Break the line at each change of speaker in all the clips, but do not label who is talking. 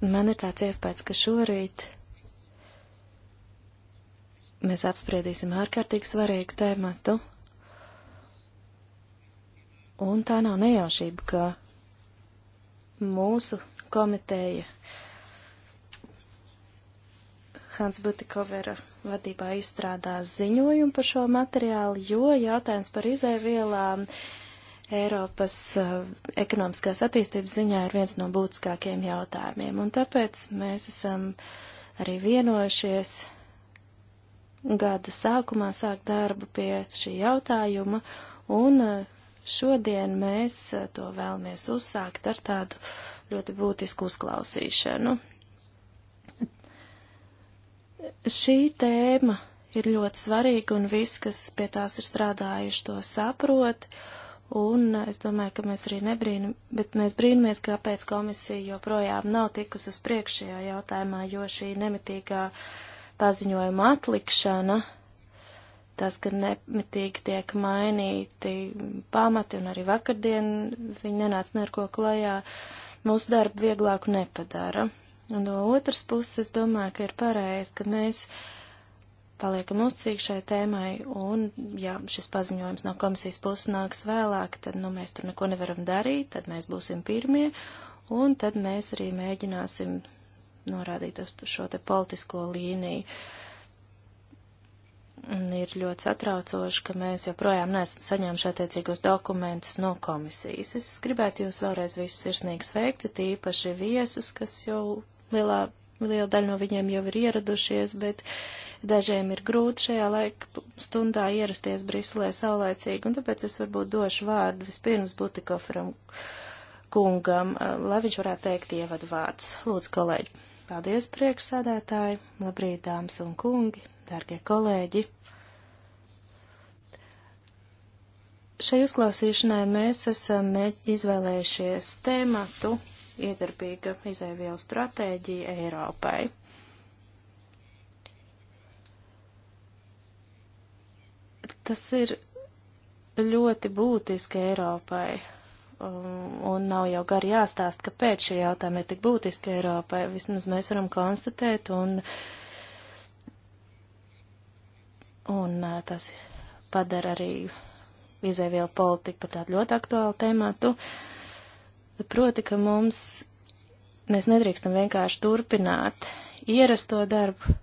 Man ir tāds iespējas, ka šorīt mēs apspriedīsim ārkārtīgi svarīgu tēmatu, un tā nav nejaušība, ka mūsu komiteja Hans Butikovera vadībā izstrādās ziņojumu par šo materiālu, jo jautājums par izēvielām Eiropas uh, ekonomiskās attīstības ziņā ir viens no būtiskākajiem jautājumiem, un tāpēc mēs esam arī vienojušies gada sākumā sākt darbu pie šī jautājuma, un uh, šodien mēs uh, to vēlamies uzsākt ar tādu ļoti būtisku uzklausīšanu. Šī tēma ir ļoti svarīga, un viss, kas pie tās ir strādājuši, to saprot. Uh, Un es domāju, ka mēs arī nebrīnam, bet mēs brīnamies, kāpēc komisija joprojām nav tikus uz priekšējā jautājumā, jo šī nemitīgā paziņojuma atlikšana, tas, ka nemitīgi tiek mainīti pamati, un arī vakardien viņi nenāca neko klajā, mūsu darbu vieglāku nepadara. Un no otras puses, es domāju, ka ir pareizi, ka mēs. Uh, paliekam uzcīgi šai tēmai, un ja šis paziņojums no komisijas puses nāks vēlāk, tad nu, mēs tur neko nevaram darīt, tad mēs būsim pirmie, un tad mēs arī mēģināsim norādīt uz šo te politisko līniju. Un ir ļoti satraucoši, ka mēs joprojām neesam saņēmuši attiecīgos dokumentus no komisijas. Es gribētu jūs vēlreiz visus sirsnīgi sveikt, tīpaši viesus, kas jau lielā Liela daļa no viņiem jau ir ieradušies, bet dažiem ir grūti šajā laika stundā ierasties Briselē saulēcīgi, un tāpēc es varbūt došu vārdu vispirms Butikoferam kungam, eh, lai viņš varētu teikt ievadu vārdus. Lūdzu, kolēģi! Paldies, priekšsēdētāji! Labrīt, dāmas un kungi, dārgie kolēģi! Šai uzklausīšanai mēs esam izvēlējušies tēmatu iedarbīga izēvielu stratēģija Eiropai. Tas ir ļoti būtiski Eiropai, um, un nav jau gari jāstāst, kāpēc šie jautājumi ir tik būtiski Eiropai. Vismaz mēs varam konstatēt, un, un uh, tas padara arī izēvielu politiku par tādu ļoti aktuālu tēmatu. Uh, Proti, ka mums mēs nedrīkstam vienkārši turpināt ierasto darbu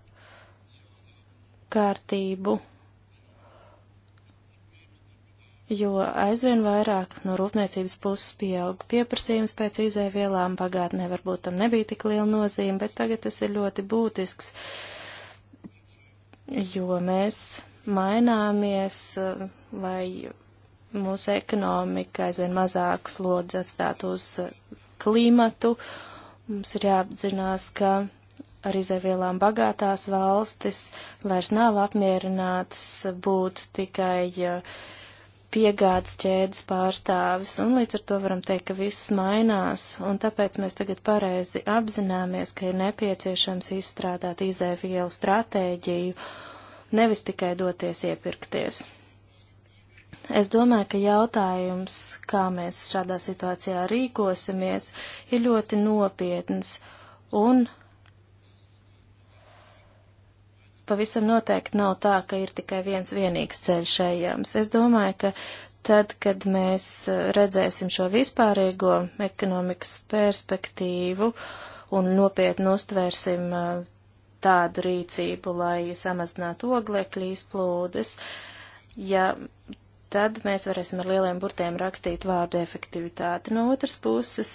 kārtību, jo aizvien vairāk no rūpniecības puses pieaug pieprasījums pēc izēvielām. Pagātnē varbūt tam nebija tik liela nozīme, bet tagad tas ir ļoti būtisks, jo mēs maināmies, eh, lai mūsu ekonomika aizvien mazāk slodzi atstāt uz klimatu. Mums ir jāapzinās, ka ar izēvielām bagātās valstis vairs nav apmierinātas būt tikai piegādes ķēdes pārstāvis, un līdz ar to varam teikt, ka viss mainās, un tāpēc mēs tagad pareizi apzināmies, ka ir nepieciešams izstrādāt izēvielu stratēģiju, nevis tikai doties iepirkties. Es domāju, ka jautājums, kā mēs šādā situācijā rīkosimies, ir ļoti nopietns un pavisam noteikti nav tā, ka ir tikai viens vienīgs ceļš ejams. Es domāju, ka tad, kad mēs redzēsim šo vispārīgo ekonomikas perspektīvu un nopietni uztvērsim uh, tādu rīcību, lai samazinātu oglekļa izplūdes, ja tad mēs varēsim ar lieliem burtiem rakstīt vārdu efektivitāti. No otras puses,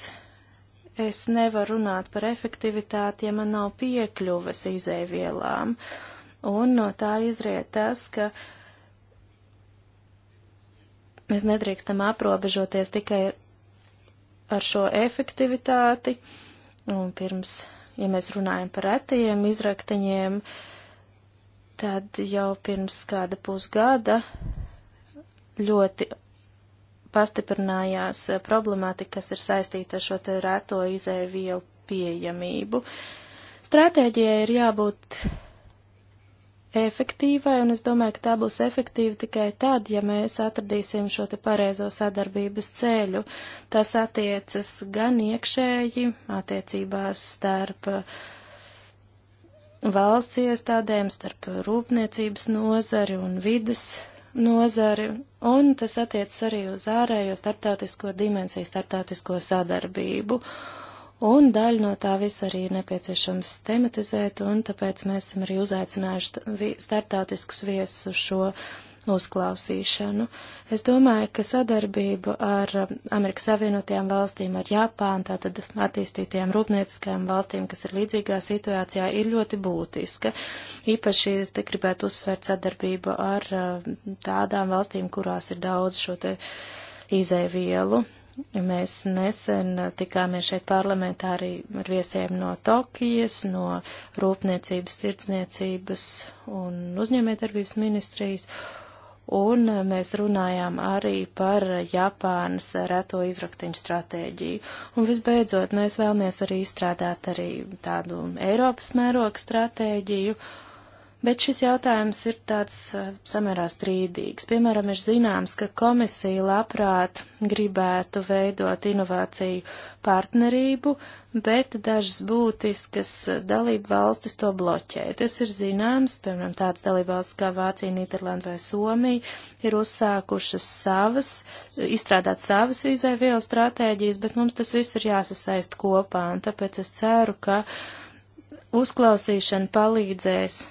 es nevaru runāt par efektivitāti, ja man nav piekļuves izēvielām. Un no tā izriet tas, ka mēs nedrīkstam aprobežoties tikai ar šo efektivitāti. Un pirms, ja mēs runājam par retajiem izraktiņiem, tad jau pirms kāda pusgada ļoti pastiprinājās problemātika, kas ir saistīta ar šo te rēto izēvielu pieejamību. Stratēģijai ir jābūt efektīvai, un es domāju, ka tā būs efektīva tikai tad, ja mēs atradīsim šo te pareizo sadarbības ceļu. Tas attiecas gan iekšēji, attiecībās starp valsts iestādēm, starp rūpniecības nozari un vidas nozari, un tas attiec arī uz ārējo starptautisko dimensiju, starptautisko sadarbību. Un daļu no tā visa arī ir nepieciešams tematizēt, un tāpēc mēs esam arī uzaicinājuši starptautiskus viesus uz šo uh, uzklausīšanu. Es domāju, ka sadarbība ar um, Amerikas Savienotajām valstīm, ar Japānu, tātad attīstītajām rūpnieciskajām valstīm, kas ir līdzīgā situācijā, ir ļoti būtiska. Īpaši es te gribētu uzsvērt sadarbību ar um, tādām valstīm, kurās ir daudz šo te izēvielu. Mēs nesen tikāmies šeit parlamentā arī ar viesiem no Tokijas, no Rūpniecības, tirdzniecības un uzņēmētarbības ministrijas un mēs runājām arī par Japānas reto izraktiņu stratēģiju. Un visbeidzot, mēs vēlamies arī izstrādāt arī tādu Eiropas mēroga stratēģiju, uh, Bet šis jautājums ir tāds eh, samērā strīdīgs. Piemēram, ir zināms, ka komisija labprāt gribētu veidot inovāciju partnerību, bet dažas būtiskas eh, dalību valstis to bloķē. Tas ir zināms, piemēram, tāds dalību valsts kā Vācija, Nīderlanda vai Somija ir uzsākušas savas, izstrādāt savas vīzē vielu stratēģijas, bet mums tas viss ir jāsasaist kopā, un tāpēc es ceru, ka uzklausīšana palīdzēs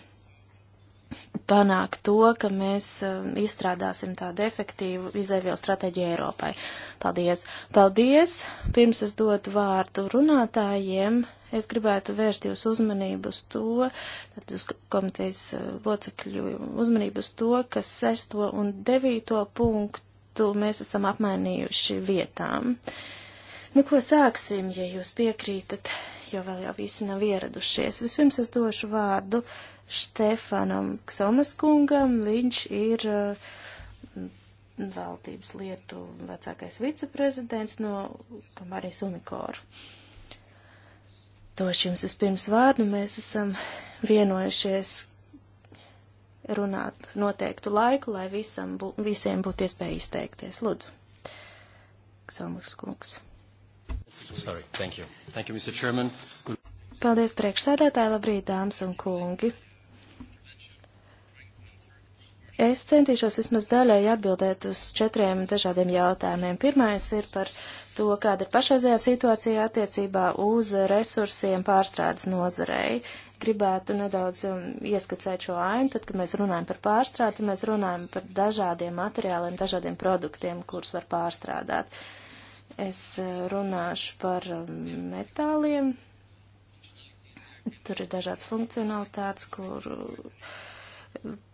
panākt to, ka mēs um, izstrādāsim tādu efektīvu izēvielu stratēģiju Eiropai. Paldies! Paldies! Pirms es dotu vārdu runātājiem, es gribētu vērst jūs uzmanību uz to, tad uz komitejas uh, locekļu uzmanību uz to, ka sesto un devīto punktu mēs esam apmainījuši vietām. Nu, ko sāksim, ja jūs piekrītat, jo vēl jau visi nav ieradušies. Vispirms es došu vārdu uh, Štefanam Ksonas kungam. Viņš ir uh, valdības lietu vecākais viceprezidents no Kamarijas Unikoru. Došu jums vispirms vārdu. Mēs esam vienojušies runāt noteiktu laiku, lai visam, bū, visiem būtu iespēja izteikties. Lūdzu, Ksomas kungs.
Sorry, thank you. Thank you, Mr. Chairman. Good.
Paldies priekšsēdētāji, labrīt, dāmas un kungi. Es centīšos vismaz daļai atbildēt uz četriem dažādiem jautājumiem. Pirmais ir par to, kāda ir pašreizējā situācija attiecībā uz resursiem pārstrādes nozarei. Gribētu nedaudz um, ieskicēt šo ainu, tad, kad mēs runājam par pārstrādi, mēs runājam par dažādiem materiāliem, dažādiem produktiem, kurus var pārstrādāt. Es uh, runāšu par um, metāliem. Tur ir dažādas funkcionalitātes, kur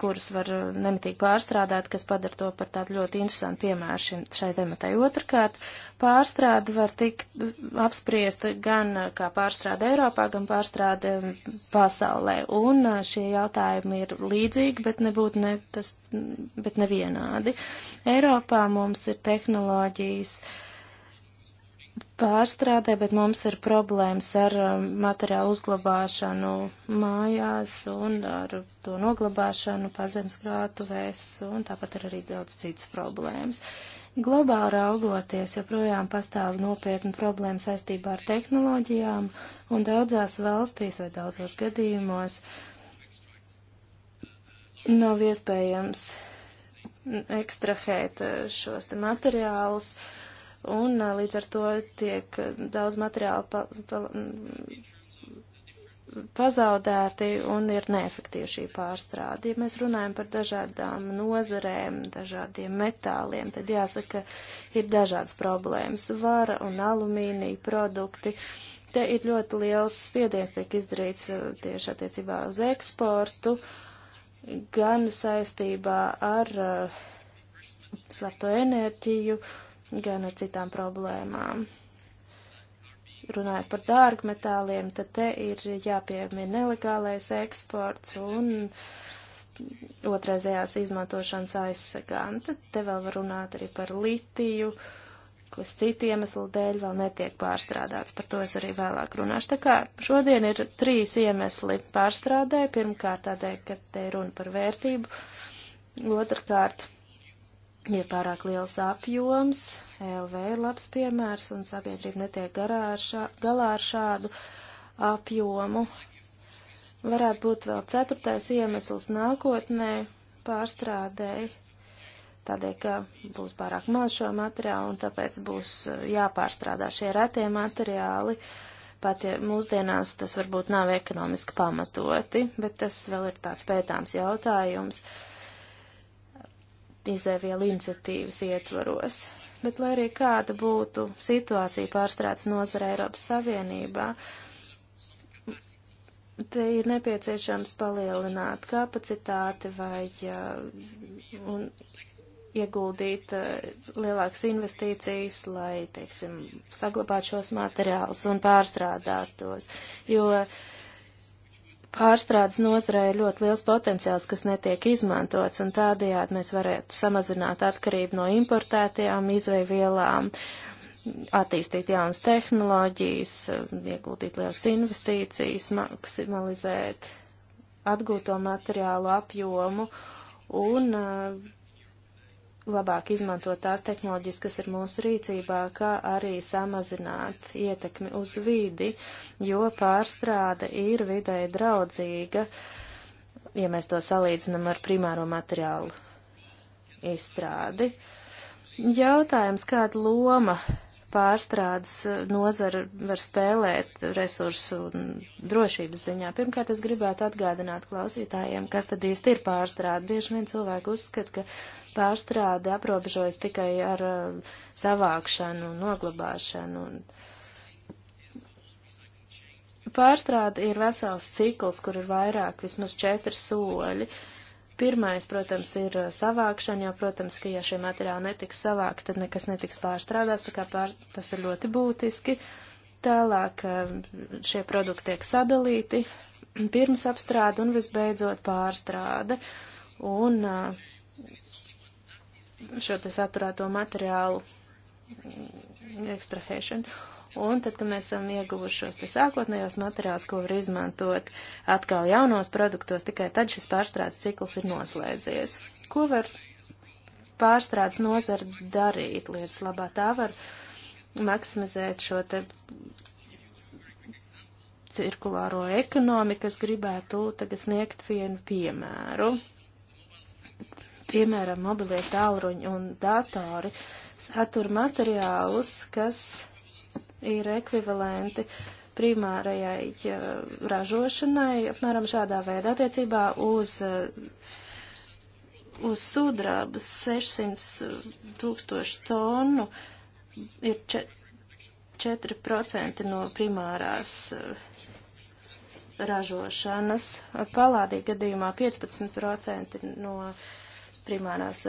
kurus var eh, nemitīgi pārstrādāt, kas padara to par tādu ļoti interesantu piemēru šim, šai tematai. Otrakārt, pārstrāde var tikt eh, apspriesta gan eh, kā pārstrāde Eiropā, gan pārstrāde mm, pasaulē. Un šie jautājumi ir līdzīgi, bet nebūtu ne, tas, mm, bet nevienādi. Eiropā mums ir tehnoloģijas. Uh, pārstrādē, bet mums ir problēmas ar um, materiālu uzglabāšanu mājās un ar to noglabāšanu pazemes krātuvēs, un tāpat ir arī daudz citas problēmas. Globāli raugoties, joprojām pastāv nopietna problēma saistībā ar tehnoloģijām, un daudzās valstīs vai daudzos gadījumos nav iespējams ekstrahēt uh, šos te materiālus. Uh, un līdz ar to tiek daudz materiāla pa, pa, mm, pazaudēti un ir neefektīva šī pārstrāde. Ja mēs runājam par dažādām nozarēm, dažādiem metāliem, tad jāsaka, ir dažādas problēmas - vara un alumīnija produkti. Te ir ļoti liels spiediens tiek izdarīts tieši attiecībā uz eksportu, gan saistībā ar uh, slēpto enerģiju, uh, gan ar citām problēmām. Runājot par dārgmetāliem, tad te ir jāpiemina nelegālais eksports un otrreizējās izmantošanas aizseganta. Te vēl var runāt arī par litiju, kas citu iemeslu dēļ vēl netiek pārstrādāts. Par to es arī vēlāk runāšu. Tā kā šodien ir trīs iemesli pārstrādē. Pirmkārt tādēļ, ka te runa par vērtību. Otrkārt, ja pārāk liels apjoms, LV ir labs piemērs, un sabiedrība netiek garā ar šā, galā ar šādu apjomu. Varētu būt vēl ceturtais iemesls nākotnē pārstrādēji, tādēļ, ka būs pārāk maz šo materiālu, un tāpēc būs uh, jāpārstrādā šie retie materiāli. Pat ja mūsdienās tas varbūt nav ekonomiski pamatoti, bet tas vēl ir tāds pētāms jautājums. Uh, izēvielu iniciatīvas ietvaros. Bet, lai arī kāda būtu situācija pārstrādes nozara Eiropas Savienībā, te ir nepieciešams palielināt kapacitāti vai un ieguldīt eh, lielākas investīcijas, lai, teiksim, saglabātu šos materiālus un pārstrādātos, jo uh, pārstrādes nozarē ir ļoti liels potenciāls, kas netiek izmantots, un tādējādi mēs varētu samazināt atkarību no importētajām izvēvielām, attīstīt jaunas tehnoloģijas, ieguldīt lielas investīcijas, maksimalizēt atgūto materiālu apjomu un uh, labāk izmantot tās tehnoloģijas, kas ir mūsu rīcībā, kā arī samazināt ietekmi uz vidi, jo pārstrāde ir videi draudzīga, ja mēs to salīdzinām ar primāro materiālu izstrādi. Jautājums, kāda loma pārstrādes nozara var spēlēt resursu drošības ziņā. Pirmkārt, es gribētu atgādināt klausītājiem, kas tad īsti ir pārstrāde. Bieži vien cilvēki uzskata, ka pārstrāde aprobežojas tikai ar um, savākšanu un noglabāšanu. Un pārstrāde ir vesels cikls, kur ir vairāk, vismaz četri soļi. Pirmais, protams, ir eh, savākšana, jo, protams, ka ja šie materiāli netiks savākti, tad nekas netiks pārstrādāts, tā kā pār, tas ir ļoti būtiski. Tālāk eh, šie produkti tiek sadalīti, pirms apstrāde un visbeidzot pārstrāde. Un uh, šo te saturēto materiālu mm, ekstrahēšanu. Un tad, kad mēs esam ieguvuši šos te sākotnējos materiālus, ko var izmantot atkal jaunos produktos, tikai tad šis pārstrādes cikls ir noslēdzies. Ko var pārstrādes nozara darīt lietas labā? Tā var maksimizēt šo te cirkulāro ekonomiku, es gribētu tagad sniegt vienu piemēru piemēram, mobilie tālruņi un datori satur materiālus, kas ir ekvivalenti primārajai uh, ražošanai, apmēram šādā veidā attiecībā uz, uh, uz sudrabas 600 tūkstošu tonu ir 4% no primārās uh, ražošanas, palādī gadījumā 15% no uh, primārās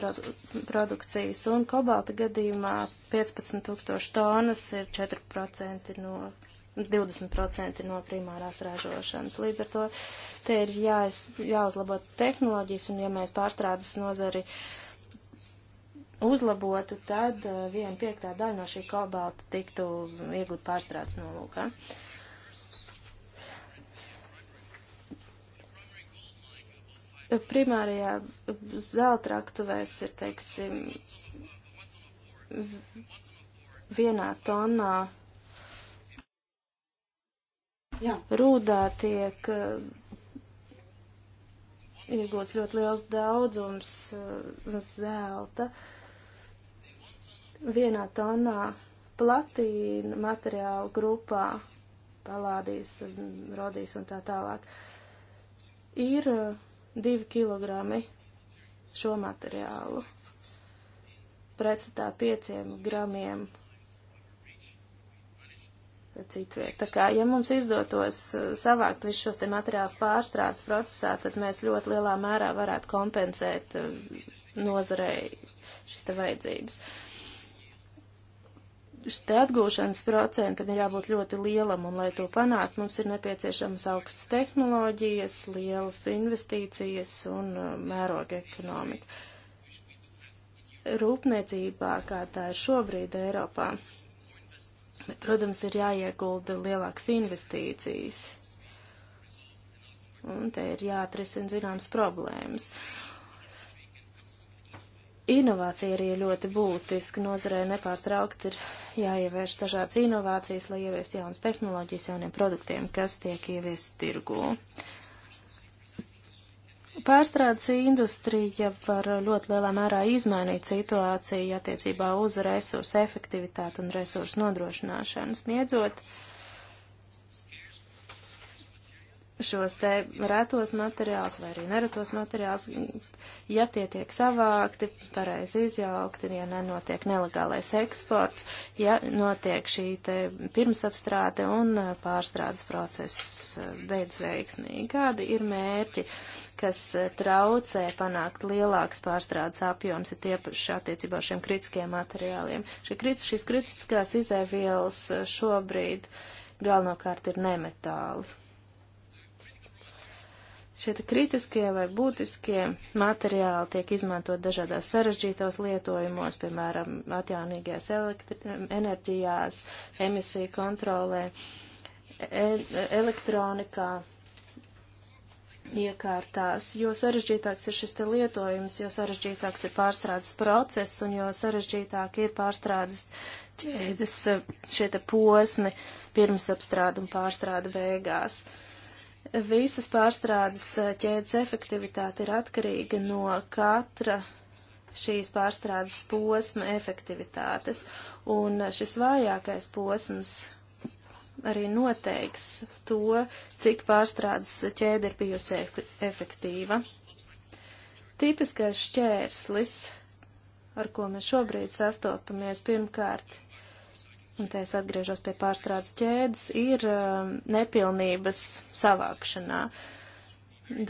produkcijas, un kobalta gadījumā 15 tūkstoši tonas ir 4% no, 20% no primārās ražošanas. Līdz ar to te ir jāiz, jāuzlabo tehnoloģijas, un ja mēs pārstrādes nozari uzlabotu, tad eh, viena piektā daļa no šī kobalta tiktu iegūt pārstrādes nolūkā. Uh, primārajā zelta raktuvēs ir, teiksim, vienā tonā Jā. rūdā tiek uh, iegūts ļoti liels daudzums uh, zelta. Vienā tonā platīna materiāla grupā palādīs, rodīs un tā tālāk. Ir uh, 2 kg šo materiālu pretstatā 5 gramiem citviet. Tā kā, ja mums izdotos uh, savākt visus šos te materiālus pārstrādes procesā, tad mēs ļoti lielā mērā varētu kompensēt uh, nozarei šīs te vajadzības. Uh, te atgūšanas procentam ir jābūt ļoti lielam, un lai to panākt, mums ir nepieciešamas augstas tehnoloģijas, lielas investīcijas un uh, mēroga ekonomika. Rūpniecībā, kā tā ir šobrīd Eiropā, bet, protams, ir jāiegulda lielākas investīcijas, un te ir jāatrisina zināmas problēmas. Uh, Inovācija arī ir ļoti būtiska. Nozarē nepārtraukti ir jāievērš dažādas inovācijas, lai ieviest jaunas tehnoloģijas jauniem produktiem, kas tiek ieviest tirgū. Pārstrādes industrija var ļoti lielā mērā izmainīt situāciju attiecībā uz resursu efektivitāti un resursu nodrošināšanu, sniedzot uh, šos te retos materiālus vai arī neretos materiālus, ja tie tiek savākti, pareizi izjaukti, ja nenotiek nelegālais eksports, ja notiek šī te pirmsapstrāde un uh, pārstrādes process uh, beidz veiksmīgi. Kādi ir mērķi, kas uh, traucē panākt lielāks pārstrādes apjoms, ir tie paši attiecībā ar šiem kritiskiem materiāliem? Šie kritis, šīs kritiskās izēvielas šobrīd galvenokārt ir nemetāli Šie kritiskie vai būtiskie materiāli tiek izmantot dažādās sarežģītos lietojumos, piemēram, atjaunīgajās enerģijās, emisiju kontrolē, e elektronikā, iekārtās, jo sarežģītāks ir šis lietojums, jo sarežģītāks ir pārstrādes process un jo sarežģītāk ir pārstrādes ķēdes šie posmi pirms apstrāda un pārstrāda beigās. Uh, Visas pārstrādes eh, ķēdes efektivitāte ir atkarīga no katra šīs pārstrādes posma efektivitātes, un eh, šis vājākais posms arī noteiks to, cik pārstrādes ķēde ir bijusi efektīva. Tipiskais šķērslis, ar ko mēs šobrīd sastopamies, pirmkārt un te es atgriežos pie pārstrādes ķēdes, ir uh, nepilnības savākšanā.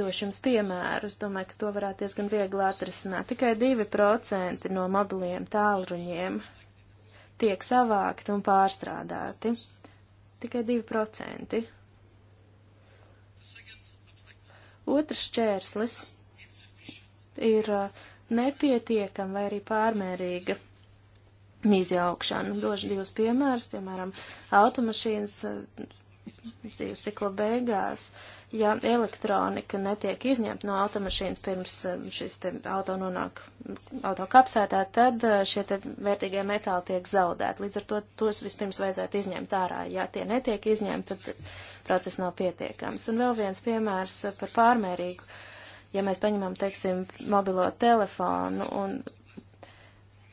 Došu jums piemērus, domāju, ka to varētu diezgan viegli atrisināt. Tikai 2% no mobiliem tālruņiem tiek savākti un pārstrādāti. Tikai 2%. Otrs šķērslis ir uh, nepietiekama vai arī pārmērīga izjaukšanu. Došu divus piemērus, piemēram, automašīnas eh, dzīves cikla beigās. Ja elektronika netiek izņemta no automašīnas pirms eh, šis te auto nonāk auto kapsētā, tad eh, šie te vērtīgie metāli tiek zaudēti. Līdz ar to tos vispirms vajadzētu izņemt ārā. Ja tie netiek izņemti, tad process nav pietiekams. Un vēl viens piemērs par pārmērīgu. Ja mēs paņemam, teiksim, mobilo telefonu un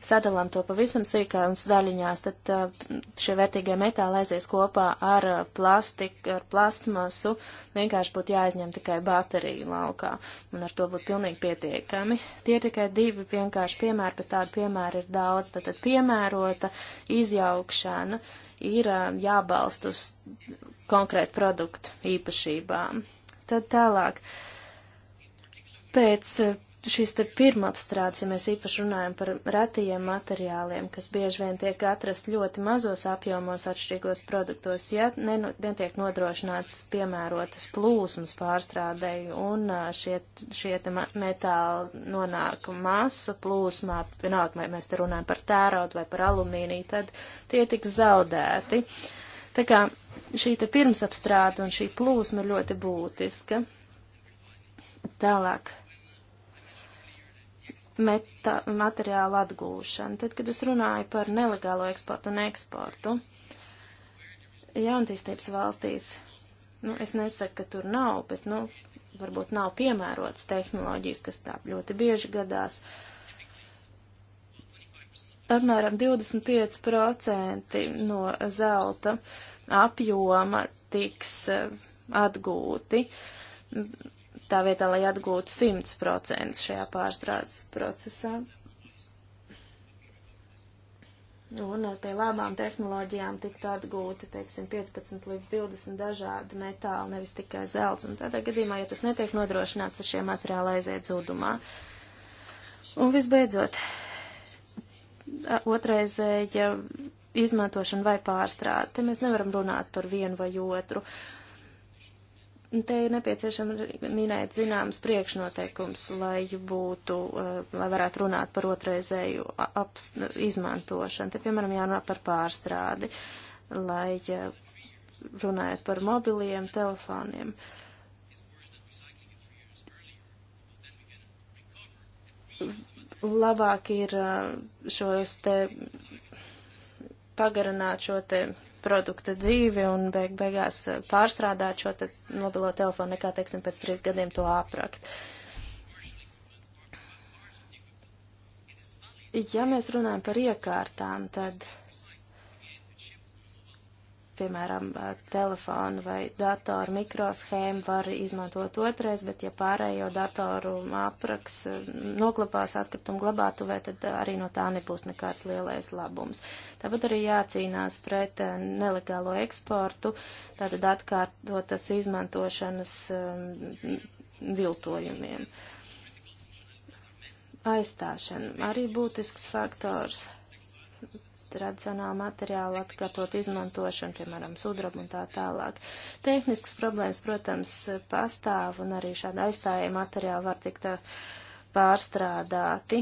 sadalām to pavisam sīkās daļiņās, tad uh, šie vērtīgie metāli aizies kopā ar uh, plastiku, ar plastmasu, vienkārši būtu jāizņem tikai bateriju laukā, un ar to būtu pilnīgi pietiekami. Tie tikai divi vienkārši piemēri, bet tādu piemēru ir daudz, tad piemērota izjaukšana ir uh, jābalst uz konkrētu produktu īpašībām. Tad tālāk. Pēc šīs te pirmapstrādes, ja mēs īpaši runājam par retajiem materiāliem, kas bieži vien tiek atrast ļoti mazos apjomos atšķirīgos produktos, ja netiek nodrošināts piemērotas plūsmas pārstrādēju un šie, šie te metāli nonāk masu plūsmā, vienalga, vai mēs te runājam par tēraudu vai par alumīniju, tad tie tiks zaudēti. Tā kā šī te pirmsapstrāde un šī plūsma ir ļoti būtiska. Tālāk meta, materiālu atgūšanu. Tad, kad es runāju par nelegālo eksportu un eksportu, jauntīstības valstīs, nu, es nesaku, ka tur nav, bet, nu, varbūt nav piemērotas tehnoloģijas, kas tā ļoti bieži gadās. Apmēram 25% no zelta apjoma tiks eh, atgūti tā vietā, lai atgūtu 100% šajā pārstrādes procesā. Un pie labām tehnoloģijām tiktu atgūti, teiksim, 15 līdz 20 dažādi metāli, nevis tikai zelts. Un tādā gadījumā, ja tas netiek nodrošināts, tad šie materiāli aiziet zudumā. Un visbeidzot, otraizēja izmantošana vai pārstrāde. Te mēs nevaram runāt par vienu vai otru. Uh, Te ir nepieciešama minēt zināmas priekšnoteikums, lai būtu, eh, lai varētu runāt par otrreizēju izmantošanu. Te, piemēram, jārunā par pārstrādi, lai eh, runājot par mobiliem telefoniem. Labāk ir eh, šos te pagarināt šo te produkta dzīvi un beig beigās eh, pārstrādāt šo te mobilo telefonu, nekā, teiksim, pēc trīs gadiem to aprakt. Ja mēs runājam par iekārtām, tad piemēram, eh, telefonu vai datoru mikroshēmu var izmantot otrais, bet ja pārējo datoru apraks eh, noklapās atkritumu glabātuvē, tad arī no tā nebūs nekāds lielais labums. Tāpat arī jācīnās pret eh, nelegālo eksportu, tātad atkārtotas izmantošanas viltojumiem. Aizstāšana arī būtisks faktors tradicionāla materiāla atkārtot izmantošanu, piemēram, sudrabu un tā tālāk. Tehniskas problēmas, protams, pastāv un arī šāda aizstājuma materiāla var tikt uh, pārstrādāti.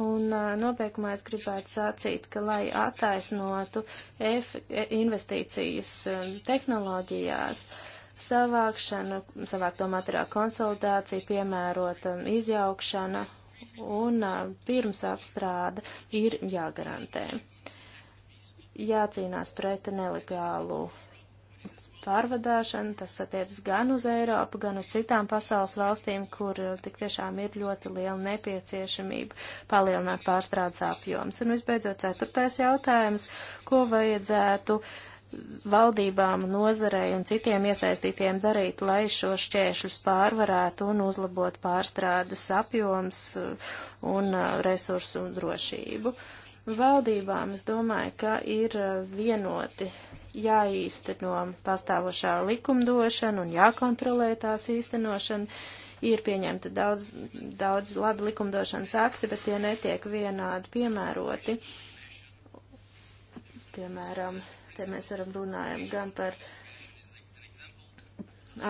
Un uh, nobeigumā es gribētu sacīt, ka, lai attaisnotu F e, investīcijas um, tehnoloģijās, uh, savākšana, savākto materiālu konsolidācija, piemērota um, izjaukšana un uh, pirms apstrāde ir jāgarantē. Jācīnās pret nelegālu pārvadāšanu, tas attiecas gan uz Eiropu, gan uz citām pasaules valstīm, kur uh, tik tiešām ir ļoti liela nepieciešamība palielināt pārstrādes apjoms. Un visbeidzot, ceturtais jautājums, ko vajadzētu uh, valdībām, nozarei un citiem iesaistītiem darīt, lai šo šķēršļus pārvarētu un uzlabot pārstrādes apjoms uh, un uh, resursu drošību. Valdībām, es domāju, ka ir uh, vienoti jāīsteno pastāvošā likumdošana un jākontrolē tās īstenošana. Ir pieņemta daudz, daudz labi likumdošanas akti, bet tie netiek vienādi piemēroti. Piemēram, te mēs varam runājam gan par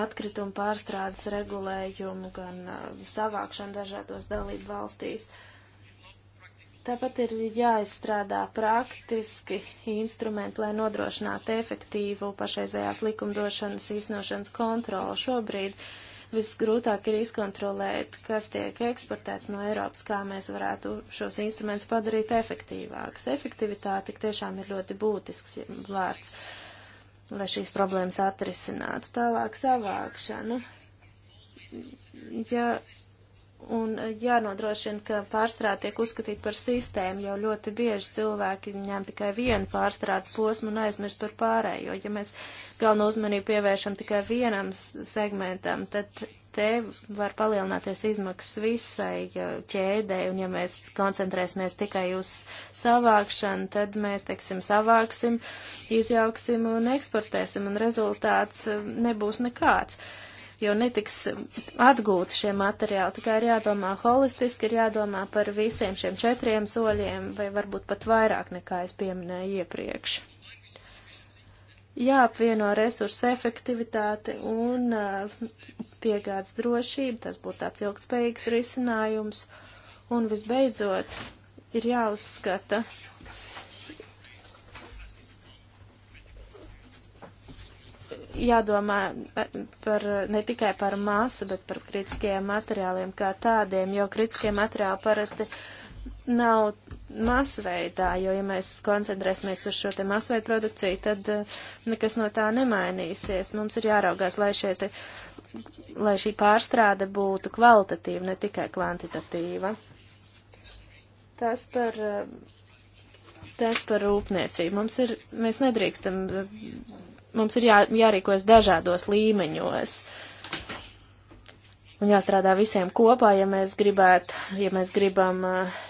atkritumu pārstrādes regulējumu, gan uh, savākšanu dažādos dalību valstīs. Tāpat ir jāizstrādā praktiski instrumenti, lai nodrošinātu efektīvu pašreizējās likumdošanas īstenošanas kontroli. Šobrīd uh, Visgrūtāk ir izkontrolēt, kas tiek eksportēts no Eiropas, kā mēs varētu šos instrumentus padarīt efektīvākus. Efektivitāte tiešām ir ļoti būtisks vārds, lai šīs problēmas atrisinātu. Tālāk savākšana. Ja un eh, jānodrošina, ka pārstrāde tiek uzskatīta par sistēmu, jo ļoti bieži cilvēki ņem tikai vienu pārstrādes posmu un aizmirst par pārējo. Ja mēs galveno uzmanību pievēršam tikai vienam segmentam, tad te var palielināties izmaksas visai ķēdē, un ja mēs koncentrēsimies tikai uz savākšanu, tad mēs, teiksim, savāksim, izjauksim un eksportēsim, un rezultāts eh, nebūs nekāds. Uh, jo netiks atgūt šie materiāli. Tā kā ir jādomā holistiski, ir jādomā par visiem šiem četriem soļiem, vai varbūt pat vairāk nekā es pieminēju iepriekš. Jāapvieno resursu efektivitāti un uh, piegādes drošība, tas būtu tāds ilgspējīgs risinājums. Un visbeidzot, ir jāuzskata, jādomā eh, par, ne tikai par māsu, bet par kritiskajiem materiāliem kā tādiem, jo kritiskie materiāli parasti nav masveidā, jo, ja mēs koncentrēsimies uz šo te masveidu produkciju, tad eh, nekas no tā nemainīsies. Mums ir jāraugās, lai, šie te, lai šī pārstrāde būtu kvalitatīva, ne tikai kvantitatīva. Tas par eh, tas par rūpniecību. Mums ir, mēs nedrīkstam mums ir jā, jārīkojas dažādos līmeņos. Un jāstrādā visiem kopā, ja mēs gribētu, ja mēs gribam uh,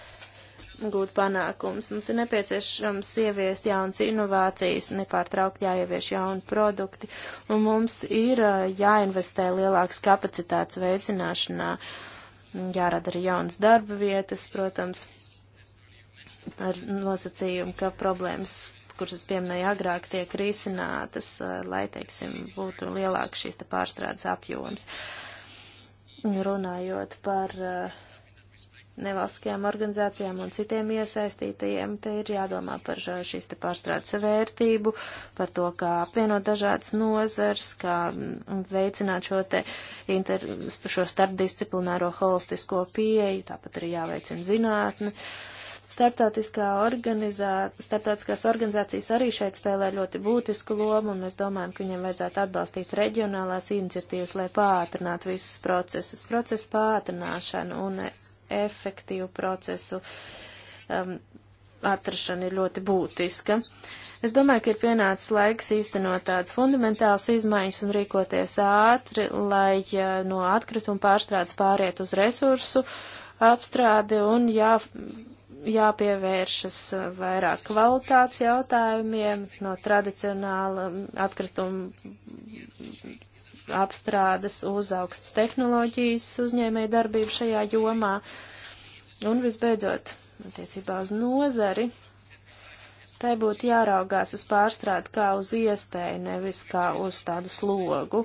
gūt panākums. Mums ir nepieciešams ieviest jaunas inovācijas, nepārtraukt jāievieš jauni produkti, un mums ir uh, jāinvestē lielākas kapacitātes veicināšanā, jārada arī jaunas darba vietas, protams, ar nosacījumu, ka problēmas kuras es pieminēju agrāk, tiek risinātas, eh, lai, teiksim, būtu lielāks šīs te pārstrādes apjoms. Runājot par eh, nevalstiskajām organizācijām un citiem iesaistītajiem, te ir jādomā par šīs te pārstrādes vērtību, par to, kā apvienot dažādas nozars, kā mm, veicināt šo te inter, šo starpdisciplināro holistisko pieeju, tāpat arī jāveicina zinātne. Uh, Starptautiskā organizā... Starptautiskās organizācijas arī šeit spēlē ļoti būtisku lomu, un mēs domājam, ka viņiem vajadzētu atbalstīt reģionālās iniciatīvas, lai pātrinātu visus procesus, procesu pātrināšanu un efektīvu procesu um, atrašana ir ļoti būtiska. Es domāju, ka ir pienācis laiks īstenot tādas fundamentālas izmaiņas un rīkoties ātri, lai uh, no atkrituma pārstrādes pāriet uz resursu apstrādi un jā, jāpievēršas eh, vairāk kvalitātes jautājumiem no tradicionāla atkrituma apstrādes uz augstas tehnoloģijas uzņēmēja darbību šajā jomā. Un visbeidzot, attiecībā uz nozari, tai būtu jāraugās uz pārstrādi kā uz iespēju, nevis kā uz tādu slogu.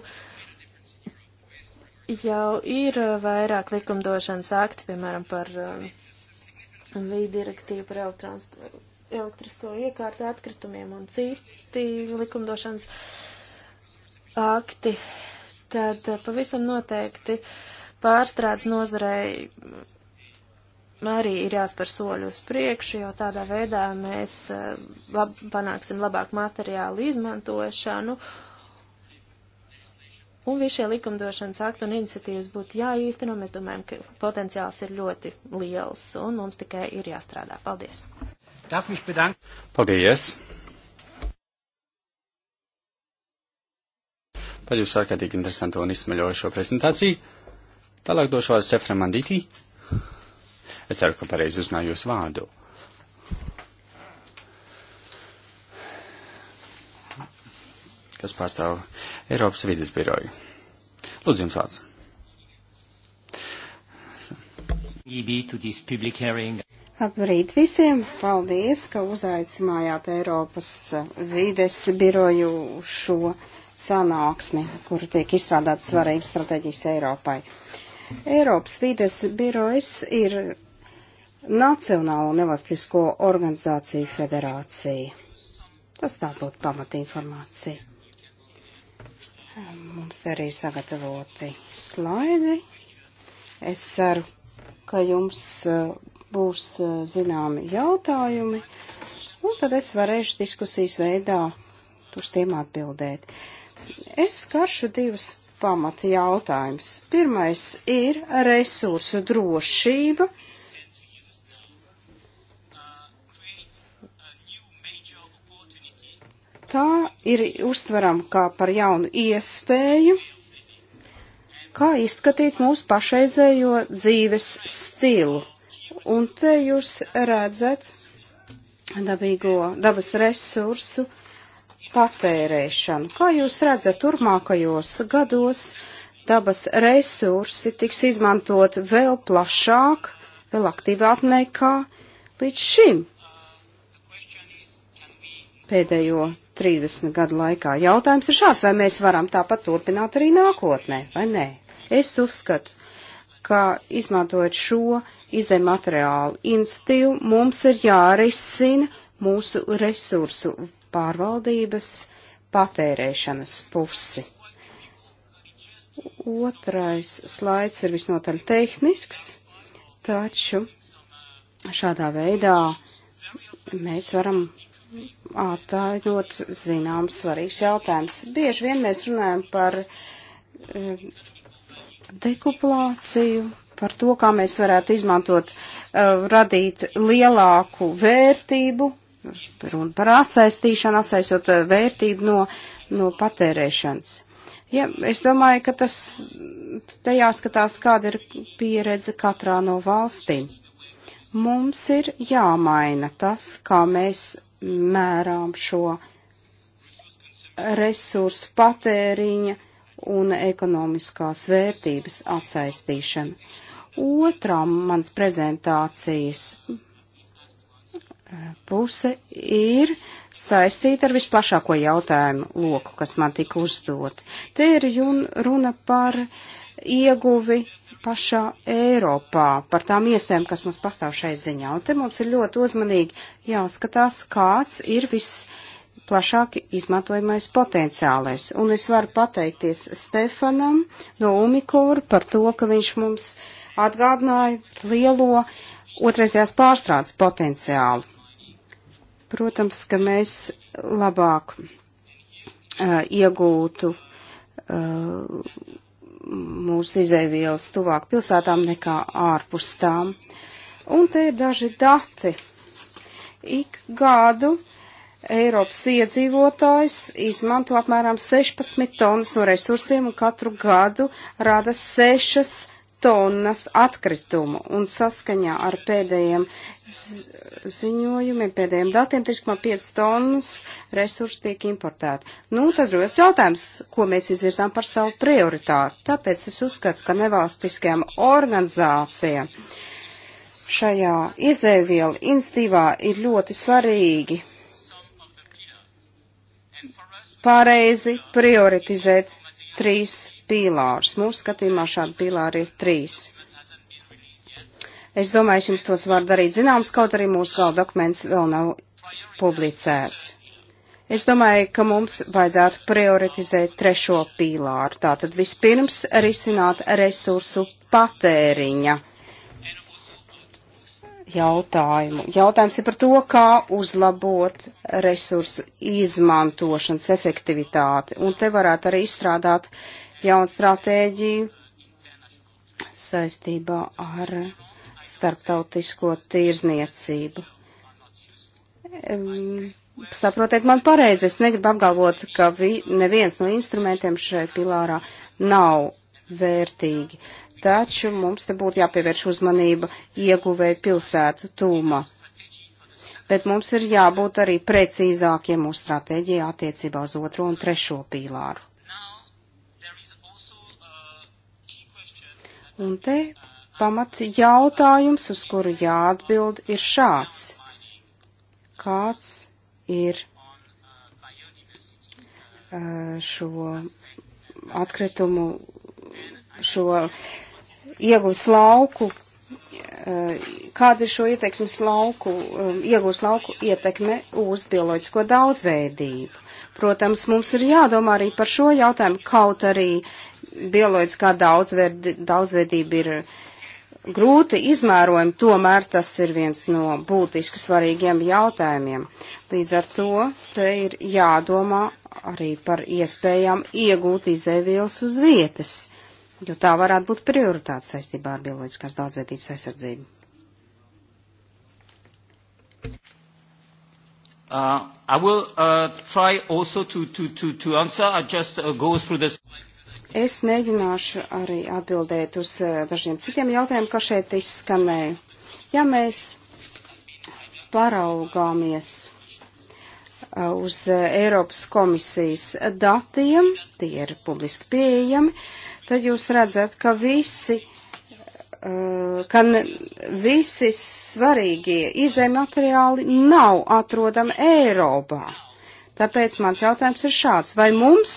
Jau ir eh, vairāk likumdošanas akti, piemēram, par uh, vīdi direktīva par elektrisko iekārtu atkritumiem un citi likumdošanas akti, tad eh, pavisam noteikti pārstrādes nozarei arī ir jāspēr soļi uz priekšu, jo tādā veidā mēs eh, lab panāksim labāku materiālu izmantošanu Un visi šie likumdošanas akti un iniciatīvas būtu jāīsteno. Mēs domājam, ka potenciāls ir ļoti liels un mums tikai ir jāstrādā. Paldies!
Paldies! Par jūsu ārkārtīgi interesantu un izsmeļojošo prezentāciju. Tālāk došu vārdu Sefra Mandītī. Es ceru, ka pareizi uzrunāju jūsu vārdu. kas pārstāv Eiropas vides biroju. Lūdzu, jums vārds.
Labrīt visiem! Paldies, ka uzaicinājāt Eiropas eh, vides biroju šo sanāksmi, kur tiek izstrādāts svarīgs strateģijas Eiropai. Eiropas vides birojas ir Nacionālo nevalstisko organizāciju federācija. Tas tā būtu pamatinformācija. Mums te arī ir sagatavoti slaidi. Es ceru, ka jums eh, būs eh, zināmi jautājumi, un tad es varēšu diskusijas veidā uz tiem atbildēt. Es karšu divus pamata jautājumus. Pirmais ir resursu drošība tā ir uztveram kā par jaunu iespēju, kā izskatīt mūsu pašreizējo dzīves stilu. Un te jūs redzat dabīgo dabas resursu patērēšanu. Kā jūs redzat, turpmākajos gados dabas resursi tiks izmantot vēl plašāk, vēl aktīvāk nekā līdz šim pēdējo 30 gadu laikā. Jautājums ir šāds, vai mēs varam tāpat turpināt arī nākotnē, vai nē? Es uzskatu, ka izmantojot šo izdevuma materiālu institīvu, mums ir jārisina mūsu resursu pārvaldības patērēšanas pusi. Otrais slaids ir visnotaļ tehnisks, taču šādā veidā mēs varam attaļot zināms svarīgs jautājums. Bieži vien mēs runājam par uh, dekuplāciju, par to, kā mēs varētu izmantot, uh, radīt lielāku vērtību, runa par atsaistīšanu, atsaistot e, vērtību no, no patērēšanas. Ja, es domāju, ka tas te jāskatās, kāda ir pieredze katrā no valstīm. Mums ir jāmaina tas, kā mēs mērām šo resursu patēriņa un ekonomiskās vērtības atsaistīšanu. Otrā manas prezentācijas eh, puse ir saistīta ar visplašāko jautājumu loku, kas man tika uzdot. Te ir runa par ieguvi pašā Eiropā, par tām iespējām, kas mums pastāv šai ziņā. Un te mums ir ļoti uzmanīgi jāskatās, kāds ir viss plašāk izmantojamais potenciālais. Un es varu pateikties Stefanam no Umikūra par to, ka viņš mums atgādināja lielo otraisajās pārstrādes potenciālu. Protams, ka mēs labāk uh, iegūtu uh, mūsu izēvielas tuvāk pilsētām nekā ārpus tām. Un te ir daži dati. Ik gadu Eiropas iedzīvotājs izmanto apmēram 16 tonnas no resursiem un katru gadu rada 6 tonnas atkritumu, un saskaņā ar pēdējiem ziņojumiem, pēdējiem datiem, 3,5 tonnas resursu tiek importēti. Nu, tad rodas jautājums, ko mēs izvirzām par savu prioritāti. Tāpēc es uzskatu, ka nevalstiskajām organizācijām šajā izēvielu institīvā ir ļoti svarīgi pareizi prioritizēt trīs pīlārus. Mūsu skatījumā šādi pīlāri ir trīs. Es domāju, es jums tos varu darīt zināms, kaut arī mūsu gala dokuments vēl nav publicēts. Es domāju, ka mums vajadzētu prioritizēt trešo pīlāru. Tātad vispirms risināt resursu patēriņa jautājumu. Jautājums ir par to, kā uzlabot resursu izmantošanas efektivitāti. Un te varētu arī izstrādāt jaunu stratēģiju saistībā ar starptautisko tirzniecību. Um, saprotiet man pareizi, es negribu apgalvot, ka vi, neviens no instrumentiem šai pilārā nav vērtīgi. Uh, taču mums te būtu jāpievērš uzmanība ieguvēju pilsētu tūmā. Bet mums ir jābūt arī precīzākiem mūsu stratēģijā attiecībā uz otro un trešo pīlāru. Un te pamat jautājums, uz kuru jāatbild, ir šāds. Kāds ir eh, šo atkritumu, šo iegūs lauku, eh, kāda ir šo ieteiksmes lauku, um, iegūs lauku ietekme uz bioloģisko daudzveidību. Protams, mums ir jādomā arī par šo jautājumu, kaut arī bioloģiskā daudzveid, daudzveidība ir grūti izmērojama, tomēr tas ir viens no būtiski svarīgiem jautājumiem. Līdz ar to te ir jādomā arī par iespējām iegūt izēvielas uz vietas jo tā varētu būt prioritāte saistībā ar bioloģiskās daudzveidības aizsardzību.
Uh, I will uh, try also to, to, to, to answer. I just uh, go through this.
Es mēģināšu arī atbildēt uz uh, dažiem citiem jautājumiem, kas šeit izskanēja. Ja mēs paraugāmies uh, uz uh, Eiropas komisijas datiem, tie ir publiski pieejami, uh, tad jūs redzat, ka visi, eh, ka visi svarīgie izējumateriāli nav atrodami Eiropā. Tāpēc mans jautājums ir šāds. Vai mums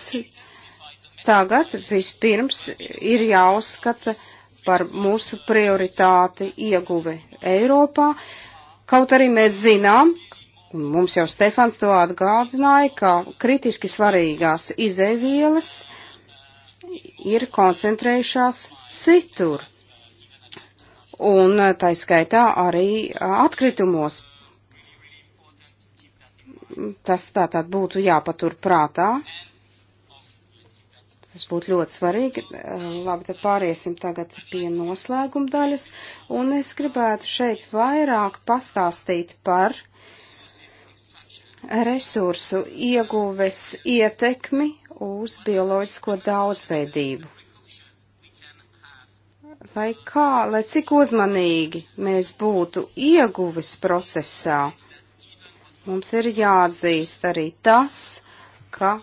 tagad vispirms ir jāuzskata par mūsu prioritāti ieguve Eiropā? Kaut arī mēs zinām, un mums jau Stefans to atgādināja, ka kritiski svarīgās izēvielas uh, ir koncentrējušās citur. Un eh, tā skaitā arī eh, atkritumos. Tas tātad būtu jāpatur prātā. Tas būtu ļoti svarīgi. Eh, labi, tad pāriesim tagad pie noslēguma daļas. Un es gribētu šeit vairāk pastāstīt par resursu ieguves ietekmi uz bioloģisko daudzveidību. Lai kā, lai cik uzmanīgi mēs būtu ieguvis procesā, mums ir jāatzīst arī tas, ka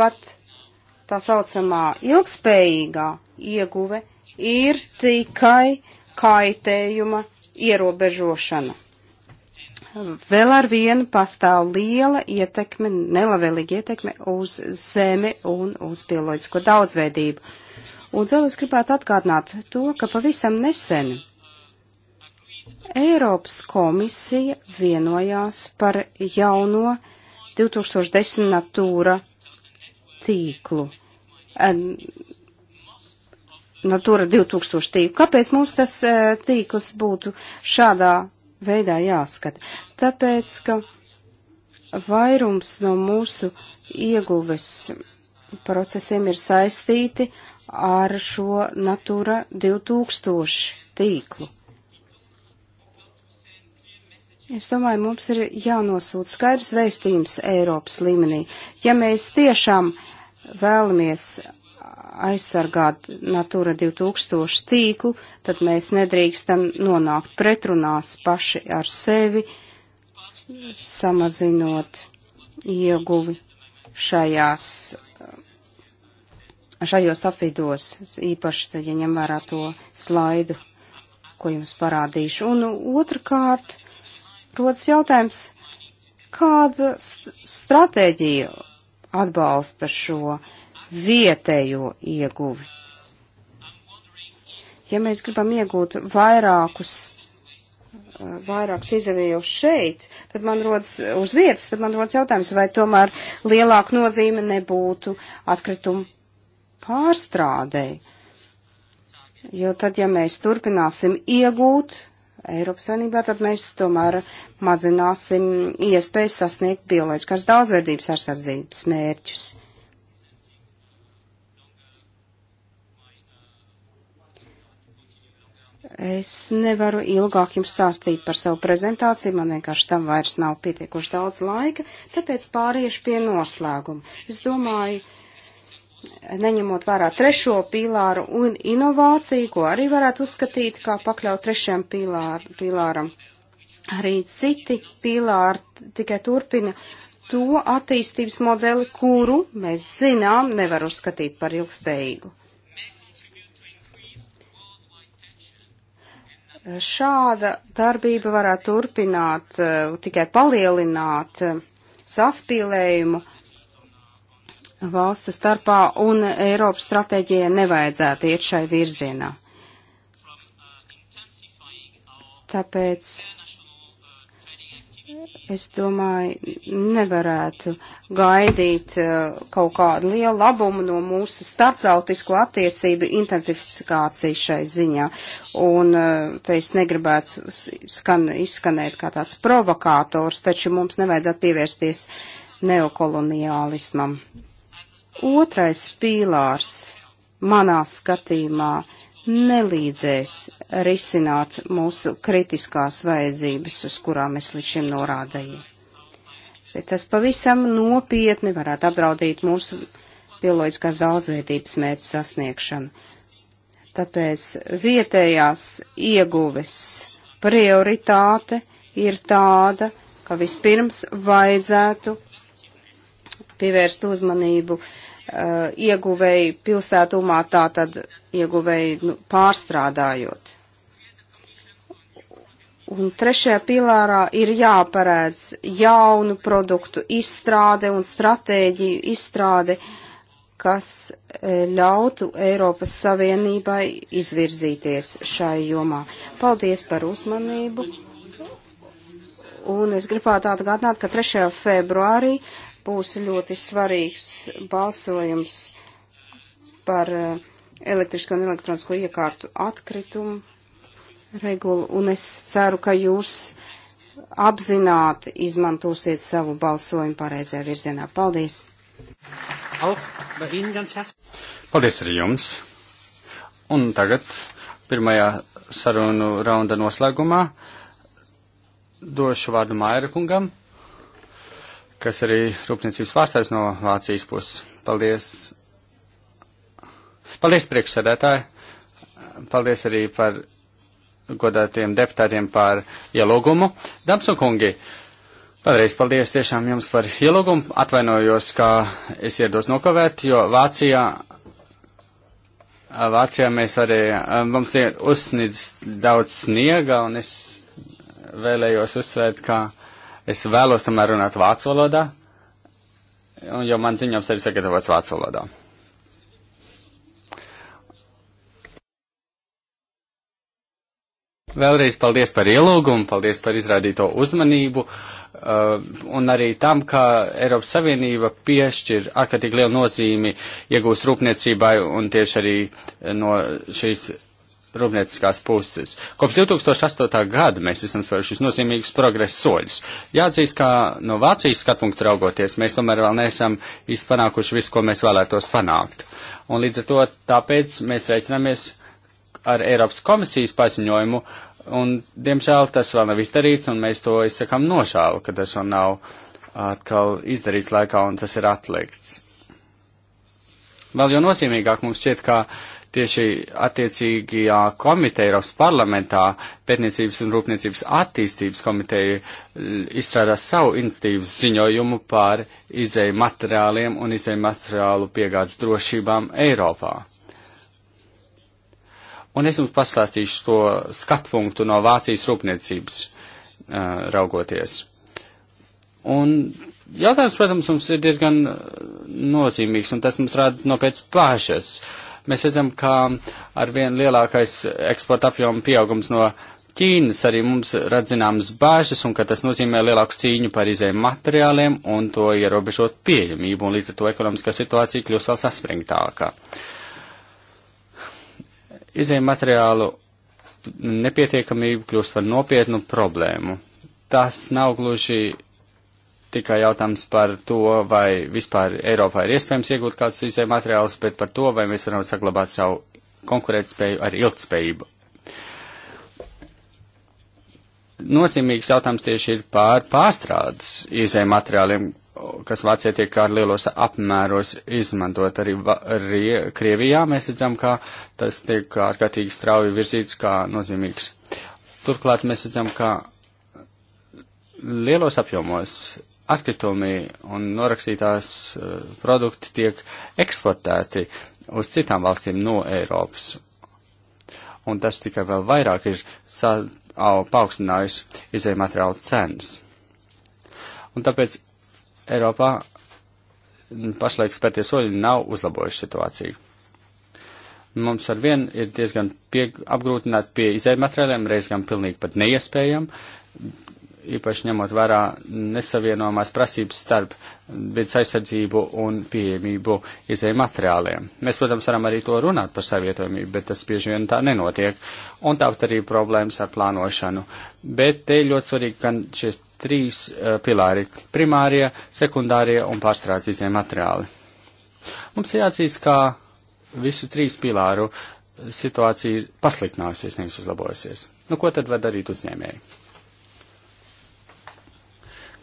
pat tā saucamā ilgspējīgā ieguve ir tikai kaitējuma ierobežošana vēl ar vienu pastāv liela ietekme, nelabvēlīga ietekme uz zemi un uz bioloģisko daudzveidību. Un vēl es gribētu atgādināt to, ka pavisam nesen Eiropas komisija vienojās par jauno 2010 natūra tīklu. Natūra 2000 tīklu. Kāpēc mums tas eh, tīkls būtu šādā veidā jāskata. Tāpēc, ka vairums no mūsu ieguves procesiem ir saistīti ar šo Natura 2000 tīklu. Es domāju, mums ir jānosūta skaidrs vēstījums Eiropas līmenī. Ja mēs tiešām vēlamies aizsargāt Natūra 2000 tīklu, tad mēs nedrīkstam nonākt pretrunās paši ar sevi, samazinot ieguvi šajās, šajos apvidos, īpaši, tad, ja ņem vērā to slaidu, ko jums parādīšu. Un otrkārt, rodas jautājums, kāda stratēģija atbalsta šo uh, vietējo ieguvi. Ja mēs gribam iegūt vairākus, eh, vairākus izavējus šeit, tad man rodas uz vietas, tad man rodas jautājums, vai tomēr lielāka nozīme nebūtu atkritumu pārstrādēji. Jo tad, ja mēs turpināsim iegūt Eiropas Savienībā, tad mēs tomēr mazināsim iespējas sasniegt bioloģiskās daudzveidības aizsardzības mērķus. Es nevaru ilgāk jums stāstīt par savu prezentāciju, man vienkārši tam vairs nav pietiekuši daudz laika, tāpēc pāriešu pie noslēguma. Es domāju, neņemot vērā trešo pīlāru un inovāciju, ko arī varētu uzskatīt kā pakļaut trešajam pīlāru, pīlāram, arī citi pīlāri tikai turpina to attīstības modeli, kuru mēs zinām, nevar uzskatīt par ilgspējīgu. Šāda darbība varētu turpināt, eh, tikai palielināt eh, saspīlējumu valstu starpā, un Eiropas stratēģijai nevajadzētu iet šai virzienā. Tāpēc es domāju, nevarētu gaidīt uh, kaut kādu lielu labumu no mūsu starptautisko attiecību intensifikāciju šai ziņā. Un uh, te es negribētu skan, izskanēt kā tāds provokātors, taču mums nevajadzētu pievērsties neokoloniālismam. Otrais pīlārs manā skatījumā nelīdzēs risināt mūsu kritiskās vajadzības, uz kurām es līdz šim norādīju. Bet tas pavisam nopietni varētu apdraudīt mūsu bioloģiskās daudzveidības mērķu sasniegšanu. Tāpēc vietējās ieguves prioritāte ir tāda, ka vispirms vajadzētu pievērst uzmanību uh, Uh, ieguvēji pilsētumā, tā tad ieguvēji nu, pārstrādājot. Un trešajā pilārā ir jāparēdz jaunu produktu izstrāde un stratēģiju izstrāde, kas e, ļautu Eiropas Savienībai izvirzīties šai jomā. Paldies par uzmanību! Un es gribētu atgādināt, ka 3. februārī būs ļoti svarīgs balsojums par eh, elektrisko un elektronisko iekārtu atkritumu regulu, un es ceru, ka jūs apzināti izmantosiet savu balsojumu pareizajā virzienā. Paldies!
Paldies arī jums! Un tagad pirmajā sarunu raunda noslēgumā došu vārdu Maira kungam kas arī rūpniecības pārstāvis no Vācijas puses. Paldies! Paldies, priekšsēdētāji! Paldies arī par godātiem deputātiem par ielūgumu. Dāmas un kungi, vēlreiz paldies tiešām jums par ielūgumu. Atvainojos, ka es iedos nokavēt, jo Vācijā Vācijā mēs arī, mums ir uzsnidz daudz sniega, un es vēlējos uzsvērt, ka Es vēlos tomēr runāt vācu valodā, jo man ziņojums ir sagatavots vācu valodā. Vēlreiz paldies par ielūgumu, paldies par izrādīto uzmanību uh, un arī tam, ka Eiropas Savienība piešķir ārkārtīgi lielu nozīmi iegūst rūpniecībai un tieši arī no šīs rūpnieciskās puses. Kopš 2008. gada mēs esam spēruši nozīmīgus progresa soļus. Jāatzīst, ka no Vācijas skatpunkta raugoties, mēs tomēr vēl neesam izpanākuši visu, ko mēs vēlētos panākt. Un līdz ar to tāpēc mēs reiķinamies ar Eiropas komisijas paziņojumu, un diemžēl tas vēl nav izdarīts, un mēs to izsakam nošālu, ka tas vēl nav atkal izdarīts laikā, un tas ir atlikts. Vēl jau nozīmīgāk mums šķiet, ka uh, tieši attiecīgajā komiteja Eiropas parlamentā, pētniecības un rūpniecības attīstības komiteja izstrādā savu iniciatīvas ziņojumu par izēju materiāliem un izēju materiālu piegādes drošībām Eiropā. Un es jums pastāstīšu to skatpunktu no Vācijas rūpniecības uh, raugoties. Un jautājums, protams, mums ir diezgan nozīmīgs, un tas mums rāda nopietnas pāžas. Uh, Mēs redzam, ka ar vien lielākais eksporta apjoma pieaugums no Ķīnas arī mums redzināmas bāžas un ka tas nozīmē lielāku cīņu par izējiem materiāliem un to ierobežot pieejamību un līdz ar to ekonomiskā situācija kļūst vēl saspringtākā. Izējiem materiālu nepietiekamība kļūst par nopietnu problēmu. Tas nav gluži tikai jautājums par to, vai vispār Eiropā ir iespējams iegūt kādus izējai materiālus, bet par to, vai mēs varam saglabāt savu konkurētspēju ar ilgtspējību. Nozīmīgs jautājums tieši ir par pārstrādes izējai materiāliem, kas Vācijā tiek ar lielos apmēros izmantot. Arī, arī Krievijā mēs redzam, ka tas tiek ārkārtīgi strauji virzīts kā nozīmīgs. Turklāt mēs redzam, ka lielos apjomos atkritumi un norakstītās eh, produkti tiek eksportēti uz citām valstīm no Eiropas. Un tas tikai vēl vairāk ir paaugstinājis izēju materiālu cenas. Un tāpēc Eiropā pašlaik spērtie soļi nav uzlabojuši situāciju. Mums ar vienu ir diezgan pie, apgrūtināt pie izēju materiāliem, reiz gan pilnīgi pat neiespējami, īpaši ņemot vērā nesavienojumās prasības starp vidas aizsardzību un pieejamību izējiem materiāliem. Mēs, protams, varam arī to runāt par savietojumību, bet tas bieži vien tā nenotiek. Un tāpat arī problēmas ar plānošanu. Bet te ļoti svarīgi, ka šie trīs uh, pilāri - primārie, sekundārie un pārstrādes izējiem materiāli. Mums ir jāatzīst, ka visu trīs pilāru situācija ir pasliktinājusies, nevis uzlabojusies. Nu, ko tad var darīt uzņēmēji?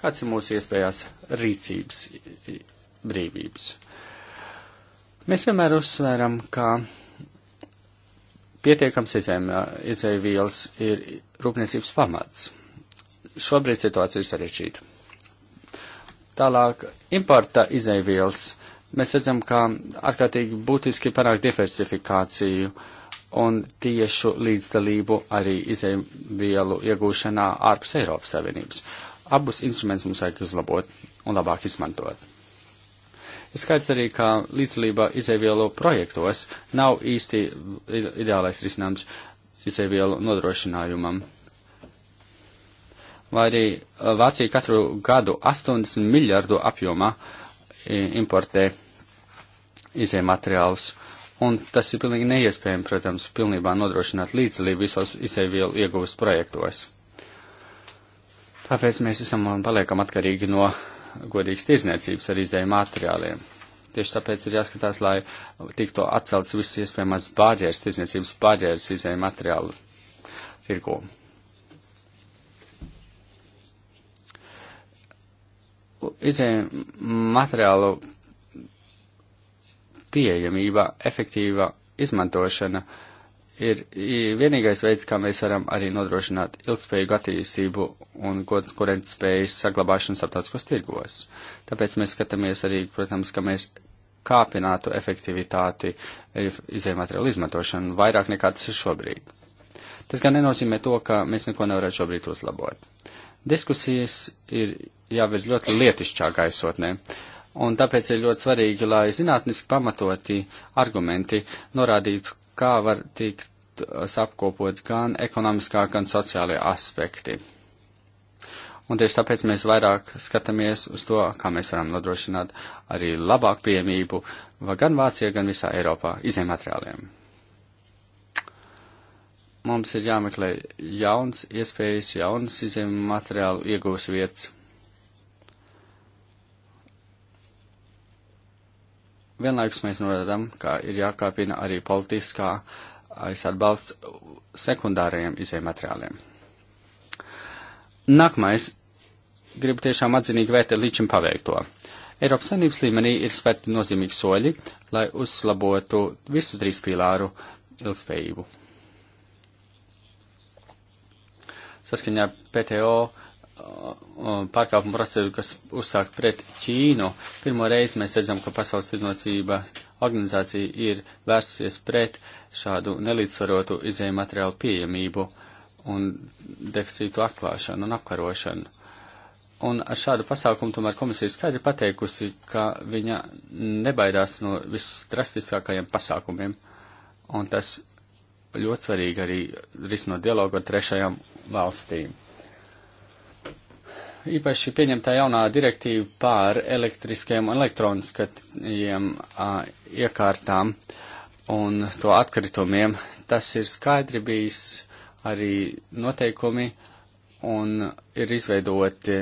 kāds ir mūsu iespējās rīcības brīvības. Mēs vienmēr uzsveram, ka pietiekams izēvielas ir rūpniecības pamats. Šobrīd situācija ir sarežģīta. Tālāk, importa izēvielas. Mēs redzam, ka ārkārtīgi būtiski panāk diversifikāciju un tiešu līdzdalību arī izēvielu iegūšanā ārpus Eiropas Savienības. Uh, abus instrumentus mums vajag uzlabot un labāk izmantot. Ir skaidrs arī, ka līdzdalība izēvielu projektos nav īsti ideālais risinājums izēvielu nodrošinājumam. Vai arī eh, Vācija katru gadu 80 miljardu apjomā importē izējumateriālus. Un tas ir pilnīgi neiespējami, protams, pilnībā nodrošināt līdzdalību visos izēvielu ieguvas projektos. Tāpēc mēs esam un um, paliekam atkarīgi no godīgas tirzniecības ar izdēju materiāliem. Tieši tāpēc ir jāskatās, lai tiktu atceltas visas iespējamās barjeras, tirzniecības barjeras izdēju materiālu tirgu. Izdēju materiālu pieejamība, efektīva izmantošana uh, ir vienīgais veids, kā mēs varam arī nodrošināt ilgspējīgu attīstību un konkurētspējas saglabāšanu starptautiskos tirgos. Tāpēc mēs skatāmies arī, protams, ka mēs kāpinātu efektivitāti e, izējumateriālu izmantošanu vairāk nekā tas ir šobrīd. Tas gan nenozīmē to, ka mēs neko nevarētu šobrīd uzlabot. Diskusijas ir jāvirz ļoti lietišķā gaisotnē, un tāpēc ir ļoti svarīgi, lai zinātniski pamatoti argumenti norādītu, kā var tikt uh, apkopot gan ekonomiskā, gan sociālajie aspekti. Un tieši tāpēc mēs vairāk skatāmies uz to, kā mēs varam nodrošināt arī labāku pieejamību gan Vācijā, gan visā Eiropā izējumateriāliem. Mums ir jāmeklē jauns iespējas, jauns izējumateriālu iegūs vietas. Vienlaikus mēs norādām, ka ir jākāpina arī politiskā arī atbalsts sekundārajiem izējumateriāliem. Nākamais. Gribu tiešām atzinīgi vērtēt līdz šim paveikto. Eiropas Savienības līmenī ir sverti nozīmīgi soļi, lai uzlabotu visu trīs pīlāru ilgspējību. Saskaņā PTO pārkāpuma procedūru, kas uzsākt pret Ķīnu. Pirmo reizi mēs redzam, ka Pasaules tirdzniecība organizācija ir vērsusies pret šādu nelīdzsvarotu izējuma materiālu pieejamību un deficītu atklāšanu un apkarošanu. Un ar šādu pasākumu tomēr komisija skaidri pateikusi, ka viņa nebaidās no visdrastiskākajiem pasākumiem, un tas ļoti svarīgi arī risinot dialogu ar trešajām valstīm īpaši pieņemtā jaunā direktīva pār elektriskiem un elektroniskajiem iekārtām un to atkritumiem. Tas ir skaidri bijis arī noteikumi un ir izveidoti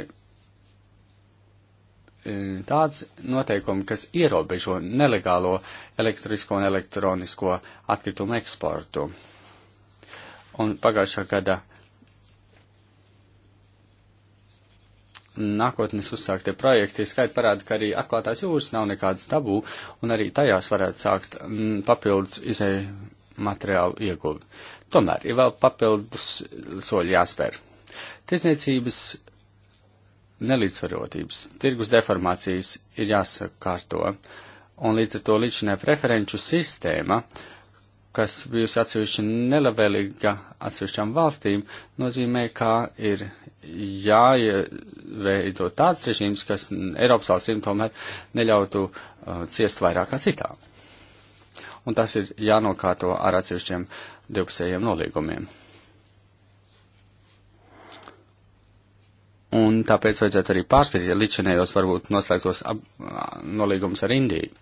tāds noteikumi, kas ierobežo nelegālo elektrisko un elektronisko atkritumu eksportu. Un pagājušā gada nākotnes uzsāktie projekti skaidri parāda, ka arī atklātās jūras nav nekādas tabū, un arī tajās varētu sākt m, mm, papildus izēju materiālu ieguvi. Tomēr ir vēl papildus soļi jāspēr. Tiesniecības nelīdzsvarotības, tirgus deformācijas ir jāsakārto, un līdz ar to līdzinē preferenču sistēma, kas bijusi atsevišķi nelabvēlīga atsevišķām valstīm, nozīmē, kā ir jāveido tāds režīms, kas Eiropas valstīm tomēr neļautu uh, ciest vairāk kā citām. Un tas ir jānokārto ar atsevišķiem divpusējiem nolīgumiem. Un tāpēc vajadzētu arī pārskatīt līdzinējos varbūt noslēgtos uh, nolīgumus ar Indiju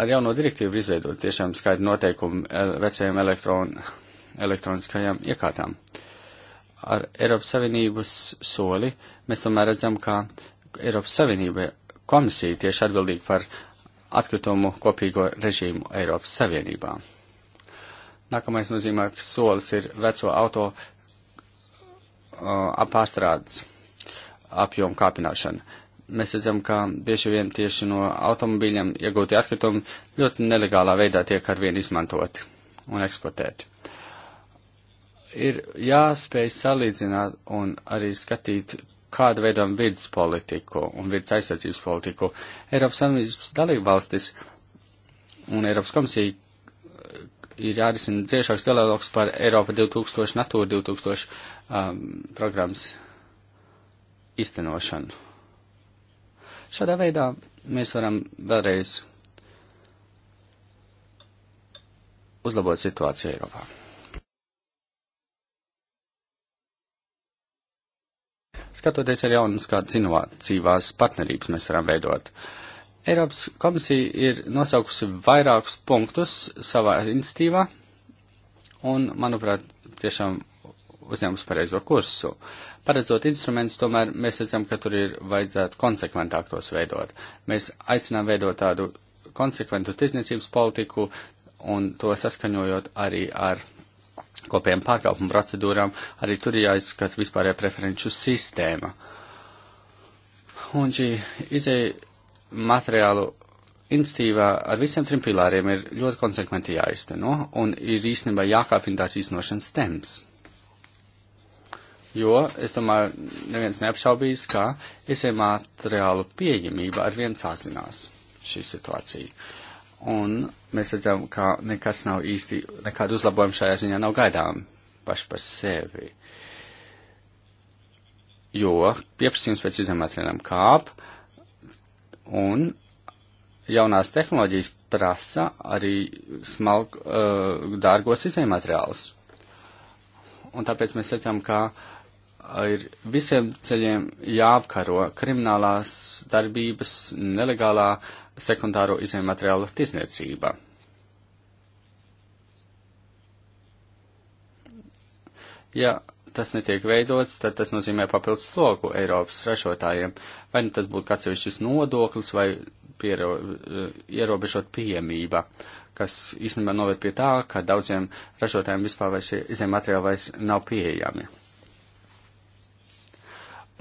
ar jauno direktīvu izveidot tiešām skaidru noteikumu vecajām elektron, elektroniskajām iekārtām. Ar Eiropas Savienības soli mēs tomēr redzam, ka Eiropas Savienība komisija tieši atbildīga par atkritumu kopīgo režīmu Eiropas Savienībā. Nākamais nozīmīgs solis ir veco auto uh, apāstrādes apjomu kāpināšana mēs redzam, ka bieži vien tieši no automobīļiem iegūtie atkritumi ļoti nelegālā veidā tiek arvien izmantoti un eksportēti. Ir jāspēj salīdzināt un arī skatīt, kādu veidu vidas politiku un vidas aizsardzības politiku Eiropas Savienības dalībvalstis un Eiropas komisija eh, ir jārisina ciešāks dialogs par Eiropa 2000 Natūra 2000 um, programmas īstenošanu. Šādā veidā mēs varam vēlreiz uzlabot situāciju Eiropā. Skatoties ar jaunas kādas inovācīvās partnerības mēs varam veidot. Eiropas komisija ir nosaukusi vairākus punktus savā institīvā, un, manuprāt, tiešām uzņēmus pareizo kursu. Uh, paredzot instrumentus, tomēr mēs redzam, ka tur ir vajadzētu konsekventāk tos veidot. Mēs aicinām veidot tādu konsekventu tirzniecības politiku un to saskaņojot arī ar kopējiem pārkāpumu procedūrām, arī tur jāizskata vispārējā preferenču sistēma. Un šī izēja materiālu institīvā ar visiem trim pilāriem ir ļoti konsekventi jāizteno un ir īstenībā jākāpina tās īstenošanas temps jo, es domāju, neviens neapšaubīs, ka esiem materiālu pieejamība ar viens sāzinās šī situācija. Un mēs redzam, ka nekas nav īsti, nekāda uzlabojuma šajā ziņā nav gaidām paši par sevi. Jo pieprasījums pēc izēmateriāliem kāp, un jaunās tehnoloģijas prasa arī smalk, uh, dārgos izējumateriālus. Un tāpēc mēs redzam, ka ir visiem ceļiem jāapkaro kriminālās darbības nelegālā sekundāro izējuma materiālu tirzniecība. Ja tas netiek veidots, tad tas nozīmē papildus slogu Eiropas ražotājiem, vai nu tas būtu atsevišķis nodoklis vai piero, eh, ierobežot pieejamība, kas īstenībā noved pie tā, ka daudziem ražotājiem vispār vai šie izējuma materiāli vairs nav pieejami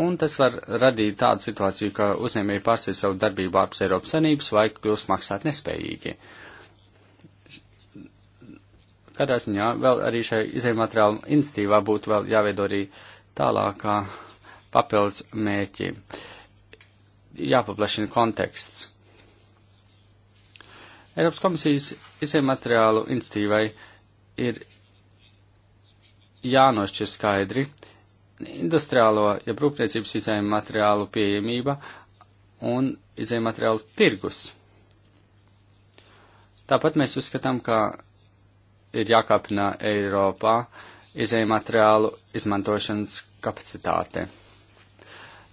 un tas var radīt tādu situāciju, ka uzņēmēji pārstāv savu darbību ārpus Eiropas Sanības vai kļūst maksāt nespējīgi. Katrā ziņā vēl arī šai izējumateriāla institīvā būtu vēl jāveido arī tālākā papildus mēķi. Jāpaplašina konteksts. Eiropas komisijas izējumateriālu institīvai ir jānošķir skaidri, uh, industriālo, ja rūpniecības izējuma materiālu pieejamība un izējuma materiālu tirgus. Tāpat mēs uzskatām, ka ir jākāpina Eiropā izējuma materiālu izmantošanas kapacitāte.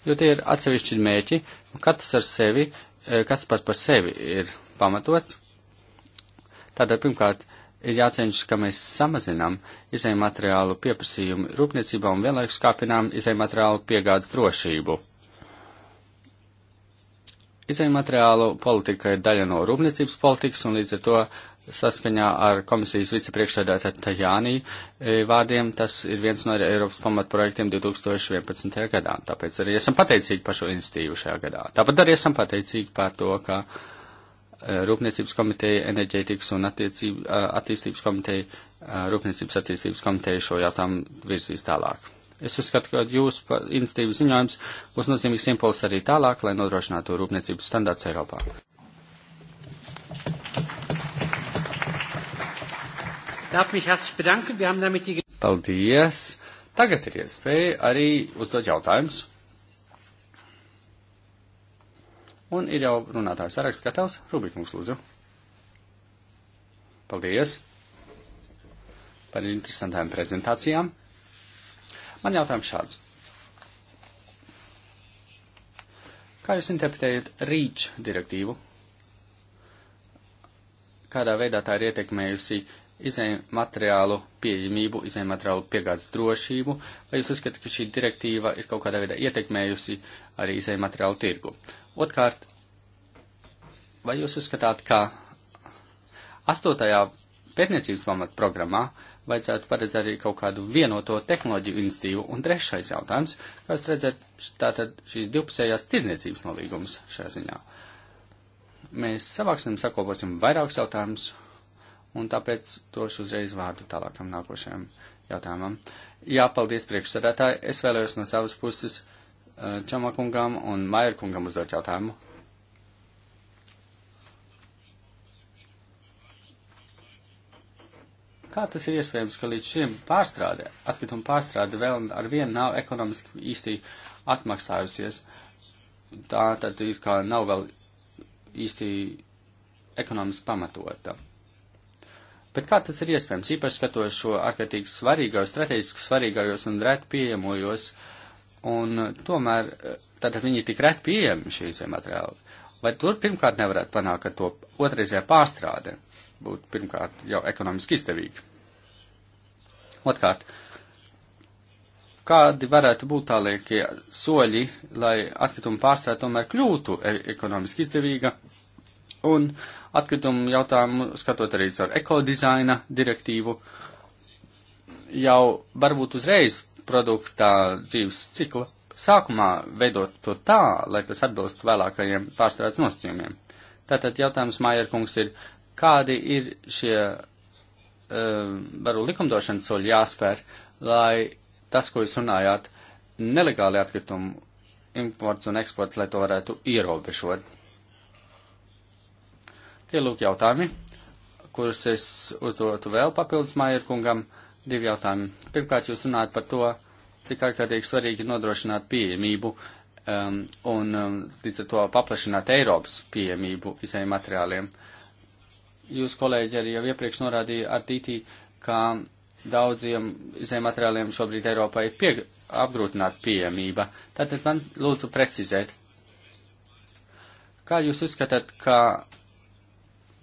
Jo tie ir atsevišķi mēķi, katrs ar sevi, eh, katrs pats par sevi ir pamatots. Tātad, pirmkārt, ir jācenšas, ka mēs samazinām izējuma materiālu pieprasījumu rūpniecībā un vienlaikus kāpinām izējuma materiālu piegādes drošību. Izējuma materiālu politika ir daļa no rūpniecības politikas un līdz ar to saskaņā ar komisijas vicepriekšsēdētāja Tajānī e, vārdiem tas ir viens no Eiropas pamatprojektiem 2011. gadā. Tāpēc arī esam pateicīgi par šo institīvu šajā gadā. Tāpat arī esam pateicīgi par to, ka. Uh, Eh, rūpniecības komiteja, enerģētikas un attīstības komiteja, Rūpniecības attīstības komiteja šo jautājumu virzīs tālāk. Es uzskatu, ka jūsu institīvas ziņojums būs nozīmīgs impuls arī tālāk, lai nodrošinātu rūpniecības standārts Eiropā. Paldies! Tagad ir iespēja arī uzdot jautājumus. Un ir jau runātājs saraksts gatavs. Rubikums, lūdzu. Paldies par interesantām prezentācijām. Man jautājums šāds. Kā jūs interpretējat rīč direktīvu? Kādā veidā tā ir ietekmējusi izējuma materiālu pieejamību, izējuma materiālu piegādes drošību, vai jūs uzskatāt, ka šī direktīva ir kaut kādā veidā ietekmējusi arī izējuma materiālu tirgu? Otkārt, vai jūs uzskatāt, ka astotajā pētniecības pamatprogrammā vajadzētu paredzēt arī kaut kādu vienoto tehnoloģiju institīvu? Un trešais jautājums, kā jūs redzat, tātad šīs divpusējās tirzniecības nolīgumus šajā ziņā? Mēs savāksim, sakoposim vairākus jautājumus un tāpēc došu uzreiz vārdu tālākam nākošajam jautājumam. Jā, paldies priekšsēdētāji. Es vēlējos no savas puses eh, Čamakungam un Mairkungam uzdot jautājumu. Kā tas ir iespējams, ka līdz šim pārstrāde, atkrituma pārstrāde vēl ar vienu nav ekonomiski īsti atmaksājusies? Tā tad ir kā nav vēl īsti ekonomiski pamatota. Bet kā tas ir iespējams, īpaši skatot šo ārkārtīgi svarīgajos, strateģiski svarīgajos un reti pieejamojos, un tomēr eh, tātad viņi ir tik reti pieejami šīs materiāli. Vai tur pirmkārt nevarētu panākt, ka to otrreizējā pārstrāde būtu pirmkārt jau ekonomiski izdevīga? Otkārt, kādi varētu būt tālākie soļi, lai atkrituma pārstrāde tomēr kļūtu e-, ekonomiski izdevīga Un atkritumu jautājumu skatot arī ar ekodizaina direktīvu, jau varbūt uzreiz produktā dzīves cikla sākumā veidot to tā, lai tas atbilst vēlākajiem pārstrādes nosacījumiem. Tātad jautājums Mājerkungs ir, kādi ir šie eh, varu likumdošanas soļi jāspēr, lai tas, ko jūs runājāt, nelegāli atkritumu imports un eksports, lai to varētu ierobežot. Tie lūk jautājumi, kurus es uzdotu vēl papildus Mājerkungam. Divi jautājumi. Pirmkārt, jūs runājat par to, cik ārkārtīgi svarīgi nodrošināt pieejamību um, un um, līdz ar to paplašināt Eiropas pieejamību visiem materiāliem. Jūs, kolēģi, arī jau iepriekš norādīja ar tītī, ka daudziem izējiem materiāliem šobrīd Eiropā ir pie, apgrūtināta pieejamība. Tātad man lūdzu precizēt, kā jūs uzskatāt, ka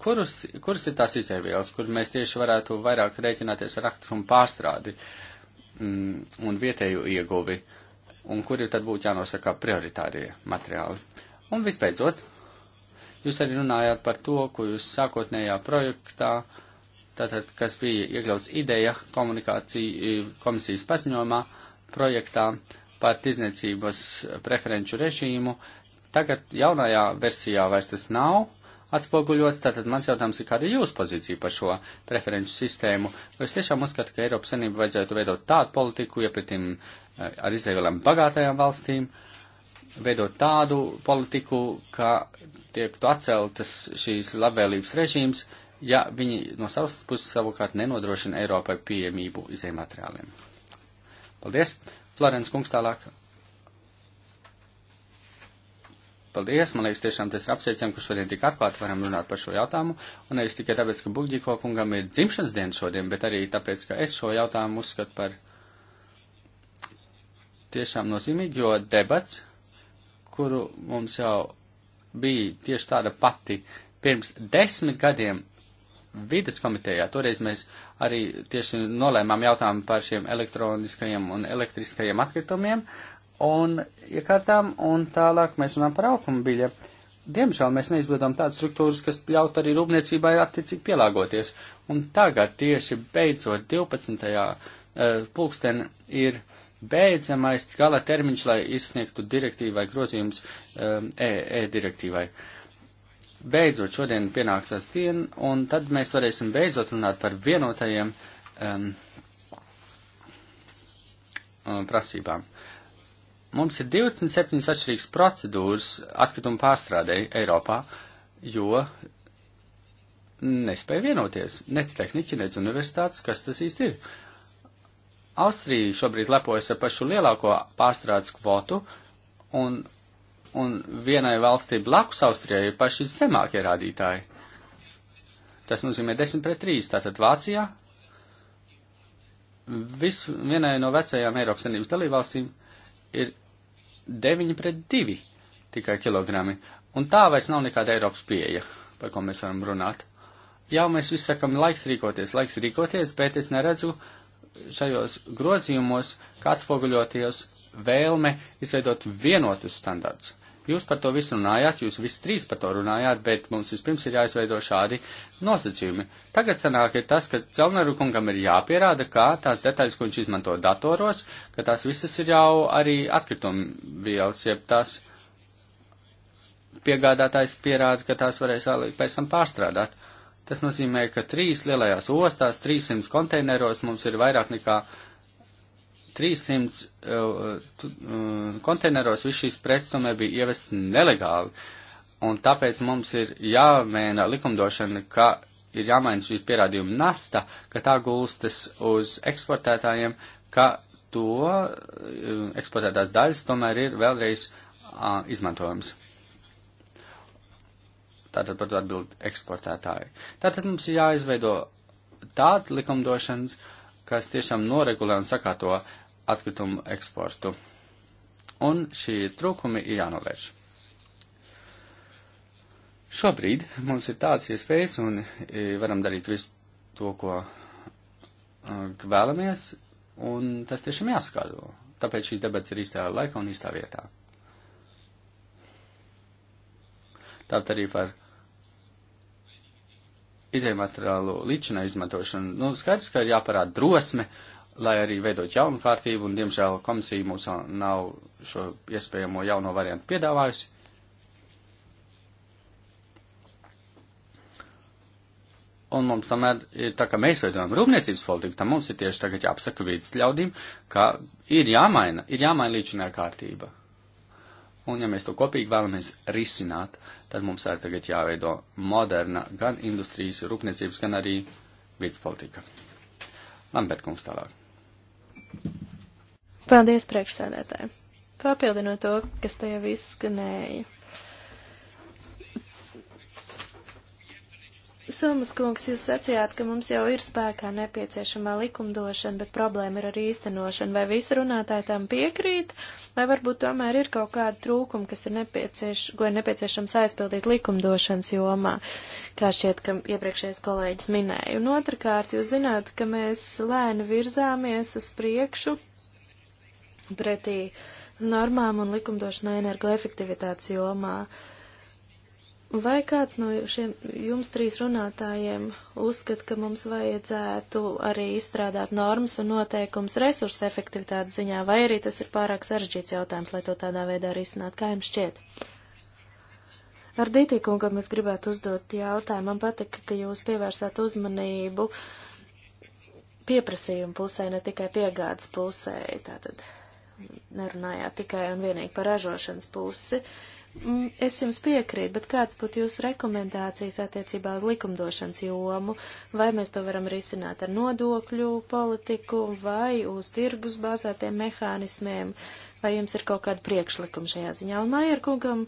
Kurus, kuras ir tās izēvielas, kur mēs tieši varētu vairāk rēķināties ar aktumu pārstrādi mm, un vietēju ieguvi, un kuri tad būtu jānosaka prioritārie materiāli? Un visbeidzot, jūs arī runājāt par to, ko jūs sākotnējā projektā, tātad, kas bija iekļauts ideja komisijas paziņojumā, projektā par tirzniecības preferenču režīmu. Tagad jaunajā versijā vairs tas nav atspoguļots. Tātad mans jautājums ir, kāda ir jūsu pozīcija par šo preferenču sistēmu? Vai es tiešām uzskatu, ka Eiropas Sanība vajadzētu veidot tādu politiku iepratīm eh, ar izdevēlēm bagātajām valstīm, veidot tādu politiku, ka tiektu atceltas šīs labvēlības režīms, ja viņi no savas puses savukārt nenodrošina Eiropai pieejamību izējumateriāliem? Paldies! Florence Kungs tālāk Paldies, man liekas, tiešām tas ir apsveicam, ka šodien tik atklāti varam runāt par šo jautājumu, un nevis tikai tāpēc, ka Buļģīko kungam ir dzimšanas diena šodien, bet arī tāpēc, ka es šo jautājumu uzskatu par tiešām nozīmīgi, jo debats, kuru mums jau bija tieši tāda pati pirms desmit gadiem vides komitejā, toreiz mēs arī tieši nolēmām jautājumu par šiem elektroniskajiem un elektriskajiem atkritumiem, uh, un iekārtām, un tālāk mēs runājam par automobīļa. Diemžēl mēs neizvedam tādas struktūras, kas ļautu arī rūpniecībai attiecīgi pielāgoties. Un tagad tieši beidzot 12. Eh, pulksten ir beidzamais gala termiņš, lai izsniegtu direktīvu vai grozījums eh, e, e-direktīvai. E, e beidzot šodien pienāk tas diena, un tad mēs varēsim beidzot runāt par vienotajiem um, prasībām. Uh, Mums ir 27 atšķirīgas procedūras atkritumu pārstrādēji Eiropā, jo nespēja vienoties nec tehniķi, nec universitātes, kas tas īsti ir. Austrija šobrīd lepojas ar pašu lielāko pārstrādes kvotu, un, un vienai valstī blakus Austrijai ir paši zemākie rādītāji. Tas nozīmē 10 pret 3, tātad Vācijā vis vienai no vecajām Eiropas Savienības dalībvalstīm ir 9 pret 2 tikai kilogrami. Un tā vairs nav nekāda Eiropas pieeja, par ko mēs varam runāt. Jā, mēs visi sakam, laiks rīkoties, laiks rīkoties, bet es neredzu šajos grozījumos, kāds poguļoties vēlme izveidot vienotus standarts. Jūs par to visu runājāt, jūs visi trīs par to runājāt, bet mums vispirms ir jāizveido šādi nosacījumi. Tagad sanāk ir tas, ka Celnaru kungam ir jāpierāda, kā tās detaļas, ko viņš izmanto datoros, ka tās visas ir jau arī atkrituma vielas, jeb tās piegādātājs pierāda, ka tās varēs vēl pēc tam pārstrādāt. Tas nozīmē, ka trīs lielajās ostās, 300 konteineros mums ir vairāk nekā 300 uh, eh, tu, uh, konteineros viss šīs preces tomēr bija ievests nelegāli. Un tāpēc mums ir jāmēna likumdošana, ka ir jāmaina šī pierādījuma nasta, ka tā gulstas uz eksportētājiem, ka to uh, eksportētās daļas tomēr ir vēlreiz uh, izmantojams. Tātad par to atbild eksportētāji. Tātad mums ir jāizveido tāda likumdošanas, kas tiešām noregulē un sakārto uh, atkritumu eksportu. Un šī trūkumi ir jānovērš. Šobrīd mums ir tāds iespējas un e, varam darīt visu to, ko e, vēlamies, un tas tiešām jāskatro. Tāpēc šīs debats ir īstajā laikā un īstā vietā. Tāpat arī par izējumateriālu līdšanai izmantošanu. Nu, skaidrs, ka ir jāparāda drosme, uh, lai arī veidot jaunu kārtību, un diemžēl komisija mums nav šo iespējamo jauno variantu piedāvājusi. Un mums tomēr, tā kā mēs veidojam rūpniecības politiku, tam mums ir tieši tagad jāapsaka vidas ļaudīm, ka ir jāmaina, ir jāmaina līdzinā kārtība. Un ja mēs to kopīgi vēlamies risināt, tad mums arī tagad jāveido moderna gan industrijas rūpniecības, gan arī vidas politika. Lambert kungs tālāk.
Paldies, priekšsēdētāji. Papildinot to, kas te jau izskanēja. Sumas kungs, jūs sacījāt, ka mums jau ir spēkā nepieciešamā likumdošana, bet problēma ir arī īstenošana. Vai visi runātāji tam piekrīt, vai varbūt tomēr ir kaut kāda trūkuma, kas ir nepiecieš, ko ir nepieciešams aizpildīt likumdošanas jomā, kā šķiet, ka iepriekšējais kolēģis minēja. Un otrkārt, jūs zināt, ka mēs lēni virzāmies uz priekšu pretī normām un likumdošanai energoefektivitātes jomā. Vai kāds no šiem jums trīs runātājiem uzskata, ka mums vajadzētu arī izstrādāt normas un noteikums resursa efektivitātes ziņā, vai arī tas ir pārāk sarežģīts jautājums, lai to tādā veidā risinātu? Kā jums šķiet? Ar Dītīkungam es gribētu uzdot jautājumu. Man patika, ka jūs pievērsāt uzmanību pieprasījumu pusē, ne tikai piegādes pusē. Tātad nerunājāt tikai un vienīgi par ražošanas pusi. Mm, es jums piekrītu, bet kāds būtu jūsu rekomendācijas attiecībā uz likumdošanas jomu? Vai mēs to varam risināt ar nodokļu politiku vai uz tirgus bāzētiem mehānismiem? Vai jums ir kaut kāda priekšlikuma šajā ziņā? Un Majerkungam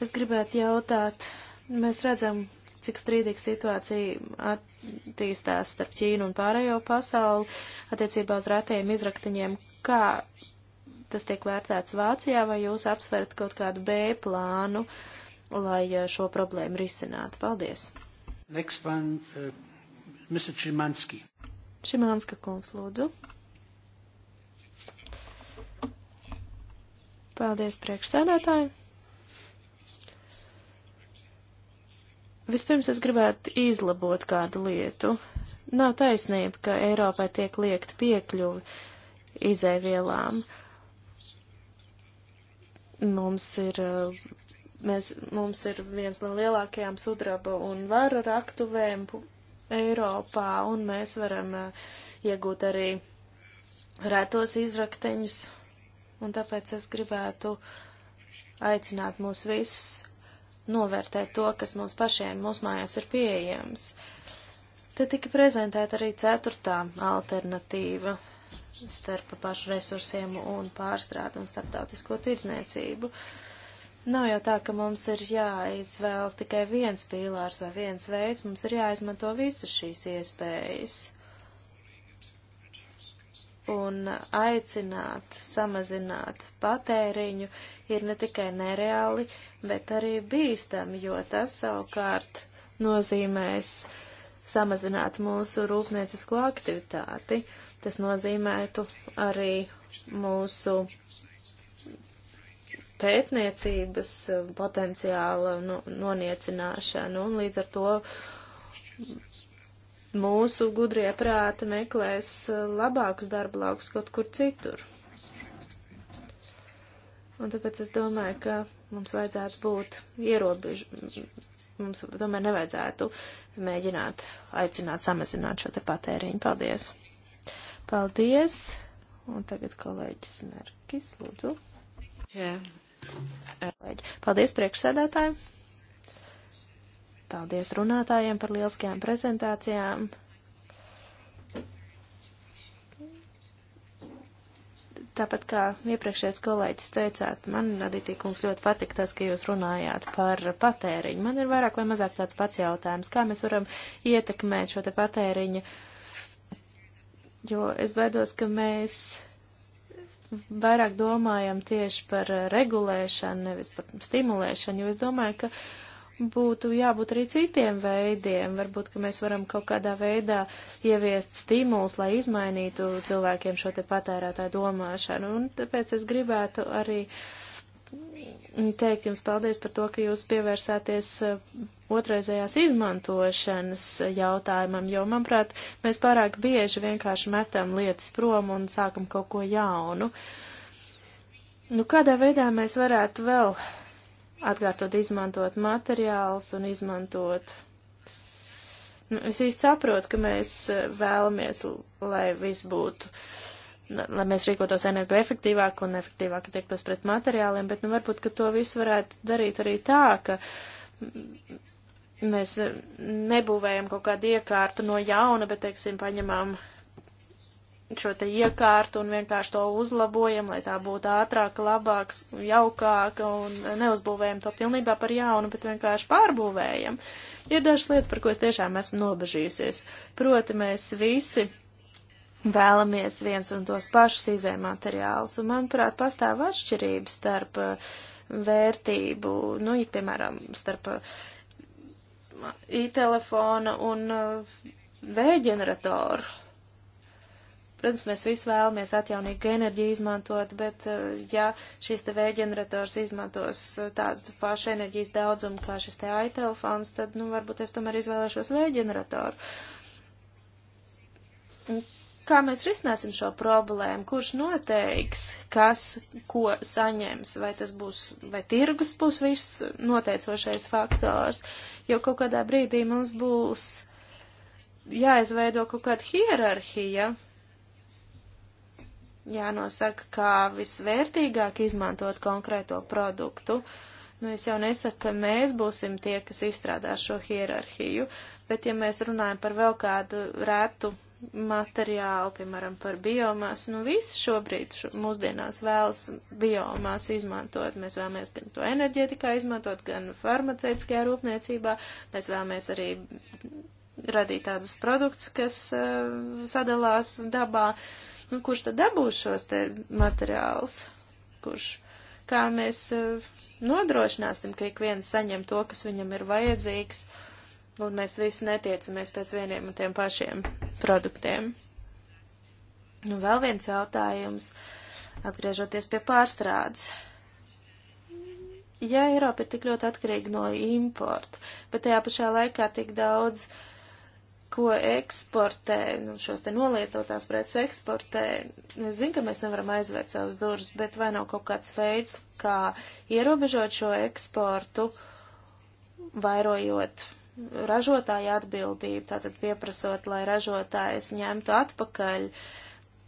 es gribētu jautāt, mēs redzam, cik strīdīga situācija attīstās starp Ķīnu un pārējo pasauli attiecībā uz retajiem izraktiņiem. Kā tas tiek vērtēts Vācijā, vai jūs apsverat kaut kādu B plānu, lai eh, šo problēmu risinātu? Paldies!
Next one, uh, Mr. Šimanski.
Šimanska kungs, lūdzu. Paldies priekšsēdētājiem. Vispirms es gribētu izlabot kādu lietu. Nav taisnība, ka Eiropai tiek liekt piekļuvi izēvielām. Uh, Mums ir, eh, mēs, mums ir viens no lielākajām sudraba un varu raktuvēm Eiropā, un mēs varam eh, iegūt arī retos izrakteņus, un tāpēc es gribētu aicināt mūs visus novērtēt to, kas mums pašiem mūsu mājās ir pieejams. Te tika prezentēta arī ceturtā alternatīva starp pašu resursiem un pārstrādu un starptautisko tirdzniecību. Nav jau tā, ka mums ir jāizvēlas tikai viens pīlārs vai viens veids, mums ir jāizmanto visas šīs iespējas un aicināt, samazināt patēriņu ir ne tikai nereāli, bet arī bīstami, jo tas savukārt nozīmēs samazināt mūsu rūpniecisko aktivitāti. Tas nozīmētu arī mūsu pētniecības potenciāla nu, noniecināšanu, un līdz ar to mūsu gudrie prāti meklēs labākus darba laukus kaut kur citur. Un tāpēc es domāju, ka mums vajadzētu būt ierobežu, mums tomēr nevajadzētu mēģināt aicināt samazināt šo te patēriņu. Paldies! Paldies! Un tagad kolēģis Merkis, lūdzu. Jā. Paldies priekšsēdētājiem! Paldies runātājiem par lieliskajām prezentācijām! tāpat kā iepriekšējais kolēģis teicāt, man, Aditī kungs, ļoti patika tas, ka jūs runājāt par patēriņu. Man ir vairāk vai mazāk tāds pats jautājums, kā mēs varam ietekmēt šo te patēriņa jo es baidos, ka mēs vairāk domājam tieši par eh, regulēšanu, nevis par stimulēšanu, jo es domāju, ka būtu jābūt arī citiem veidiem. Varbūt, ka mēs varam kaut kādā veidā ieviest stimulus, lai izmainītu cilvēkiem šo te patērētāju domāšanu. Un tāpēc es gribētu arī uh, teikt jums paldies par to, ka jūs pievērsāties eh, otraizējās izmantošanas jautājumam, jo, manuprāt, mēs pārāk bieži vienkārši metam lietas prom un sākam kaut ko jaunu. Nu, kādā veidā mēs varētu vēl atkārtot izmantot materiālus un izmantot. Nu, es īsti saprotu, ka mēs eh, vēlamies, lai viss būtu uh, lai mēs rīkotos energoefektīvāk un efektīvāk attiektos pret materiāliem, bet nu varbūt, ka to visu varētu darīt arī tā, ka mēs nebūvējam kaut kādu iekārtu no jauna, bet, teiksim, paņemam šo te iekārtu un vienkārši to uzlabojam, lai tā būtu ātrāka, labāks, jaukāka un neuzbūvējam to pilnībā par jaunu, bet vienkārši pārbūvējam. Ir dažas lietas, par ko es tiešām esmu nobežījusies. Proti mēs visi vēlamies viens un tos pašus izējumateriālus, un, manuprāt, pastāv atšķirības starp uh, vērtību, nu, ja, piemēram, starp uh, i-telefona un uh, vējģeneratoru. Protams, mēs visi vēlamies atjaunīgu enerģiju izmantot, bet ja šis te vējģenerators izmantos tādu pašu enerģijas daudzumu kā šis te i-telefons, tad, nu, varbūt es tomēr izvēlēšos vējģeneratoru Kā mēs risināsim šo problēmu? Kurš noteiks, kas ko saņems? Vai tas būs, vai tirgus būs viss noteicošais faktors? Jo kaut kādā brīdī mums būs jāizveido kaut kāda hierarhija, jānosaka, kā visvērtīgāk izmantot konkrēto produktu. Nu, es jau nesaku, ka mēs būsim tie, kas izstrādās šo hierarhiju, bet ja mēs runājam par vēl kādu rētu materiāli, piemēram, par biomasu. Nu, visi šobrīd šo, mūsdienās vēlas biomasu izmantot. Mēs vēlamies gan to enerģētikā izmantot, gan farmaceitiskajā rūpniecībā. Mēs vēlamies arī radīt tādas produktus, kas uh, sadalās dabā. Nu, kurš tad dabūs šos te materiālus? Kurš? Kā mēs uh, nodrošināsim, ka ik viens saņem to, kas viņam ir vajadzīgs? Uh, un mēs visi netiecamies pēc vieniem un tiem pašiem produktiem. Un vēl viens jautājums, atgriežoties pie pārstrādes. Ja Eiropa ir tik ļoti atkarīga no importa, bet tajā pašā laikā tik daudz ko eksportē, nu, šos te nolietotās preces eksportē, es zinu, ka mēs nevaram aizvērt savus durvis, bet vai nav kaut kāds veids, kā ierobežot šo eksportu, vairojot ražotāja atbildība, tātad pieprasot, lai ražotājs ņemtu atpakaļ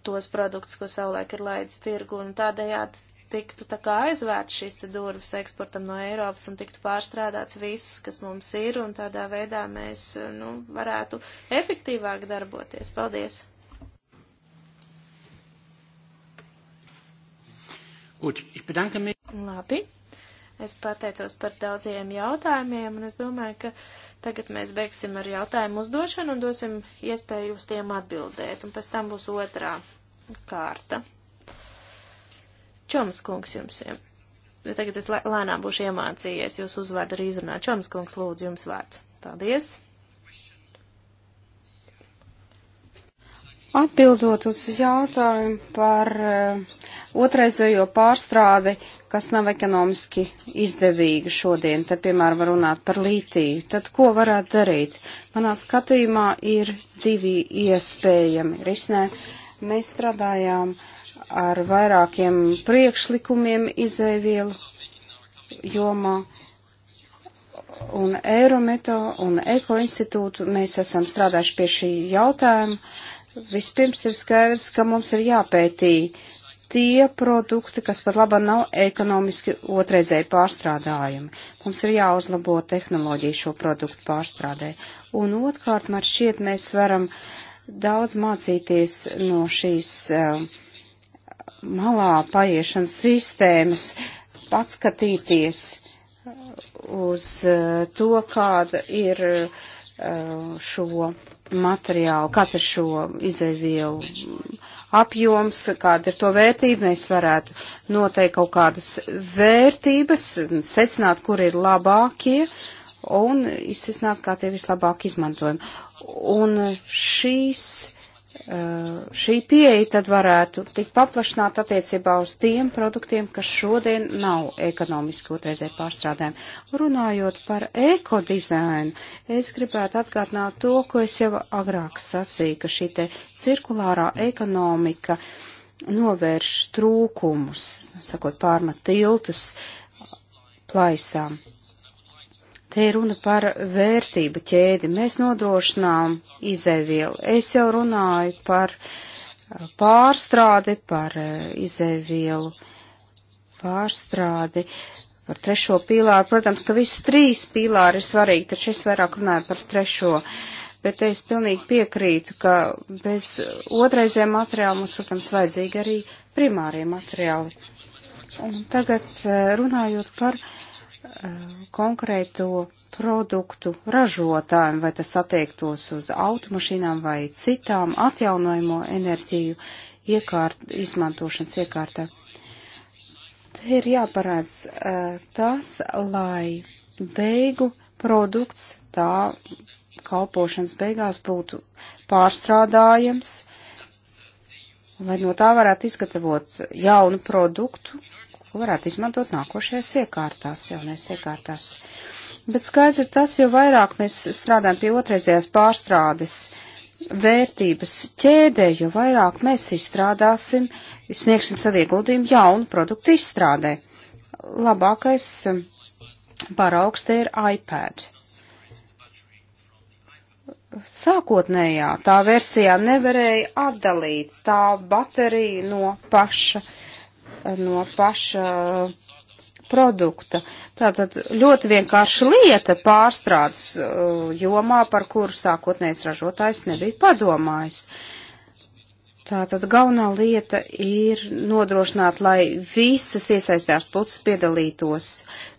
tos produktus, ko savulaik ir laidis tirgu, un tādējādi tiktu tā kā aizvērt šīs te durvis eksportam no Eiropas un tiktu pārstrādāts viss, kas mums ir, un tādā veidā mēs, nu, varētu efektīvāk darboties. Paldies!
Gut, ich bedanke mich.
Labi. Es pateicos par daudziem jautājumiem, un es domāju, ka Tagad mēs beigsim ar jautājumu uzdošanu un dosim iespēju uz tiem atbildēt, un pēc tam būs otrā kārta. Čoms kungs jums ir. Ja tagad es lēnām būšu iemācījies jūs uzvārdu arī izrunāt. Čoms kungs, lūdzu, jums vārds. Paldies!
Atbildot uz jautājumu par eh, otraizējo pārstrādi, kas nav ekonomiski izdevīga šodien, tad, piemēram, runāt par lītīju, tad ko varētu darīt? Manā skatījumā ir divi iespējami risinājumi. Mēs strādājām ar vairākiem priekšlikumiem izēvielu jomā un Eirometo un Eko institūtu. Mēs esam strādājuši pie šī jautājuma Vispirms ir skaidrs, ka mums ir jāpētī tie produkti, kas pat laba nav ekonomiski otrreizēji pārstrādājumi. Mums ir jāuzlabo tehnoloģiju šo produktu pārstrādē. Un otrkārt, man šķiet, mēs varam daudz mācīties no šīs uh, malā paiešanas sistēmas, patskatīties eh, uz uh, to, kāda ir uh, šo materiālu, kāds ir šo izēvielu apjoms, kāda ir to vērtība, mēs varētu noteikt kaut kādas vērtības, secināt, kur ir labākie un izsnāt, kā tie vislabāk izmantojami. Un šīs Uh, šī pieeja tad varētu tikt paplašināta attiecībā uz tiem produktiem, kas šodien nav ekonomiski otrreizē pārstrādājumi. Runājot par ekodizainu, es gribētu atgādināt to, ko es jau agrāk sasīju, ka šī te cirkulārā ekonomika novērš trūkumus, sakot pārmet tiltus plaisām. Te ir runa par vērtību ķēdi. Mēs nodrošinām izēvielu. Es jau runāju par eh, pārstrādi, par eh, izēvielu pārstrādi, par trešo pīlāru. Protams, ka viss trīs pīlāri ir svarīgi, taču es vairāk runāju par trešo. Bet es pilnīgi piekrītu, ka bez otraizē materiāla mums, protams, vajadzīgi arī primārie materiāli. Un tagad eh, runājot par uh, konkrēto produktu ražotājiem, vai tas attiektos uz automašīnām vai citām atjaunojumu enerģiju iekārt, izmantošanas iekārtā. Te ir jāparāds uh, tas, lai beigu produkts tā kalpošanas beigās būtu pārstrādājams, lai no tā varētu izgatavot jaunu produktu, ko varētu izmantot nākošajās iekārtās, jaunais iekārtās. Bet skaidrs ir tas, jo vairāk mēs strādājam pie otrreizējās pārstrādes vērtības ķēdē, jo vairāk mēs izstrādāsim, sniegsim savu ieguldījumu jaunu produktu izstrādē. Labākais um, paraugs te ir iPad. Sākotnējā tā versijā nevarēja atdalīt tā bateriju no paša uh, no paša uh, produkta. Tātad ļoti vienkārši lieta pārstrādes uh, jomā, par kuru sākotnējs ražotājs nebija padomājis. Tātad galvenā lieta ir nodrošināt, lai visas iesaistās puses piedalītos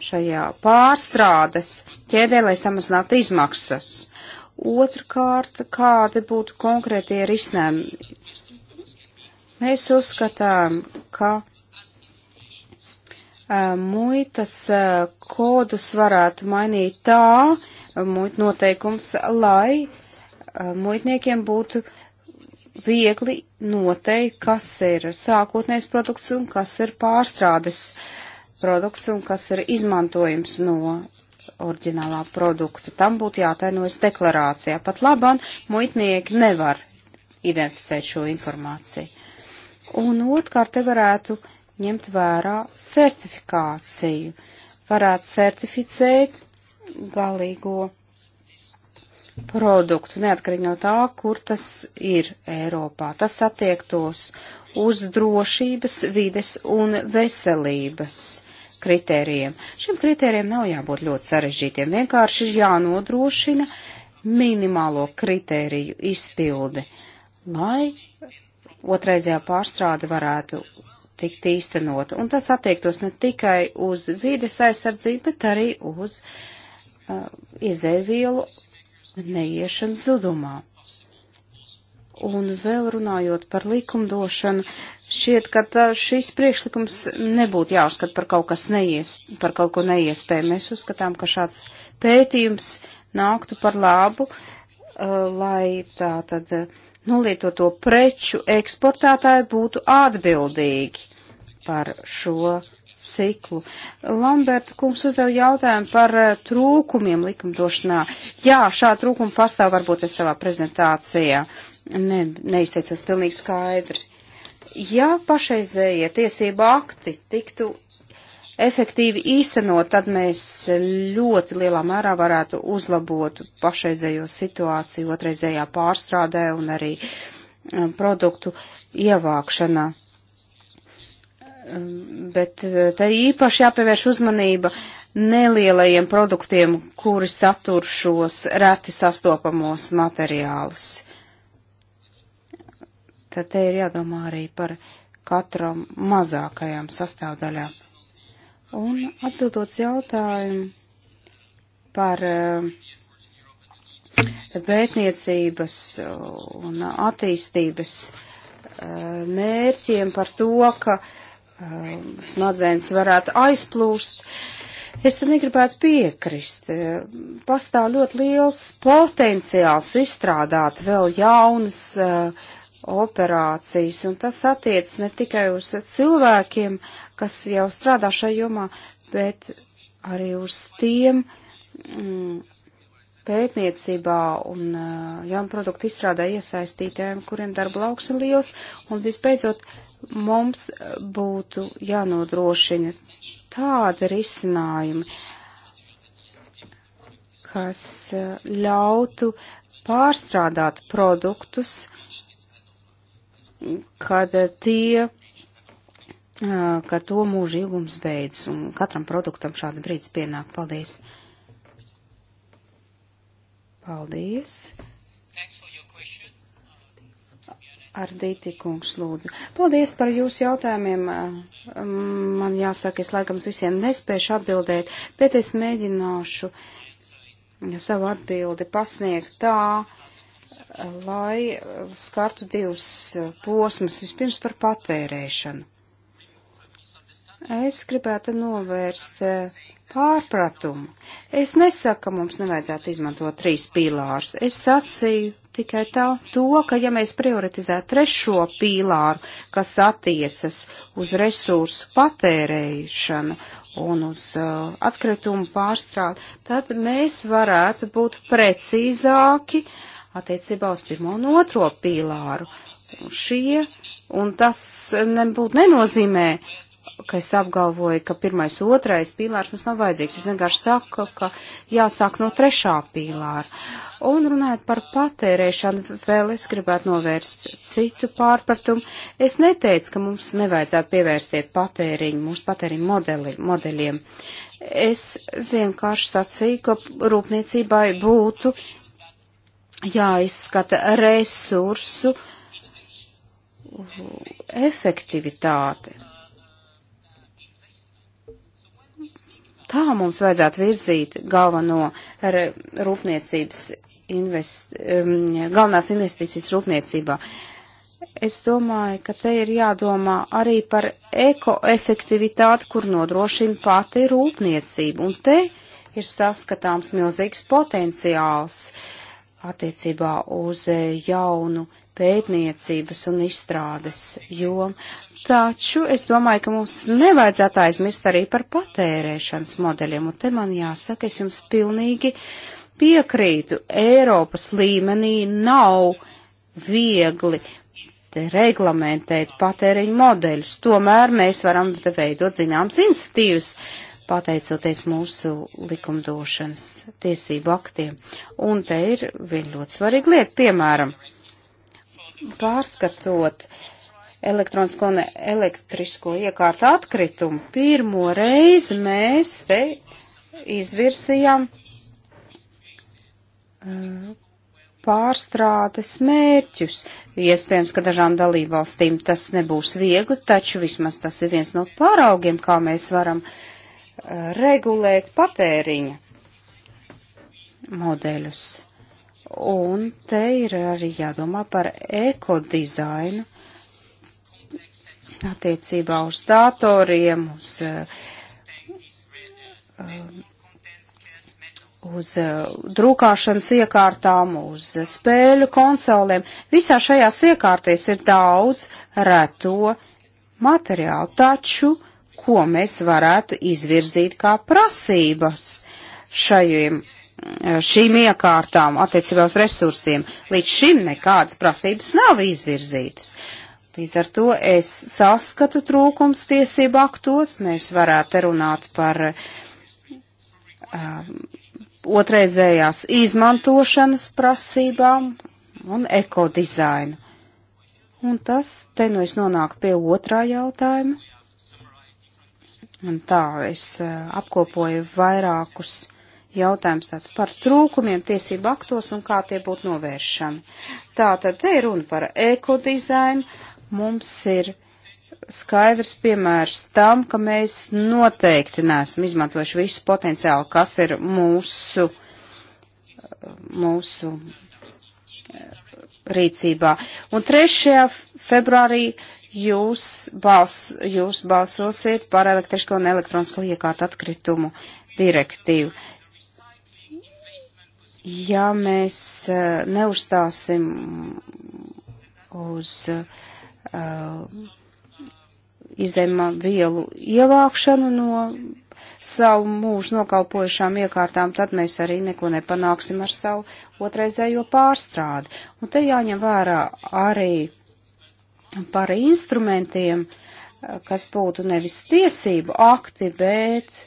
šajā pārstrādes ķēdē, lai samazinātu izmaksas. Otrkārt, kādi būtu konkrētie risinājumi? Mēs uzskatām, ka muitas kodus varētu mainīt tā, muit noteikums, lai muitniekiem būtu viegli noteikt, kas ir sākotnējs produkts un kas ir pārstrādes produkts un kas ir izmantojums no oriģinālā produkta. Tam būtu jātainojas deklarācijā. Pat labam muitnieki nevar identificēt šo informāciju. Un otrkārt te varētu uh, ņemt vērā certifikāciju, varētu certificēt galīgo produktu, neatkarīgi no tā, kur tas ir Eiropā. Tas attiektos uz drošības, vides un veselības kritērijiem. Šiem kritērijiem nav jābūt ļoti sarežģītiem, vienkārši ir jānodrošina minimālo kritēriju izpildi, lai otraizējā pārstrāde varētu tikt īstenota. Un tas attiektos ne tikai uz vides aizsardzību, bet arī uz uh, iezēvielu neiešanu zudumā. Un vēl runājot par likumdošanu, šķiet, ka tā, šis priekšlikums nebūtu jāuzskata par kaut, neies, par kaut ko neiespēju. Mēs uzskatām, ka šāds pētījums nāktu par labu, uh, lai tā tad. Uh, nolietoto preču eksportētāji būtu atbildīgi par šo ciklu. Lamberta kungs uzdeva jautājumu par eh, trūkumiem likumdošanā. Jā, šā trūkuma pastāv varbūt es savā prezentācijā. Ne, neizteicos pilnīgi skaidri. Ja pašreizējie tiesība akti tiktu efektīvi īstenot, tad mēs ļoti lielā mērā varētu uzlabot pašreizējo situāciju otrreizējā pārstrādē un arī um, produktu ievākšanā. Um, bet uh, te īpaši jāpievērš uzmanība nelielajiem produktiem, kuri satur šos reti sastopamos materiālus. Tad te ir jādomā arī par katram mazākajām sastāvdaļām. Un atbildot jautājumu par pētniecības eh, un attīstības eh, mērķiem, par to, ka eh, smadzenes varētu aizplūst. Es tam negribētu piekrist. Pastāv ļoti liels potenciāls izstrādāt vēl jaunas uh, operācijas, un tas attiec ne tikai uz cilvēkiem kas jau strādā šajā jomā, bet arī uz tiem mm, pētniecībā un uh, jaunu produktu izstrādē iesaistītājiem, kuriem darba lauks ir liels. Un visbeidzot, mums būtu jānodrošina tādi risinājumi, kas uh, ļautu pārstrādāt produktus, kad uh, tie ka to mūža ilgums beidzas, un katram produktam šāds brīdis pienāk. Paldies! Paldies! Ardīti kungs, lūdzu. Paldies par jūsu jautājumiem. Man jāsaka, es laikam visiem nespēšu atbildēt, bet es mēģināšu savu atbildi pasniegt tā, lai skartu divus posmus. Vispirms par patērēšanu. Es gribētu novērst eh, pārpratumu. Es nesaku, ka mums nevajadzētu izmantot trīs pīlārus. Es sacīju tikai tā, to, ka ja mēs prioritizētu trešo pīlāru, kas attiecas uz resursu patērēšanu un uz uh, atkritumu pārstrādi, tad mēs varētu būt precīzāki attiecībā uz pirmo un otro pīlāru. Un šie, un tas nebūtu nenozīmē, ka es apgalvoju, ka pirmais, otrais pīlārs mums nav vajadzīgs. Es vienkārši saku, ka jāsāk no trešā pīlāra. Un runājot par patērēšanu, vēl es gribētu novērst citu pārpratumu. Es neteicu, ka mums nevajadzētu pievērsties patēriņu, mūsu patēriņu modeli, modeļiem. Es vienkārši sacīju, ka rūpniecībai būtu jāizskata resursu efektivitāte Tā mums vajadzētu virzīt galveno rūpniecības invest, galvenās investīcijas rūpniecībā. Es domāju, ka te ir jādomā arī par ekoefektivitāti, kur nodrošina pati rūpniecība. Un te ir saskatāms milzīgs potenciāls attiecībā uz eh, jaunu pētniecības un izstrādes jom. Taču es domāju, ka mums nevajadzētu aizmirst arī par patērēšanas modeļiem, un te man jāsaka, es jums pilnīgi piekrītu, Eiropas līmenī nav viegli reglamentēt patēriņu modeļus, tomēr mēs varam veidot zināmas iniciatīvas, pateicoties mūsu likumdošanas tiesību aktiem. Un te ir viena ļoti svarīga lieta, piemēram, pārskatot elektronisko un elektrisko iekārtu atkritumu, pirmo reizi mēs te izvirsījām eh, pārstrādes mērķus. Iespējams, ka dažām dalībvalstīm tas nebūs viegli, taču vismaz tas ir viens no pāraugiem, kā mēs varam eh, regulēt patēriņa modeļus. Un te ir arī jādomā par ekodizainu attiecībā uz datoriem, uz, eh, eh, uz eh, drukāšanas iekārtām, uz spēļu konsolēm. Visā šajās iekārtēs ir daudz reto materiālu, taču ko mēs varētu izvirzīt kā prasības šajiem Eh, šīm iekārtām attiecībā uz resursiem. Līdz šim nekādas prasības nav izvirzītas. Līdz ar to es saskatu trūkums tiesību aktos, mēs varētu runāt par um, eh, otrreizējās izmantošanas prasībām un ekodizainu. Un tas, te nu es nonāku pie otrā jautājuma. Un tā es uh, apkopoju vairākus jautājums tātad par trūkumiem tiesību aktos un kā tie būtu novēršami. Tātad te ir runa par ekodizainu. Mums ir skaidrs piemērs tam, ka mēs noteikti neesam izmantojuši visu potenciālu, kas ir mūsu, mūsu eh, rīcībā. Un 3. februārī jūs, bals, jūs balsosiet par elektrisko un elektronisko iekārtu atkritumu direktīvu ja mēs eh, neuzstāsim uz uh, izdevuma vielu ievākšanu no savu mūžu nokalpojušām iekārtām, tad mēs arī neko nepanāksim ar savu otraizējo pārstrādi. Un te jāņem vērā arī par instrumentiem, eh, kas būtu nevis tiesību akti, bet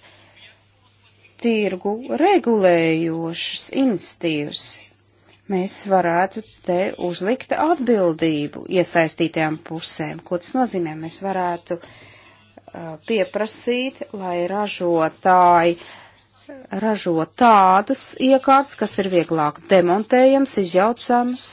tirgu regulējošas institīvas. Mēs varētu te uzlikt atbildību iesaistītajām pusēm. Ko tas nozīmē? Mēs varētu uh, pieprasīt, lai ražotāji ražo tādus iekārtas, kas ir vieglāk demontējams, izjaucams,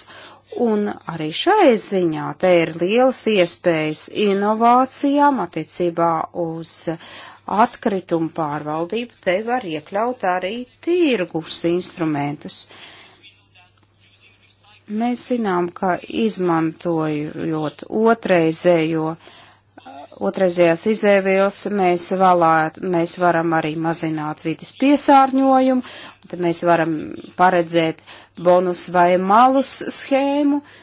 un arī šai ziņā te ir lielas iespējas inovācijām attiecībā uz uh, atkritumu pārvaldību, te var iekļaut arī tirgus instrumentus. Mēs zinām, ka izmantojot otrreizējo, otrreizējās izēvielas, mēs, valāt, mēs varam arī mazināt vidas piesārņojumu, tad mēs varam paredzēt bonus vai malus schēmu, uh,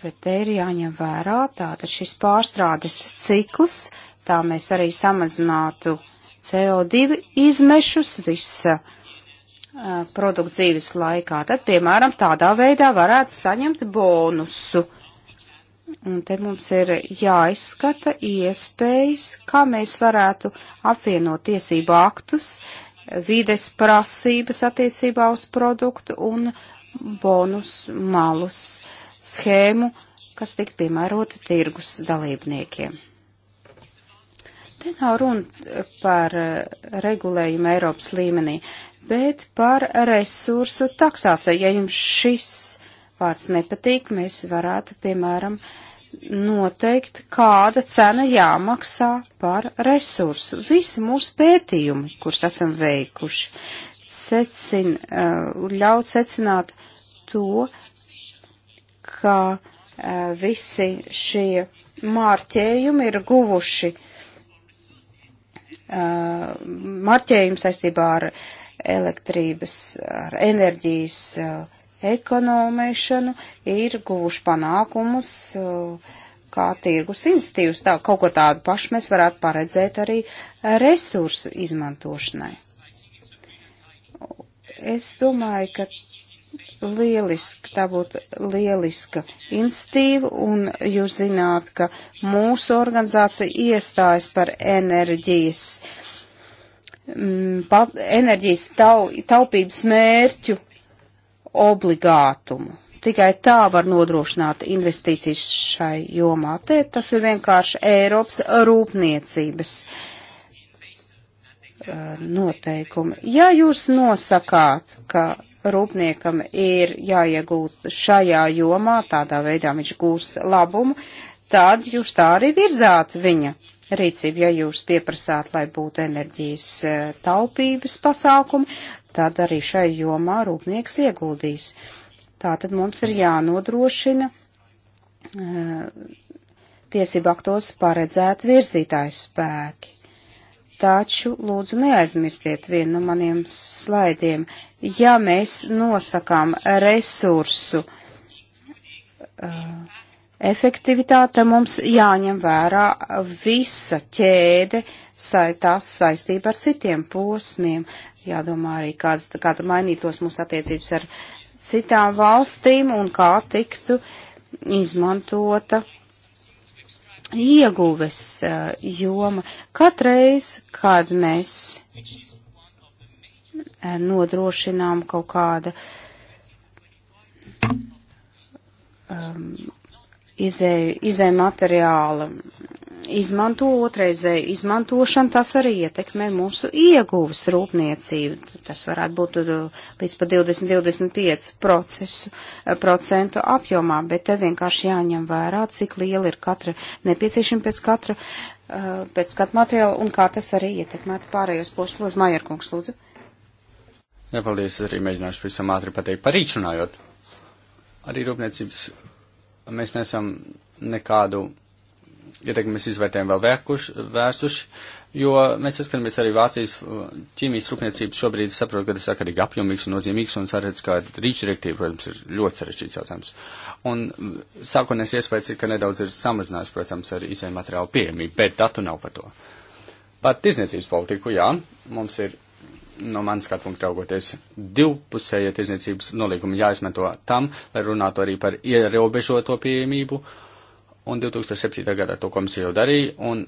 bet te ir jāņem vērā tātad šis pārstrādes cikls, tā mēs arī samazinātu CO2 izmešus visa uh, produktu dzīves laikā. Tad, piemēram, tādā veidā varētu saņemt bonusu. Un te mums ir jāizskata iespējas, kā mēs varētu apvienot tiesību aktus, vides prasības attiecībā uz produktu un bonus malus. Uh, schēmu, kas tiktu piemērota tirgus dalībniekiem. Te nav runa par eh, regulējumu Eiropas līmenī, bet par resursu taksāciju. Ja jums šis vārds nepatīk, mēs varētu, piemēram, noteikt, kāda cena jāmaksā par resursu. Visi mūsu pētījumi, kurus esam veikuši, secin, eh, ļauj secināt to, ka e, visi šie mārķējumi ir guvuši e, marķējumu saistībā ar elektrības, ar enerģijas e, ekonomēšanu, ir guvuši panākumus kā tirgus institīvs. Tā, kaut ko tādu pašu mēs varētu paredzēt arī resursu izmantošanai. Es domāju, ka lieliski, tā būtu lieliska institīva, un jūs zināt, ka mūsu organizācija iestājas par enerģijas, m, mm, pat, enerģijas tau, taupības mērķu obligātumu. Tikai tā var nodrošināt investīcijas šai jomā. Te tas ir vienkārši Eiropas rūpniecības eh, noteikumi. Ja jūs nosakāt, ka rūpniekam ir jāiegūst šajā jomā, tādā veidā viņš gūst labumu, tad jūs tā arī virzāt viņa rīcību. Ja jūs pieprasāt, lai būtu enerģijas e, taupības pasākumi, tad arī šai jomā rūpnieks ieguldīs. Tātad mums ir jānodrošina e, tiesību aktos paredzēt virzītājs spēki. Taču lūdzu neaizmirstiet vienu no maniem slaidiem. Ja mēs nosakām resursu uh, efektivitāte, mums jāņem vērā visa ķēde, sai, tās saistība ar citiem posmiem. Jādomā arī, kāds, kāda mainītos mūsu attiecības ar citām valstīm un kā tiktu izmantota uh, ieguves joma. Katreiz, kad mēs nodrošinām kaut kādu um, izēju, izēju materiālu izmanto otraizēju izmantošanu, tas arī ietekmē mūsu ieguvas rūpniecību. Tas varētu būt uh, līdz pa 20-25% uh, apjomā, bet te vienkārši jāņem vērā, cik liela ir katra nepieciešama pēc katra, uh, pēc katra materiāla un kā tas arī ietekmētu pārējos posmus. Majerkungs, lūdzu.
Jā, paldies, arī mēģināšu visam ātri pateikt par rīčunājot. Arī rūpniecības mēs nesam nekādu ietekmes izvērtējumu vēl vēkuši, vērsuši, jo mēs saskaramies arī Vācijas uh, ķīmijas rūpniecību šobrīd saprot, ka tas sakarīgi apjomīgs un nozīmīgs un saredz, ka rīča direktīva, protams, ir ļoti sarežģīts jautājums. Un uh, sākotnēs iespējas ir, ka nedaudz ir samazinājis, protams, arī izēju materiālu pieejamību, bet datu nav par to. Par tirzniecības politiku, jā, mums ir no manas skatu punkta raugoties, divpusēja tirzniecības nolīguma jāizmanto tam, lai runātu arī par ierobežoto pieejamību Un 2007. gadā to komisija jau darīja, un,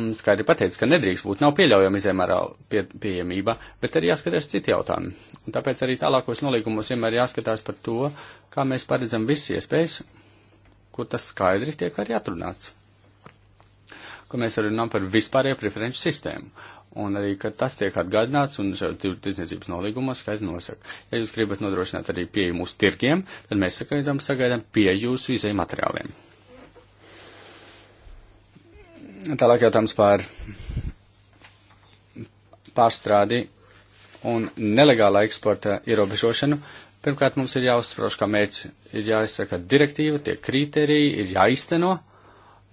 un skaidri pateica, ka nedrīkst būt, nav pieļaujama izēmērā pie, pieejamība, bet arī jāskatās citi jautājumi. Un tāpēc arī tālākos nolīgumos vienmēr jāskatās par to, kā mēs paredzam visas iespējas, kur tas skaidri tiek arī atrunāts. Kur mēs runājam par vispārējo preferenču sistēmu. Un arī, ka tas tiek atgādināts un tirdzniecības nolīgumā skaidri nosaka. Ja jūs gribat nodrošināt arī pieeju mūsu tirgiem, tad mēs sagaidām, sagaidām pie jūsu vizēju materiāliem. Tālāk jautājums par pārstrādi un nelegālā eksporta ierobežošanu. Pirmkārt, mums ir jāuzsproš, kā mērķis ir jāizsaka direktīva, tie kriteriji ir jāizteno. Uh,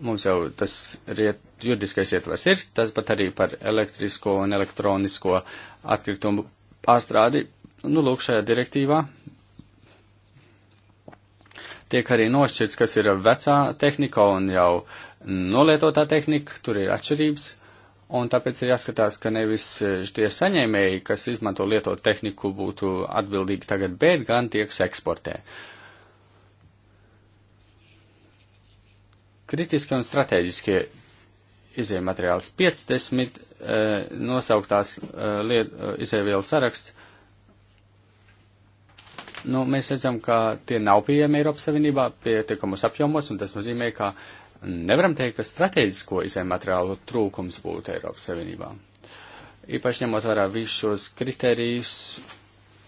Mums jau tas riet, juridiskais ietvers ir, tas pat arī par elektrisko un elektronisko atkritumu pārstrādi. Nu, lūk, šajā direktīvā tiek arī nošķirts, kas ir vecā tehnika un jau nolietotā tehnika, tur ir atšķirības, un tāpēc ir jāskatās, ka nevis tie saņēmēji, kas izmanto lietot tehniku, būtu atbildīgi tagad, bet gan tie, kas eksportē. Uh, Kritiskie un strateģiskie izējuma materiāls 50 e, eh, nosauktās e, liet, e, eh, izēvielu saraksts. Nu, mēs redzam, ka tie nav pieejami Eiropas Savienībā pietiekamos apjomos, un tas nozīmē, ka nevaram teikt, ka strateģisko izējuma materiālu trūkums būtu Eiropas Savienībā. Īpaši ņemot vērā visus šos kriterijus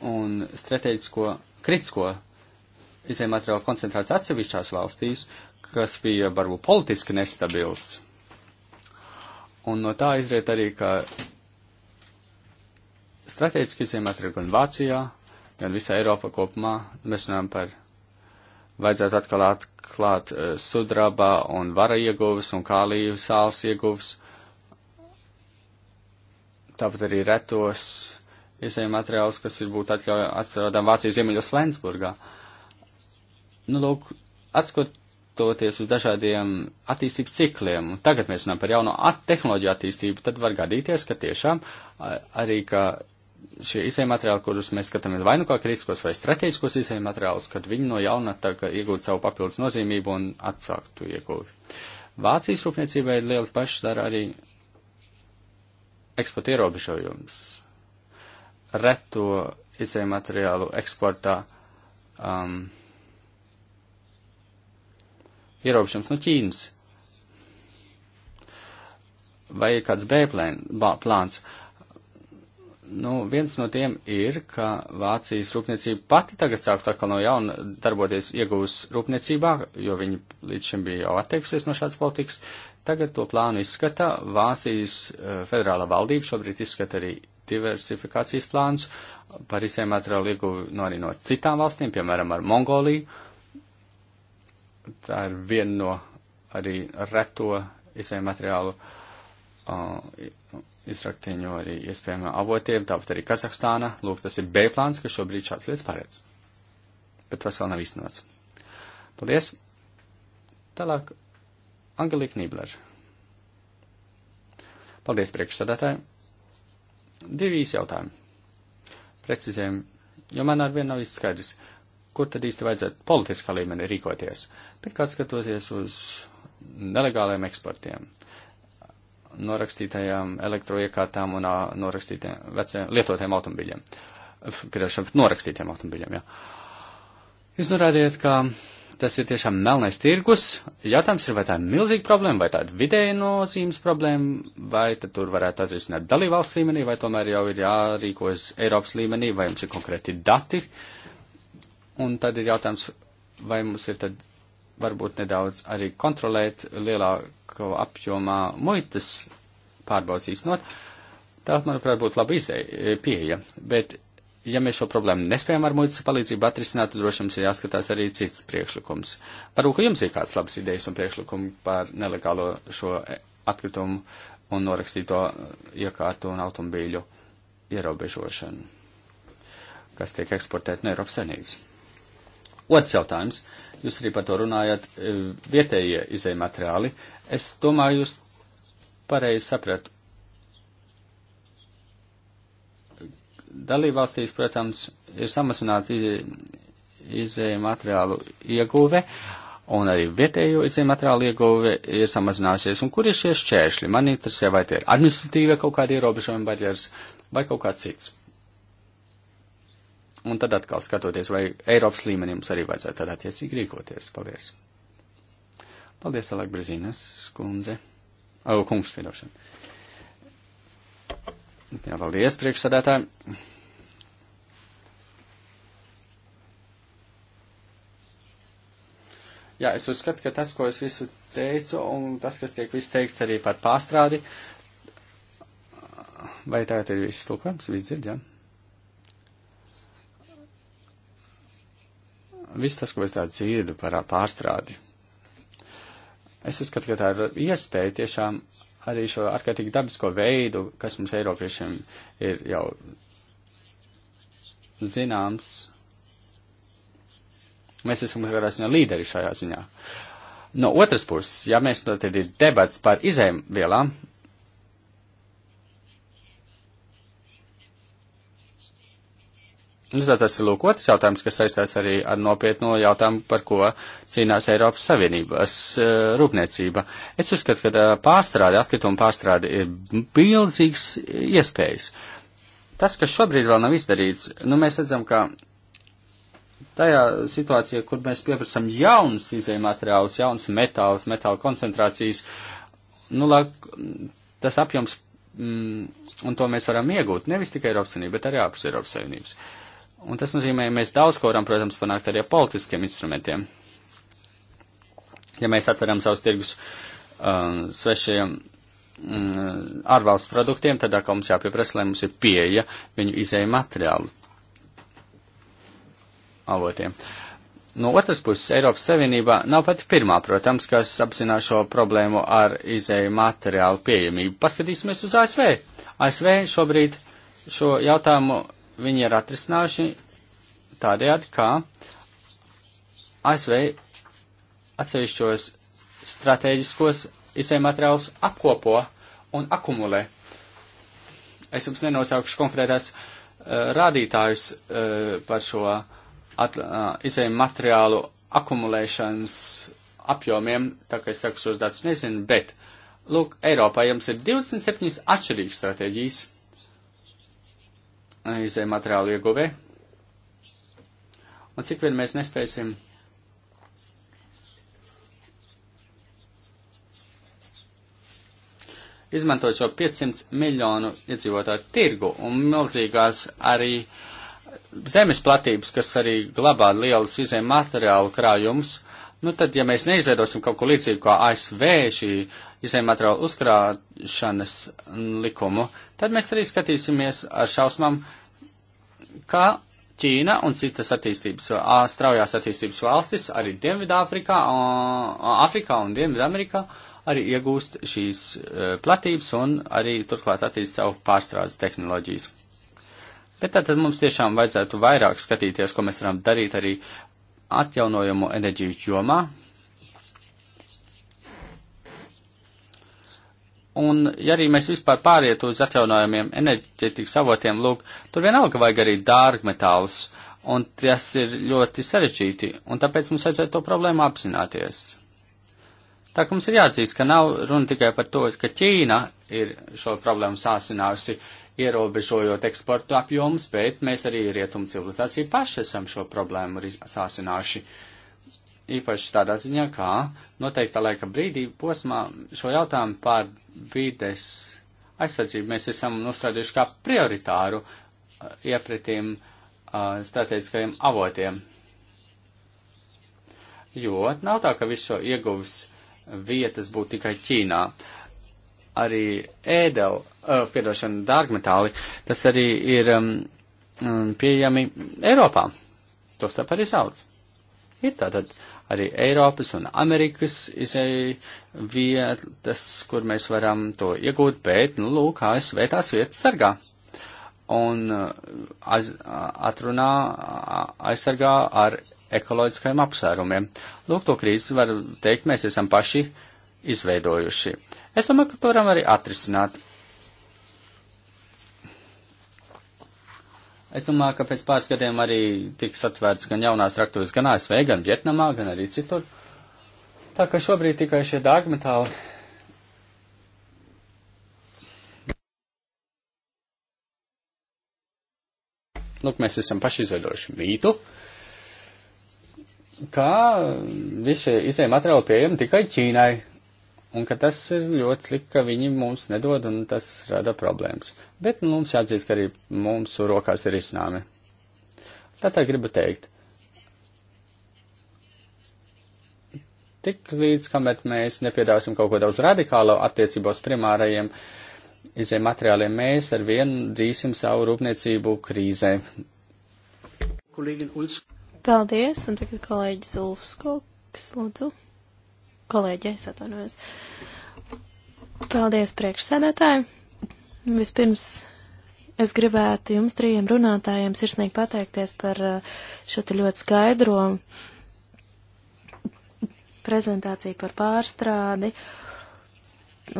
un strateģisko, kritisko izējuma materiālu koncentrāciju atsevišķās valstīs, uh, kas bija varbūt politiski nestabils. Un no tā izriet arī, ka strateģiski izņemot gan Vācijā, gan visā Eiropā kopumā, mēs runājam par vajadzētu atkal atklāt uh, sudraba un vara ieguvis un kālīju sāls ieguvis. Tāpat arī retos iesējiem materiālus, kas ir būt atļauj atcerādām Vācijas ziemeļos Flensburgā. Nu, lūk, atskot balstoties uz dažādiem attīstības cikliem, un tagad mēs runājam par jauno at tehnoloģiju attīstību, tad var gadīties, ka tiešām arī, ka šie izējai materiāli, kurus mēs skatāmies vai nu kā kritiskos vai strateģiskos izējai materiālus, kad viņi no jauna tā kā iegūt savu papildus nozīmību un atsāktu ieguvi. Vācijas rūpniecībai ir liels pašs dara arī eksporta ierobežojums. Reto izējai materiālu eksportā. Um, ierobežojums no Ķīnas. Vai ir kāds B plāns? Nu, viens no tiem ir, ka Vācijas rūpniecība pati tagad sāktu atkal no jauna darboties iegūs rūpniecībā, jo viņi līdz šim bija jau atteikusies no šādas politikas. Tagad to plānu izskata Vācijas eh, federālā valdība, šobrīd izskata arī diversifikācijas plāns par izsēm materiālu ieguvi no arī no citām valstīm, piemēram, ar Mongoliju. Uh, tā ir viena no arī reto izējuma materiālu uh, izraktiņu arī iespējamā avotiem, tāpat arī Kazahstāna. Lūk, tas ir B plāns, kas šobrīd šāds lietas paredz. Bet tas vēl nav īstenots. Paldies! Tālāk Angelika Nībler. Paldies priekšsēdētāji. Divi īsi jautājumi. Precizējumi, jo man ar vienu nav īsti skaidrs. Uh, kur tad īsti vajadzētu politiskā līmenī rīkoties. Pirmkārt, skatoties uz nelegāliem eksportiem, norakstītajām elektroiekārtām un norakstītajiem veciem lietotiem automobiļiem. Pirošam, norakstītiem automobiļiem, jā. Jūs norādījat, ka tas ir tiešām melnais tirgus. Jautājums ir, vai tā ir milzīga problēma, vai tāda vidēja nozīmes problēma, vai tad tur varētu atrisināt dalībvalsts līmenī, vai tomēr jau ir jārīkojas Eiropas līmenī, vai jums ir konkrēti dati, uh, Un tad ir jautājums, vai mums ir tad varbūt nedaudz arī kontrolēt lielāko apjomā muitas pārbaudas īstenot. Tā, manuprāt, būtu laba izēja, e, pieeja. Bet, ja mēs šo problēmu nespējam ar muitas palīdzību atrisināt, tad droši mums ir jāskatās arī cits priekšlikums. Varbūt, ka jums ir kāds labs idejas un priekšlikumi par nelegālo šo e, atkritumu un norakstīto iekārtu un automobīļu ierobežošanu, kas tiek eksportēt no Eiropas Savienības. Otrs jautājums. Jūs arī par to runājat, e, vietējie izēja materiāli. Es domāju, jūs pareizi sapratu. Dalībvalstīs, protams, ir samazināta izēja materiālu ieguve, un arī vietējo izēja materiālu ieguve ir samazinājusies. Un kur ir šie šķēršļi? Man interesē, vai tie ir administratīvie kaut kādi ierobežojumi barjeras vai kaut kā cits. Un tad atkal skatoties, vai Eiropas līmenī mums arī vajadzētu tādā tiecīgi rīkoties. Paldies. Paldies, Alek Brazīnas kundze. O, kungs, piedošana. Jā, paldies, priekšsadētāji. Jā, es uzskatu, ka tas, ko es visu teicu, un tas, kas tiek viss teikts arī par pārstrādi, vai tā ir viss tulkojums, viss dzird, jā? Ja? viss tas, ko es tādu dzirdu par pārstrādi, es uzskatu, ka tā ir iespēja tiešām arī šo ārkārtīgi dabisko veidu, kas mums Eiropiešiem ir jau zināms. Mēs esam kādā ziņā līderi šajā ziņā. No otras puses, ja mēs nu, tad ir debats par izēm vielām, Nu, tā tas ir lūk otrs jautājums, kas saistās arī ar nopietno jautājumu, par ko cīnās Eiropas Savienības uh, rūpniecība. Es uzskatu, ka uh, pārstrāde, atkrituma pārstrāde ir bilzīgs iespējas. Tas, kas šobrīd vēl nav izdarīts, nu, mēs redzam, ka tajā situācijā, kur mēs pieprasam jaunas izējuma materiālus, jaunas metālus, metāla koncentrācijas, nu, lāk, tas apjoms, mm, un to mēs varam iegūt nevis tikai Eiropas Savienība, bet arī ārpus Eiropas Savienības. Uh, Un tas nozīmē, mēs daudz ko varam, protams, panākt arī ar politiskiem instrumentiem. Ja mēs atveram savus tirgus um, svešajiem um, ārvalstu produktiem, tad atkal mums jāpieprasa, lai mums ir pieeja viņu izēju materiālu avotiem. No otras puses, Eiropas Savienībā nav pati pirmā, protams, kas apzinās šo problēmu ar izēju materiālu pieejamību. Paskatīsimies uz ASV. ASV šobrīd šo jautājumu viņi ir atrisinājuši tādējādi, kā ASV atsevišķos strateģiskos izējai materiālus apkopo un akumulē. Es jums nenosaukšu konkrētās uh, rādītājus uh, par šo at, uh, eh, izējai materiālu akumulēšanas apjomiem, tā kā es saku šos datus nezinu, bet, lūk, Eiropā jums ir 27 atšķirīgas stratēģijas izēja materiālu ieguvē. Un cik vien mēs nespēsim izmantot šo 500 miljonu iedzīvotāju tirgu un milzīgās arī zemes platības, kas arī glabā lielus izēju materiālu krājumus, uh, Nu tad, ja mēs neizveidosim kaut ko līdzīgu kā ASV šī izējuma materiāla uzkrāšanas likumu, tad mēs arī skatīsimies ar šausmām, kā Ķīna un citas attīstības, straujās attīstības valstis, arī Dienvidāfrikā, Afrikā un Dienvidamerikā, arī iegūst šīs e, platības un arī turklāt attīst savu pārstrādes tehnoloģijas. Bet tātad mums tiešām vajadzētu vairāk skatīties, ko mēs varam darīt arī atjaunojamo enerģiju jomā. Un, ja arī mēs vispār pāriet uz atjaunojumiem enerģētikas avotiem, lūk, tur vienalga vajag arī dārgmetāls, un tas ir ļoti sarežģīti, un tāpēc mums vajadzētu to problēmu apzināties. Tā ka mums ir jāatzīst, ka nav runa tikai par to, ka Ķīna ir šo problēmu sāsinājusi, ierobežojot eksportu apjomus, bet mēs arī rietumu civilizāciju paši esam šo problēmu sāsinājuši. Īpaši tādā ziņā, kā noteikta laika brīdī posmā šo jautājumu par vides aizsardzību mēs esam nostrādījuši kā prioritāru uh, iepratiem uh, strateģiskajiem avotiem. Jo nav tā, ka visu šo ieguvis vietas būtu tikai Ķīnā. Uh, arī ēdeli, uh, piedošana dārgmetāli, tas arī ir um, um pieejami Eiropā. Tostarp arī sauc. Ir tātad arī Eiropas un Amerikas vietas, kur mēs varam to iegūt, bet, nu, lūk, ASV tās vietas sargā. Un aiz, atrunā, aizsargā ar ekoloģiskajiem apsvērumiem. Lūk, to krīzi var teikt, mēs esam paši izveidojuši. Uh, Es domāju, ka to varam arī atrisināt. Es domāju, ka pēc pāris gadiem arī tiks atvērts gan jaunās raktuves, gan ASV, gan Vietnamā, gan arī citur. Tā ka šobrīd tikai šie dārgmetāli. Lūk, mēs esam paši izveidojuši mītu, ka visi izējai materiāli pieejami tikai Ķīnai, un ka tas ir ļoti slikti, ka viņi mums nedod, un tas rada problēmas. Bet nu, mums jāatzīst, ka arī mūsu rokās ir iznāmi. Tātad gribu teikt, tik līdz, kamēr mēs nepiedāsim kaut ko daudz radikālo attiecībos primārajiem iziem materiāliem, mēs ar vienu dzīsim savu rūpniecību krīzē.
Paldies, un tagad kolēģis Ulfskoks, lūdzu. Kolēģi, es atvainojos. Paldies priekšsēdētāji. Vispirms es gribētu jums trījiem runātājiem sirsnīgi pateikties par eh, šo te ļoti skaidro prezentāciju par pārstrādi. Uh,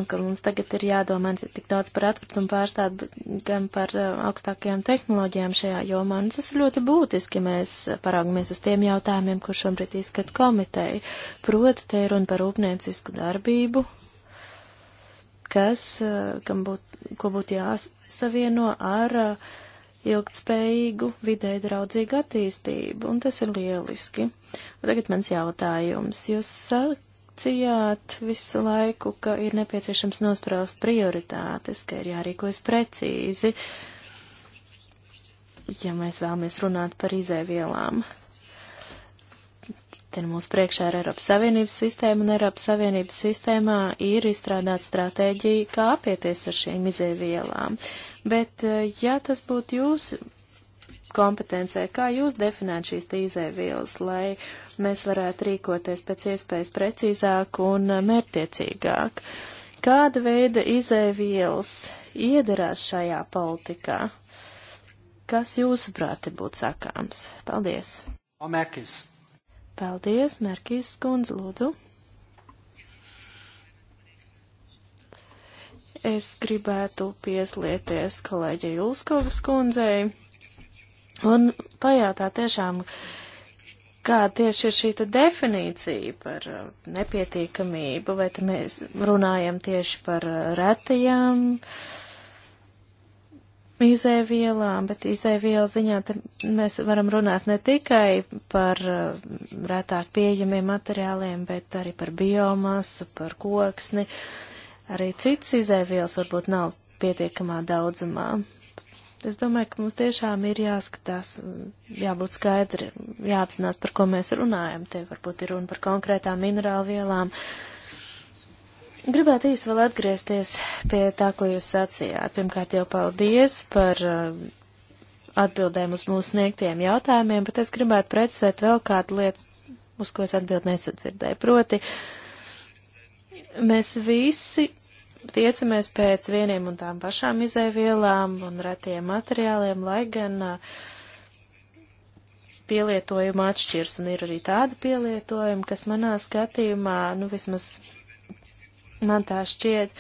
ka mums tagad ir jādomā ne tik daudz par atkritumu pārstādu, bet gan par uh, augstākajām tehnoloģijām šajā jomā. Un tas ir ļoti būtiski, ja mēs paraugamies uz tiem jautājumiem, kur šobrīd izskat komiteja. Proti, te ir runa par rūpniecisku darbību, kas, uh, kam būtu, ko būtu jāsavieno ar uh, ilgtspējīgu, vidē draudzīgu attīstību, un tas ir lieliski. Un tagad mans jautājums. Jūs sakat, sacījāt visu laiku, ka ir nepieciešams nospraust prioritātes, ka ir jārīkojas precīzi, ja mēs vēlamies runāt par izēvielām. Te nu mūsu priekšā ir Eiropas Savienības sistēma, un Eiropas Savienības sistēmā ir izstrādāta stratēģija, kā apieties ar šīm izēvielām. Bet, eh, ja tas būtu jūsu kompetencē, kā jūs definētu šīs izēvielas, lai uh, mēs varētu rīkoties pēc iespējas precīzāk un mērtiecīgāk. Kāda veida izēvielas iederās šajā politikā? Kas jūsuprāt būtu sakāms? Paldies! Merkis. Paldies, Merkīs skundze, lūdzu. Es gribētu pieslieties kolēģei Ulskovas kundzei un pajautāt tiešām, uh, kā tieši ir šī definīcija par uh, nepietiekamību, vai te mēs runājam tieši par uh, retajām izēvielām, bet izēvielu ziņā mēs varam runāt ne tikai par uh, retāk pieejamiem materiāliem, bet arī par biomasu, par koksni. Arī cits izēvielas varbūt nav pietiekamā daudzumā. Es domāju, ka mums tiešām ir jāskatās, jābūt skaidri, jāapzinās, par ko mēs runājam. Te varbūt ir runa par konkrētām minerālu vielām. Gribētu īsi vēl atgriezties pie tā, ko jūs sacījāt. Pirmkārt jau paldies par uh, atbildēm uz mūsu sniegtiem jautājumiem, bet es gribētu precizēt vēl kādu lietu, uz ko es atbildi nesadzirdēju. Proti, mēs visi tiecamies pēc vieniem un tām pašām izēvielām un retiem materiāliem, lai gan pielietojuma atšķirs un ir arī tāda pielietojuma, kas manā skatījumā, nu vismaz man tā šķiet,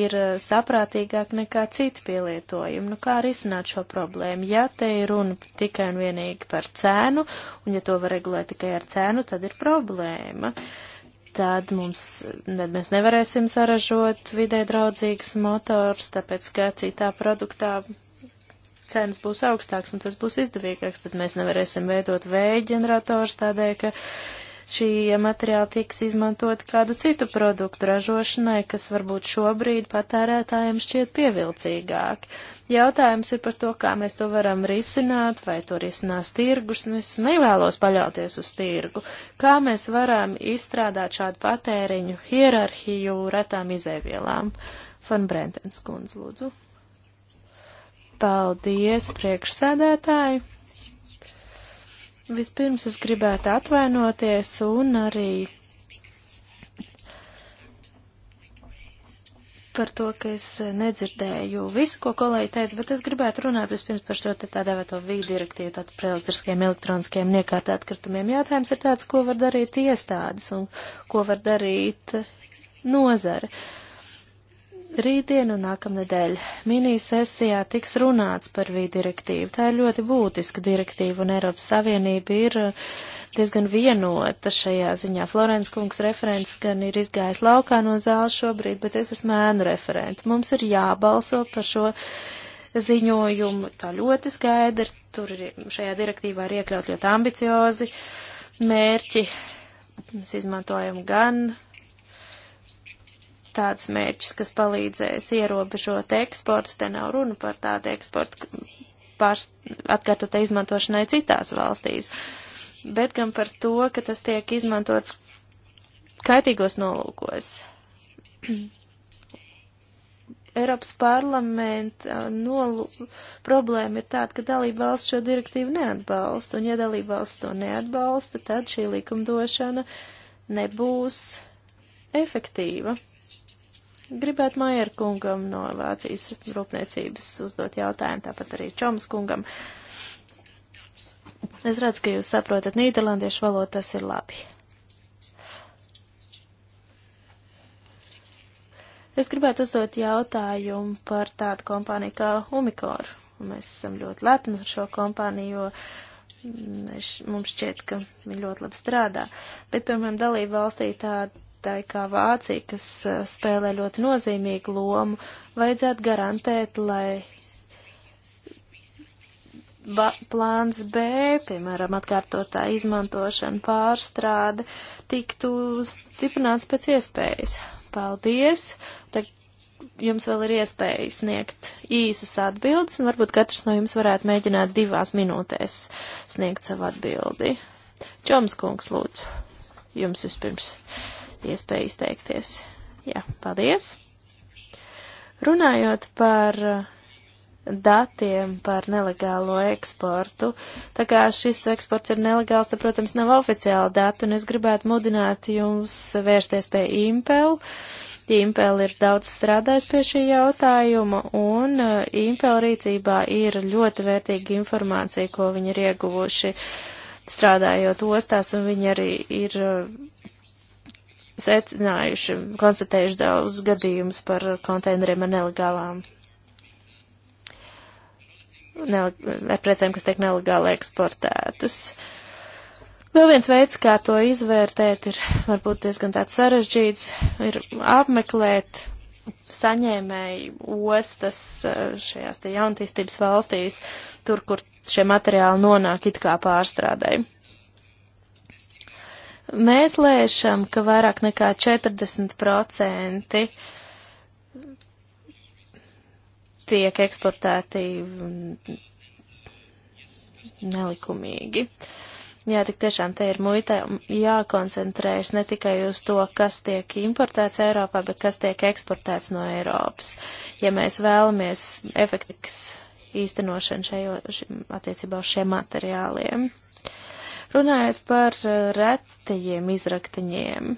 ir saprātīgāk nekā citi pielietojumi. Nu, kā risināt šo problēmu? Ja te ir runa tikai un vienīgi par cēnu, un ja to var regulēt tikai ar cēnu, tad ir problēma. Uh, tad mums, tad mēs nevarēsim saražot vidē draudzīgus motors, tāpēc, ka citā produktā cenas būs augstāks un tas būs izdevīgāks, tad mēs nevarēsim veidot vēja ģenerators tādēļ, ka šie materiāli tiks izmantot kādu citu produktu ražošanai, kas varbūt šobrīd patērētājiem šķiet pievilcīgāk. Uh, Jautājums ir par to, kā mēs to varam risināt, vai to risinās tirgus, un nu, es nevēlos paļauties uz tirgu. Kā mēs varam izstrādāt šādu patēriņu hierarhiju retām izēvielām? Fan Brentens kundz, lūdzu. Paldies, priekšsēdētāji! Vispirms es gribētu atvainoties un arī par to, ka es eh, nedzirdēju visu, ko kolēģi teica, bet es gribētu runāt vispirms par šo te tā dēvēto vīdu direktīvu, tātad par elektriskiem, elektroniskiem niekārt atkritumiem. Jātājums ir tāds, ko var darīt iestādes un ko var darīt nozare. Rītdien un nākamnedēļ minisesijā tiks runāts par vīdu direktīvu. Tā ir ļoti būtiska direktīva un Eiropas Savienība ir uh, diezgan vienota šajā ziņā. Florence kungs referents gan ir izgājis laukā no zāles šobrīd, bet es esmu ēnu referenti. Mums ir jābalso par šo ziņojumu tā ļoti skaidri. Tur ir, šajā direktīvā ir iekļaut ļoti ambiciozi mērķi. Mēs izmantojam gan tāds mērķis, kas palīdzēs ierobežot eksportu. Te nav runa par tādu eksportu pārs, atkārtotē izmantošanai citās valstīs. Uh, bet gan par to, ka tas tiek izmantots kaitīgos nolūkos. Eiropas parlamenta uh, nolu... problēma ir tāda, ka dalība valsts šo direktīvu neatbalsta, un ja dalība valsts to neatbalsta, tad šī likumdošana nebūs efektīva. Gribētu Majer kungam no Vācijas rūpniecības uzdot jautājumu, tāpat arī Čoms kungam. Uh, Es redzu, ka jūs saprotat nīderlandiešu valodu, tas ir labi. Es gribētu uzdot jautājumu par tādu kompāniju kā Umicore. Mēs esam ļoti lepni ar šo kompāniju, jo mēs, mums šķiet, ka viņi ļoti labi strādā. Bet, piemēram, dalība valstī tādai kā Vācija, kas uh, spēlē ļoti nozīmīgu lomu, vajadzētu garantēt, lai ba, plāns B, piemēram, atkārtotā izmantošana, pārstrāde, tiktu stiprināts pēc iespējas. Paldies! Tad jums vēl ir iespēja sniegt īsas atbildes, un varbūt katrs no jums varētu mēģināt divās minūtēs sniegt savu atbildi. Čoms kungs, lūdzu, jums vispirms iespēja izteikties. Jā, paldies! Runājot par uh, datiem par nelegālo eksportu. Tā kā šis eksports ir nelegāls, tad, protams, nav oficiāla data, un es gribētu mudināt jums vērsties pie Impel. Impel ir daudz strādājis pie šī jautājuma, un eh, Impel rīcībā ir ļoti vērtīga informācija, ko viņi ir ieguvuši strādājot ostās, un viņi arī ir eh, secinājuši, konstatējuši daudz gadījumus par konteineriem ar nelegālām ar precēm, kas tiek nelegāli eksportētas. Vēl viens veids, kā to izvērtēt, ir varbūt diezgan tāds sarežģīts, ir apmeklēt saņēmēju ostas eh, šajās te jaunatīstības valstīs, tur, kur šie materiāli nonāk it kā pārstrādai. Mēs lēšam, ka vairāk nekā 40% tiek eksportēti nelikumīgi. Jā, tik tiešām te ir muitē jākoncentrējas ne tikai uz to, kas tiek importēts Eiropā, bet kas tiek eksportēts no Eiropas. Ja mēs vēlamies efektīvas īstenošanu šajo, attiecībā uz šiem materiāliem. Runājot par eh, retajiem izraktiņiem,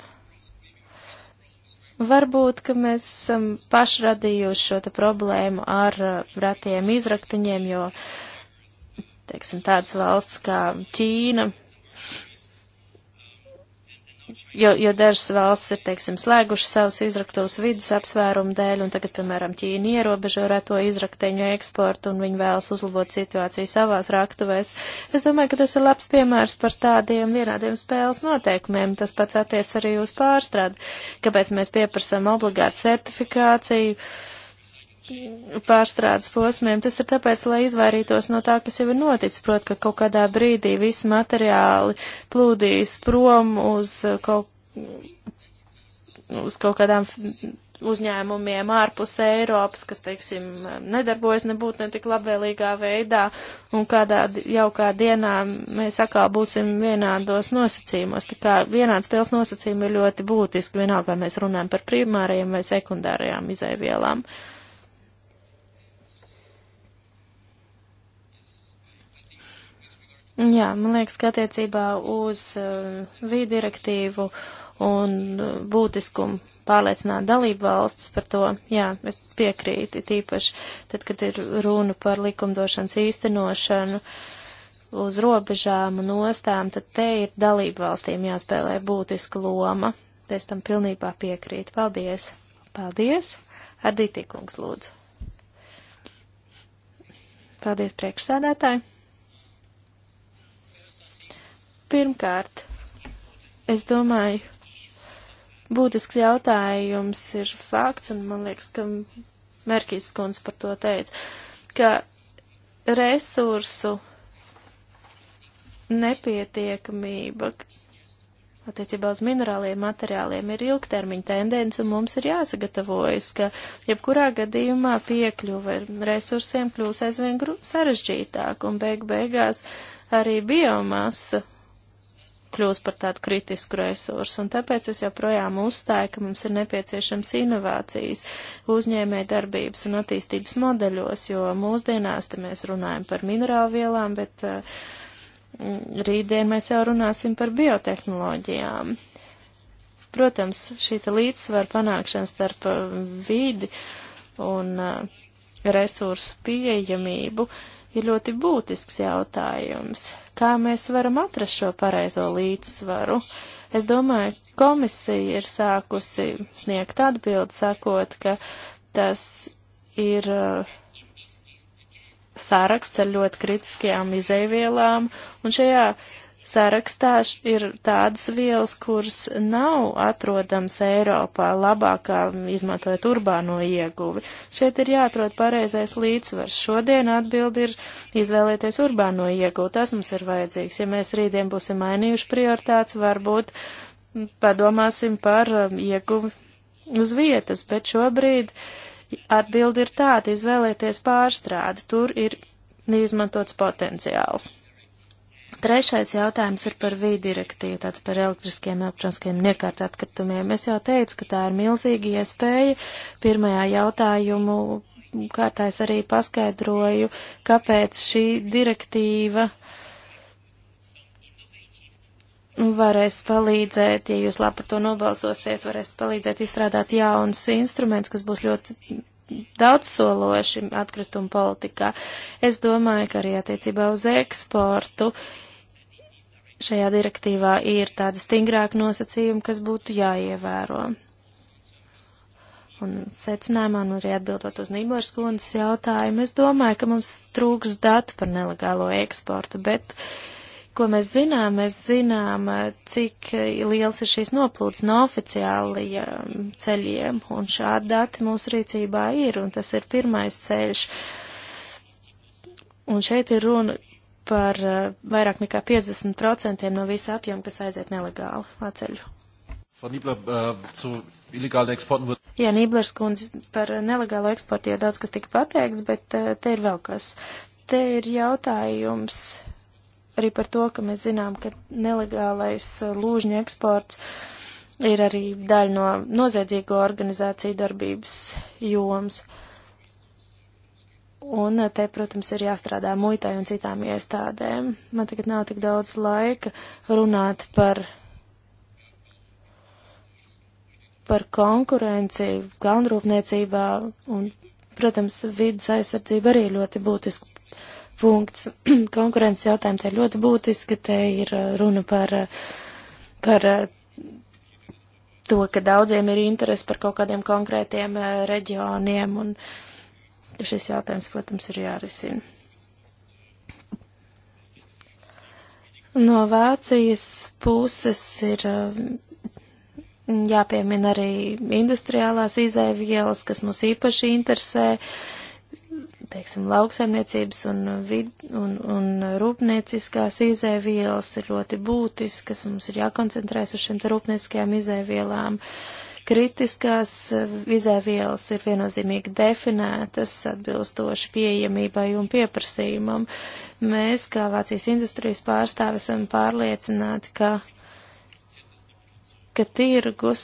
Varbūt, ka mēs esam pašradījuši šo te problēmu ar uh, ratiem izraktiņiem, jo, teiksim, tādas valsts kā Ķīna jo, jo dažas valsts ir, teiksim, slēgušas savus izraktos vidas apsvērumu dēļ, un tagad, piemēram, Ķīna ierobežo reto izrakteņu eksportu, un viņi vēlas uzlabot situāciju savās raktuvēs. Es domāju, ka tas ir labs piemērs par tādiem vienādiem spēles noteikumiem. Tas pats attiec arī uz pārstrādi. Kāpēc mēs pieprasam obligātu certifikāciju? Uh, pārstrādes posmiem. Tas ir tāpēc, lai izvairītos no tā, kas jau ir noticis, prot, ka kaut kādā brīdī visi materiāli plūdīs prom uz kaut, uz kaut kādām uzņēmumiem ārpus Eiropas, kas, teiksim, nedarbojas nebūt ne tik labvēlīgā veidā, un kādā jaukā dienā mēs atkal būsim vienādos nosacījumos. Tā kā vienāds spēles nosacījumi ir ļoti būtiski, vienalga, vai mēs runājam par primārajiem vai sekundārajām izēvielām. Uh, Jā, man liekas, ka attiecībā uz uh, vīdi direktīvu un uh, būtiskumu pārliecināt dalību valstis par to, jā, es piekrītu, tīpaši tad, kad ir runa par likumdošanas īstenošanu uz robežām un ostām, tad te ir dalību valstīm jāspēlē būtiska loma. Es tam pilnībā piekrītu. Paldies! Paldies! Ardītī kungs lūdzu! Paldies priekšsēdētāji! Pirmkārt, es domāju, būtisks jautājums ir fakts, un man liekas, ka Merkīs kundze par to teica, ka resursu nepietiekamība attiecībā uz minerāliem materiāliem ir ilgtermiņa tendence, un mums ir jāsagatavojas, ka jebkurā gadījumā piekļuve resursiem kļūs aizvien sarežģītāk, un beig beigās arī biomasa kļūst par tādu kritisku resursu, un tāpēc es joprojām uzstāju, ka mums ir nepieciešams inovācijas uzņēmē darbības un attīstības modeļos, jo mūsdienās te mēs runājam par minerālu vielām, bet uh, rītdien mēs jau runāsim par biotehnoloģijām. Protams, šī līdzsvara panākšana starp uh, vidi un uh, resursu pieejamību uh, ir ļoti būtisks jautājums. Kā mēs varam atrast šo pareizo līdzsvaru? Es domāju, komisija ir sākusi sniegt atbildi, sakot, ka tas ir uh, sāraksts ar ļoti kritiskajām izēvielām, un šajā sarakstā ir tādas vielas, kuras nav atrodams Eiropā labākā, izmantojot urbāno ieguvi. Šeit ir jāatrod pareizais līdzsvars. Šodien atbildi ir izvēlēties urbāno ieguvi. Tas mums ir vajadzīgs. Ja mēs rītdien būsim mainījuši prioritātes, varbūt padomāsim par um, ieguvi uz vietas, bet šobrīd atbildi ir tāda, izvēlēties pārstrādi. Tur ir neizmantots potenciāls. Trešais jautājums ir par vīdi direktīvu, tātad par elektriskiem elektroniskiem niekārt atkritumiem. Es jau teicu, ka tā ir milzīga iespēja. Pirmajā jautājumu kārtā es arī paskaidroju, kāpēc šī direktīva varēs palīdzēt, ja jūs labi par to nobalsosiet, varēs palīdzēt izstrādāt jaunus instrumentus, kas būs ļoti daudzsološi atkritumu politikā. Es domāju, ka arī attiecībā uz eksportu. Uh, šajā direktīvā ir tādi stingrāki nosacījumi, kas būtu jāievēro. Un secinājumā, un arī atbildot uz Nībors kundas jautājumu, es domāju, ka mums trūks datu par nelegālo eksportu, bet ko mēs zinām, mēs zinām, cik liels ir šīs noplūdes no oficiālajiem ceļiem, un šādi dati mūsu rīcībā ir, un tas ir pirmais ceļš. Un šeit ir runa par eh, vairāk nekā 50% no visa apjoma, kas aiziet nelegāli atceļu. Äh, Jā, Nīblers kundze par nelegālo eksportu jau daudz kas tika pateikts, bet eh, te ir vēl kas. Te ir jautājums arī par to, ka mēs zinām, ka nelegālais eh, lūžņu eksports ir arī daļa no noziedzīgo organizāciju darbības joms. Uh, Un eh, te, protams, ir jāstrādā muitai un citām iestādēm. Man tagad nav tik daudz laika runāt par, par konkurenci kalnrūpniecībā. Un, protams, vidas aizsardzība arī ļoti būtisks punkts. Konkurences jautājumi te ir ļoti būtiski. Te ir eh, runa par, eh, par to, ka daudziem ir interesi par kaut kādiem konkrētiem reģioniem. Un, uh, Šis jautājums, protams, ir jārisina. No Vācijas puses ir um, jāpiemina arī industriālās izēvielas, kas mūs īpaši interesē, teiksim, lauksaimniecības un, vid, un, un rūpnieciskās izēvielas ir ļoti būtiskas, mums ir jākoncentrēs uz šiem te rūpnieciskajām izēvielām. Uh, Kritiskās eh, izēvielas ir viennozīmīgi definētas atbilstoši pieejamībai un pieprasījumam. Mēs, kā Vācijas industrijas pārstāvi, esam pārliecināti, ka, ka tirgus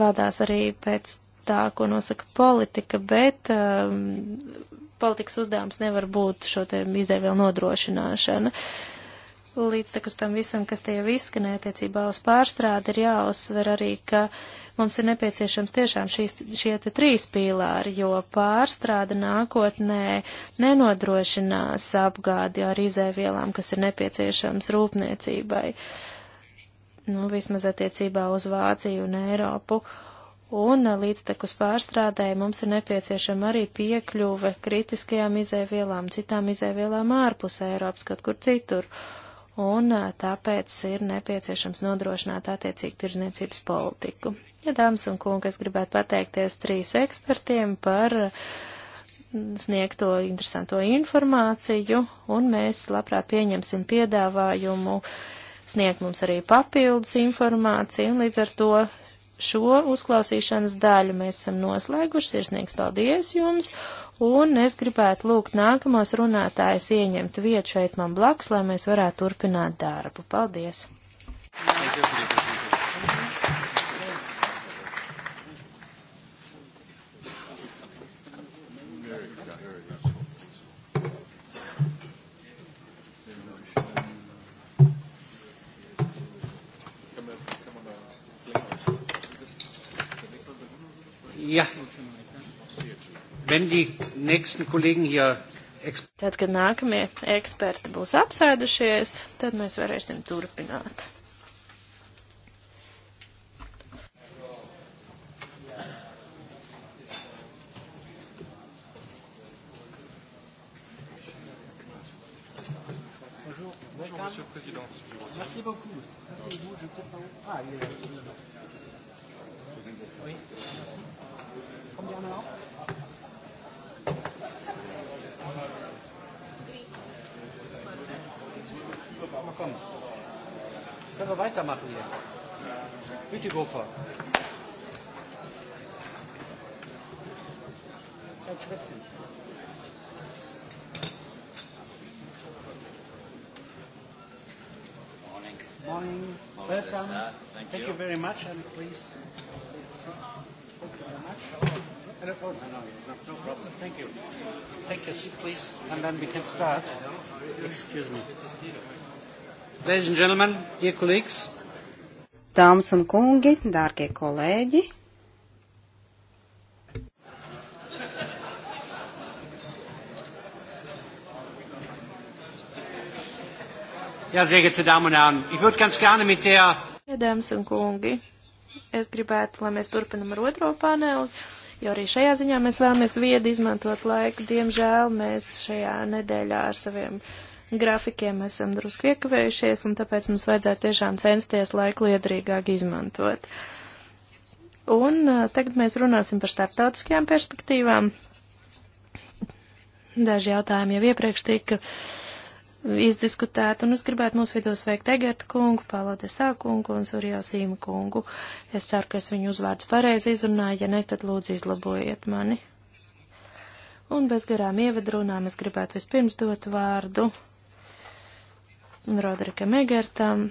vadās arī pēc tā, ko nosaka politika, bet um, politikas uzdevums nevar būt šo te izēvielu nodrošināšana. Uh, Līdztekus tam visam, kas tie jau izskanē attiecībā uz pārstrādi, ir jāuzsver arī, ka mums ir nepieciešams tiešām šīs, šie te trīs pīlāri, jo pārstrāde nākotnē nenodrošinās apgādi ar izēvielām, kas ir nepieciešams rūpniecībai, nu, vismaz attiecībā uz Vāciju un Eiropu. Un eh, līdztekus pārstrādēji mums ir nepieciešama arī piekļuve kritiskajām izēvielām, citām izēvielām ārpus Eiropas, kaut kur citur. Uh, un tāpēc ir nepieciešams nodrošināt attiecīgu tirzniecības politiku. Ja dāmas un kungi, es gribētu pateikties trīs ekspertiem par sniegto interesanto informāciju, un mēs labprāt pieņemsim piedāvājumu sniegt mums arī papildus informāciju, un līdz ar to šo uzklausīšanas daļu mēs esam noslēguši. Sirsnīgs paldies jums! un es gribētu lūgt nākamos runātājus ieņemt vietu šeit man blakus, lai mēs varētu turpināt darbu. Paldies!
Thank you, thank you. Ja, Tad,
kad nākamie eksperti būs apsēdušies, tad mēs varēsim turpināt.
Monsieur le Président. Merci beaucoup. Merci beaucoup. Je sais pas où. Ah, il est là. Oui, merci. Combien maintenant komm. Können wir weitermachen hier? Bütikofer. Kein Schwätzchen. Morning. Morning. Welcome. Thank, Thank you. you very much and please. Thank you very much. No, no, no problem. Thank you. Take a seat, please, and then we can start. Excuse me. Ladies and gentlemen, dear colleagues.
Dāmas un kungi, dārgie kolēģi.
Ja, sehr geehrte Damen und Herren, ich würde ganz gerne mit der.
Ja, dāmas un kungi, es gribētu, lai mēs turpinam ar otro paneli, jo arī šajā ziņā mēs vēlamies viedi izmantot laiku. Diemžēl mēs šajā nedēļā ar saviem uh, grafikiem esam drusku iekavējušies, un tāpēc mums vajadzētu tiešām censties laiku liederīgāk izmantot. Un tagad mēs runāsim par starptautiskajām perspektīvām. Daži jautājumi jau iepriekš tika izdiskutēt, un es gribētu mūsu vidū sveikt Egerta kungu, Pālāte Sākungu un Surjā Sīma kungu. Es ceru, ka es viņu uzvārds pareizi izrunāju, ja ne, tad lūdzu izlabojiet mani. Un bez garām ievadrunām es gribētu vispirms dot vārdu Rodrika Megertam,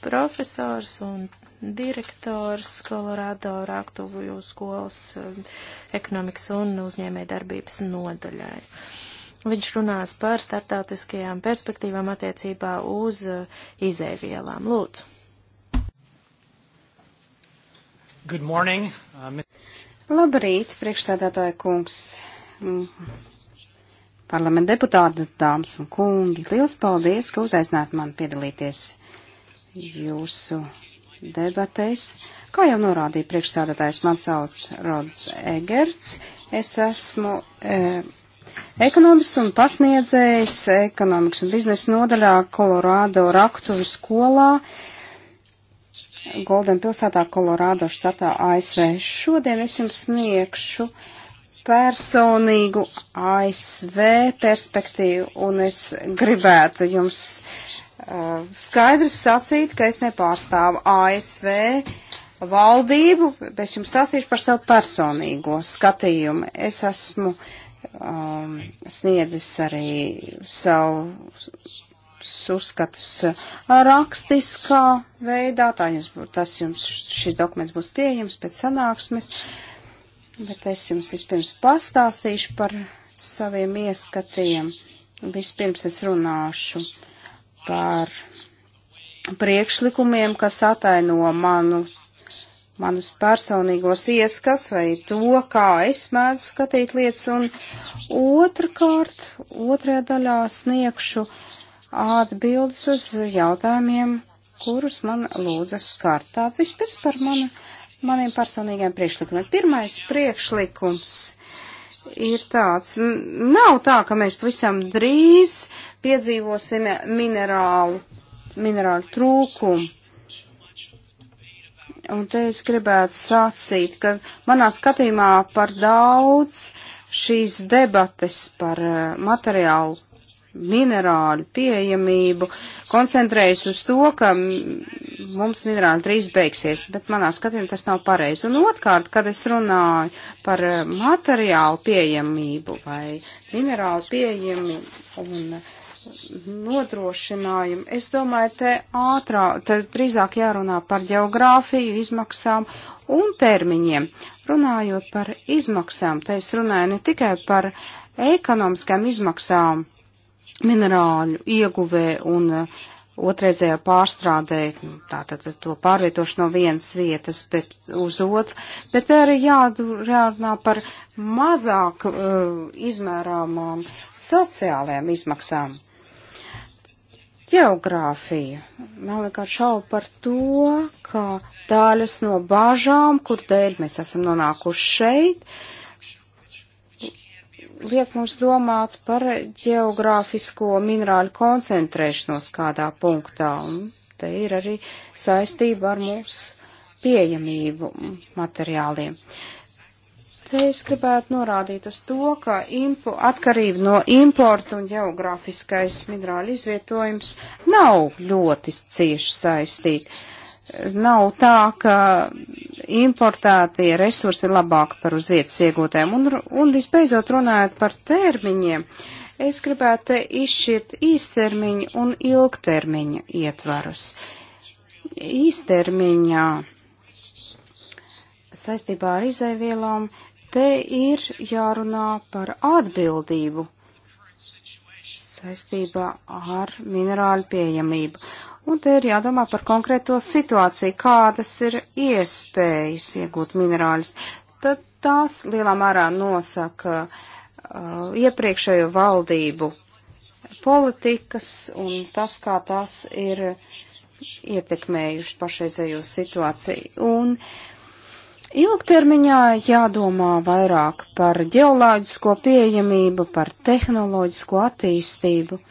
profesors un direktors Kolorādo Rāktuvju skolas eh, ekonomikas un uzņēmē darbības nodaļai. Viņš runās par startautiskajām perspektīvām attiecībā uz eh,
izēvielām. Lūdzu.
Good morning.
Um... Labrīt, priekšstādātāja kungs, parlamenta deputāti, dāmas un kungi. Liels paldies, ka uzaicināt mani piedalīties jūsu debatēs. Kā jau norādīja priekšsādātājs, man sauc Rods Egerts. Es esmu e, ekonomists un pasniedzējs ekonomikas un biznesa nodaļā Kolorādo Raktuvu skolā. Golden pilsētā, Kolorādo štatā, ASV. Šodien es jums sniegšu uh, personīgu ASV perspektīvu, un es gribētu jums uh, skaidri sacīt, ka es nepārstāvu ASV valdību, bet es jums stāstīšu par savu personīgo skatījumu. Es esmu um, sniedzis arī savu uzskatus uh, rakstiskā veidā, tā jums, tas jums šis dokuments būs pieejams pēc sanāksmes. Uh, bet es jums vispirms pastāstīšu par saviem ieskatiem. Vispirms es runāšu par priekšlikumiem, kas ataino manu, manus personīgos ieskats vai to, kā es mēdzu skatīt lietas, un otrkārt, otrajā daļā sniegšu atbildes uz jautājumiem, kurus man lūdza skart. Tātad vispirms par manu maniem personīgiem priekšlikumiem. Pirmais priekšlikums ir tāds. Nav tā, ka mēs pavisam drīz piedzīvosim minerālu, minerālu trūkumu. Un te es gribētu sacīt, ka manā skatījumā par daudz šīs debates par eh, materiālu minerāļu pieejamību, koncentrējas uz to, ka mums minerāli drīz beigsies, bet manā skatījumā tas nav pareizi. Un otrkārt, kad es runāju par eh, materiālu pieejamību vai minerālu pieejamību un eh, nodrošinājumu, es domāju, te ātrā, te drīzāk jārunā par geogrāfiju, izmaksām un termiņiem. Runājot par izmaksām, te es runāju ne tikai par ekonomiskām izmaksām, minerāļu ieguvē un eh, otrreizējā pārstrādē, tātad to pārvietošu no vienas vietas bet, uz otru, bet arī jārunā par mazāk uh, izmērāmām sociālajām izmaksām. Geogrāfija. Nav nekāds šaubu par to, ka daļas no bažām, kur dēļ mēs esam nonākuši šeit, uh, liek mums domāt par geogrāfisko minerāļu koncentrēšanos kādā punktā, un te ir arī saistība ar mūsu pieejamību materiāliem. Te es gribētu norādīt uz to, ka impu, atkarība no importa un geogrāfiskais minerāļu izvietojums nav ļoti cieši saistīta nav tā, ka importētie resursi ir labāki par uz vietas iegūtēm. Un, un visbeidzot runājot par termiņiem, es gribētu izšķirt īstermiņu un ilgtermiņa ietvarus. Īstermiņā saistībā ar izēvielām te ir jārunā par atbildību saistībā ar minerāļu pieejamību. Un te ir jādomā par konkrēto situāciju, kādas ir iespējas iegūt minerāļus. Tad tās lielā mērā nosaka uh, iepriekšējo valdību politikas un tas, kā tās ir ietekmējuši pašreizējo situāciju. Un ilgtermiņā jādomā vairāk par ģeoloģisko pieejamību, par tehnoloģisko attīstību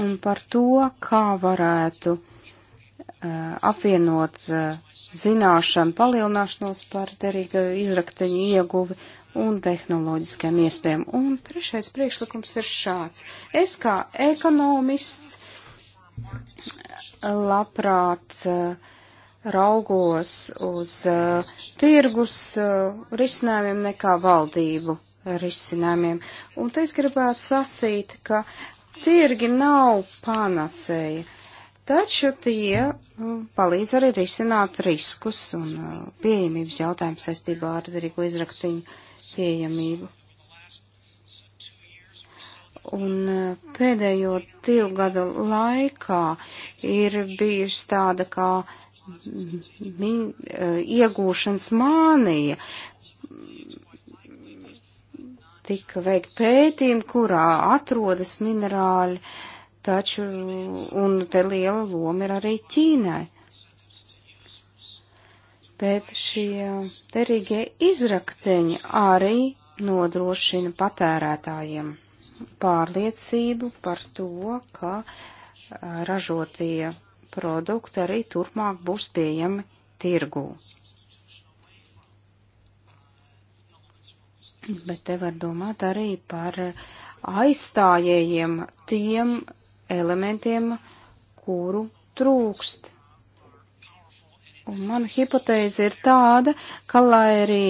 un par to, kā varētu uh, apvienot uh, zināšanu palielināšanos par derīgu izrakteņu ieguvi un tehnoloģiskajām iespējām. Un trešais priekšlikums ir šāds. Es kā ekonomists eh, labprāt uh, raugos uz uh, tirgus uh, risinājumiem nekā valdību risinājumiem. Un te es gribētu sacīt, ka Tirgi nav panacēja, taču tie mm, palīdz arī risināt riskus un uh, pieejamības jautājumu saistībā ar derīgo izraktiņu pieejamību. Un uh, pēdējo divu gadu laikā ir bijusi tāda kā mm, mm, iegūšanas mānija tika veikt pētījumi, kurā atrodas minerāļi, taču, un te liela loma ir arī Ķīnai. Bet šie derīgie izrakteņi arī nodrošina patērētājiem pārliecību par to, ka eh, ražotie produkti arī turpmāk būs pieejami tirgū. bet te var domāt arī par aizstājējiem tiem elementiem, kuru trūkst. Un mana hipotēze ir tāda, ka lai arī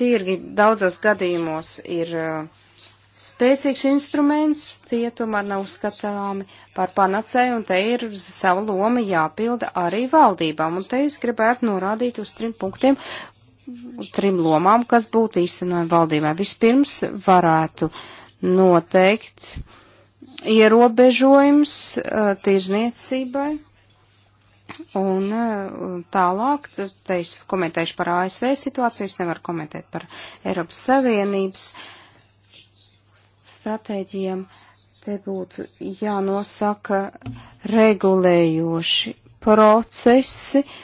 tirgi daudzos gadījumos ir uh, spēcīgs instruments, tie tomēr nav skatāmi par panacēju, un te ir sava loma jāpilda arī valdībām. Un te es gribētu norādīt uz trim punktiem, trim lomām, kas būtu īstenojami valdībai. Vispirms varētu noteikt ierobežojums eh, tirzniecībai. Un eh, tālāk, te es komentēšu par ASV situāciju, es nevaru komentēt par Eiropas Savienības stratēģiem. Te būtu jānosaka regulējoši procesi, uh,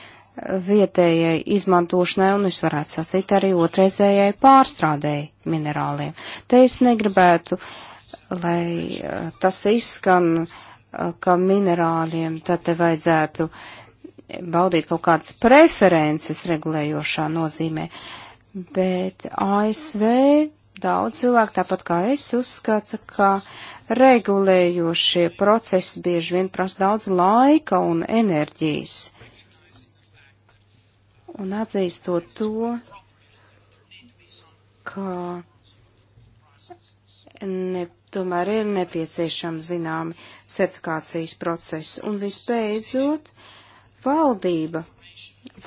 vietējai izmantošanai un, es varētu sacīt, arī otrreizējai pārstrādēji minerāliem. Te es negribētu, lai eh, tas izskan, eh, ka minerāliem tad te vajadzētu baudīt kaut kādas preferences regulējošā nozīmē, bet ASV daudz cilvēku, tāpat kā es, uzskata, ka regulējošie procesi bieži vien prasa daudz laika un enerģijas un atzīstot to, ka ne, tomēr ir nepieciešama zināmi certifikācijas procesi. Un visbeidzot, valdība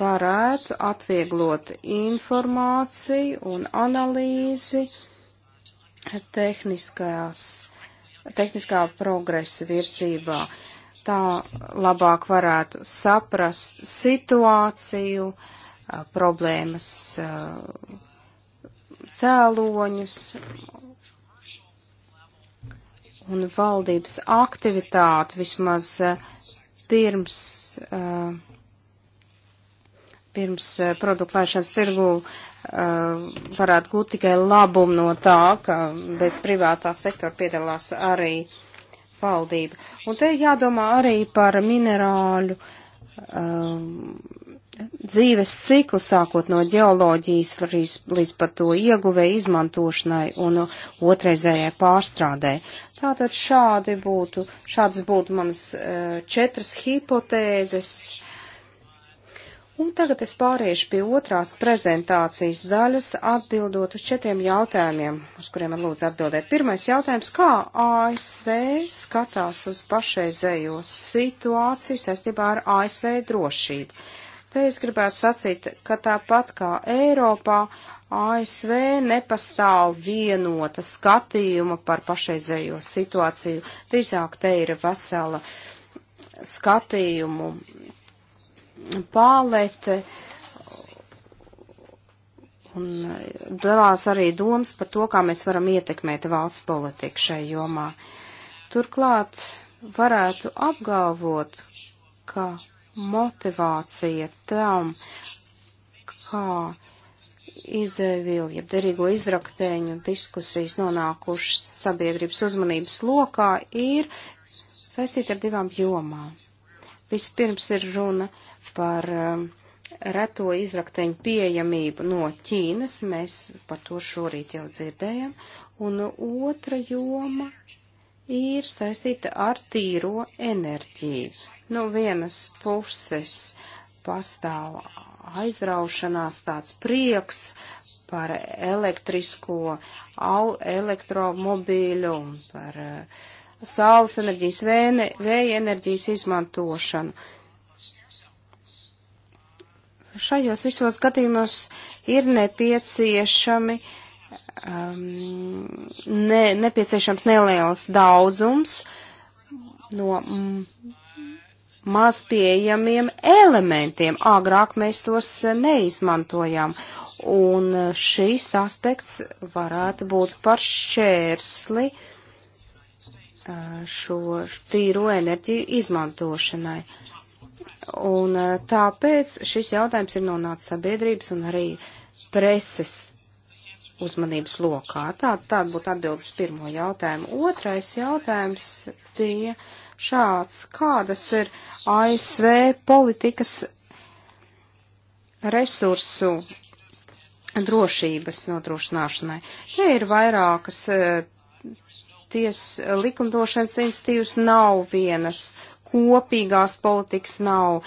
varētu atvieglot informāciju un analīzi tehniskās, tehniskā progresa virzībā. Tā labāk varētu saprast situāciju, uh, problēmas cēloņus un valdības aktivitāti vismaz pirms, pirms produktu laišanas tirgu varētu gūt tikai labumu no tā, ka bez privātā sektora piedalās arī valdība. Un te jādomā arī par minerāļu um, dzīves ciklu, sākot no ģeoloģijas līdz, līdz pat to ieguvē izmantošanai un otrreizējai pārstrādē. Tātad šādi būtu, šādas būtu manas eh, četras hipotēzes. Un tagad es pāriešu pie otrās prezentācijas daļas, atbildot uz četriem jautājumiem, uz kuriem man lūdzu atbildēt. Pirmais jautājums, kā ASV skatās uz pašreizējo situāciju saistībā ar ASV drošību? Te es gribētu sacīt, ka tāpat kā Eiropā, ASV nepastāv vienota skatījuma par pašreizējo situāciju. Drīzāk te ir vesela skatījumu palete. Un dalās arī domas par to, kā mēs varam ietekmēt valsts politiku šai jomā. Turklāt varētu apgalvot, ka motivācija tam, kā izēvielu, jeb derīgo izraktēņu diskusijas nonākušas sabiedrības uzmanības lokā, ir saistīta ar divām jomām. Vispirms ir runa par um, reto izrakteņu pieejamību no Ķīnas, mēs par to šorīt jau dzirdējam, un otra joma ir saistīta ar tīro enerģiju. No vienas puses pastāv aizraušanās tāds prieks par elektrisko, au, elektromobīļu, par uh, saules enerģijas, vēne, vēja enerģijas izmantošanu. Šajos visos gadījumos ir nepieciešami um, ne, nepieciešams neliels daudzums no mm, maz pieejamiem elementiem. Agrāk mēs tos e, neizmantojām, un e, šis aspekts varētu būt par šķērsli e, šo tīro enerģiju izmantošanai. Un tāpēc šis jautājums ir nonācis sabiedrības un arī preses uzmanības lokā. Tā, tā būtu atbildes pirmo jautājumu. Otrais jautājums bija. Tie šāds. Kādas ir ASV politikas resursu drošības nodrošināšanai? Te ir vairākas eh, ties likumdošanas institīvas, nav vienas kopīgās politikas, nav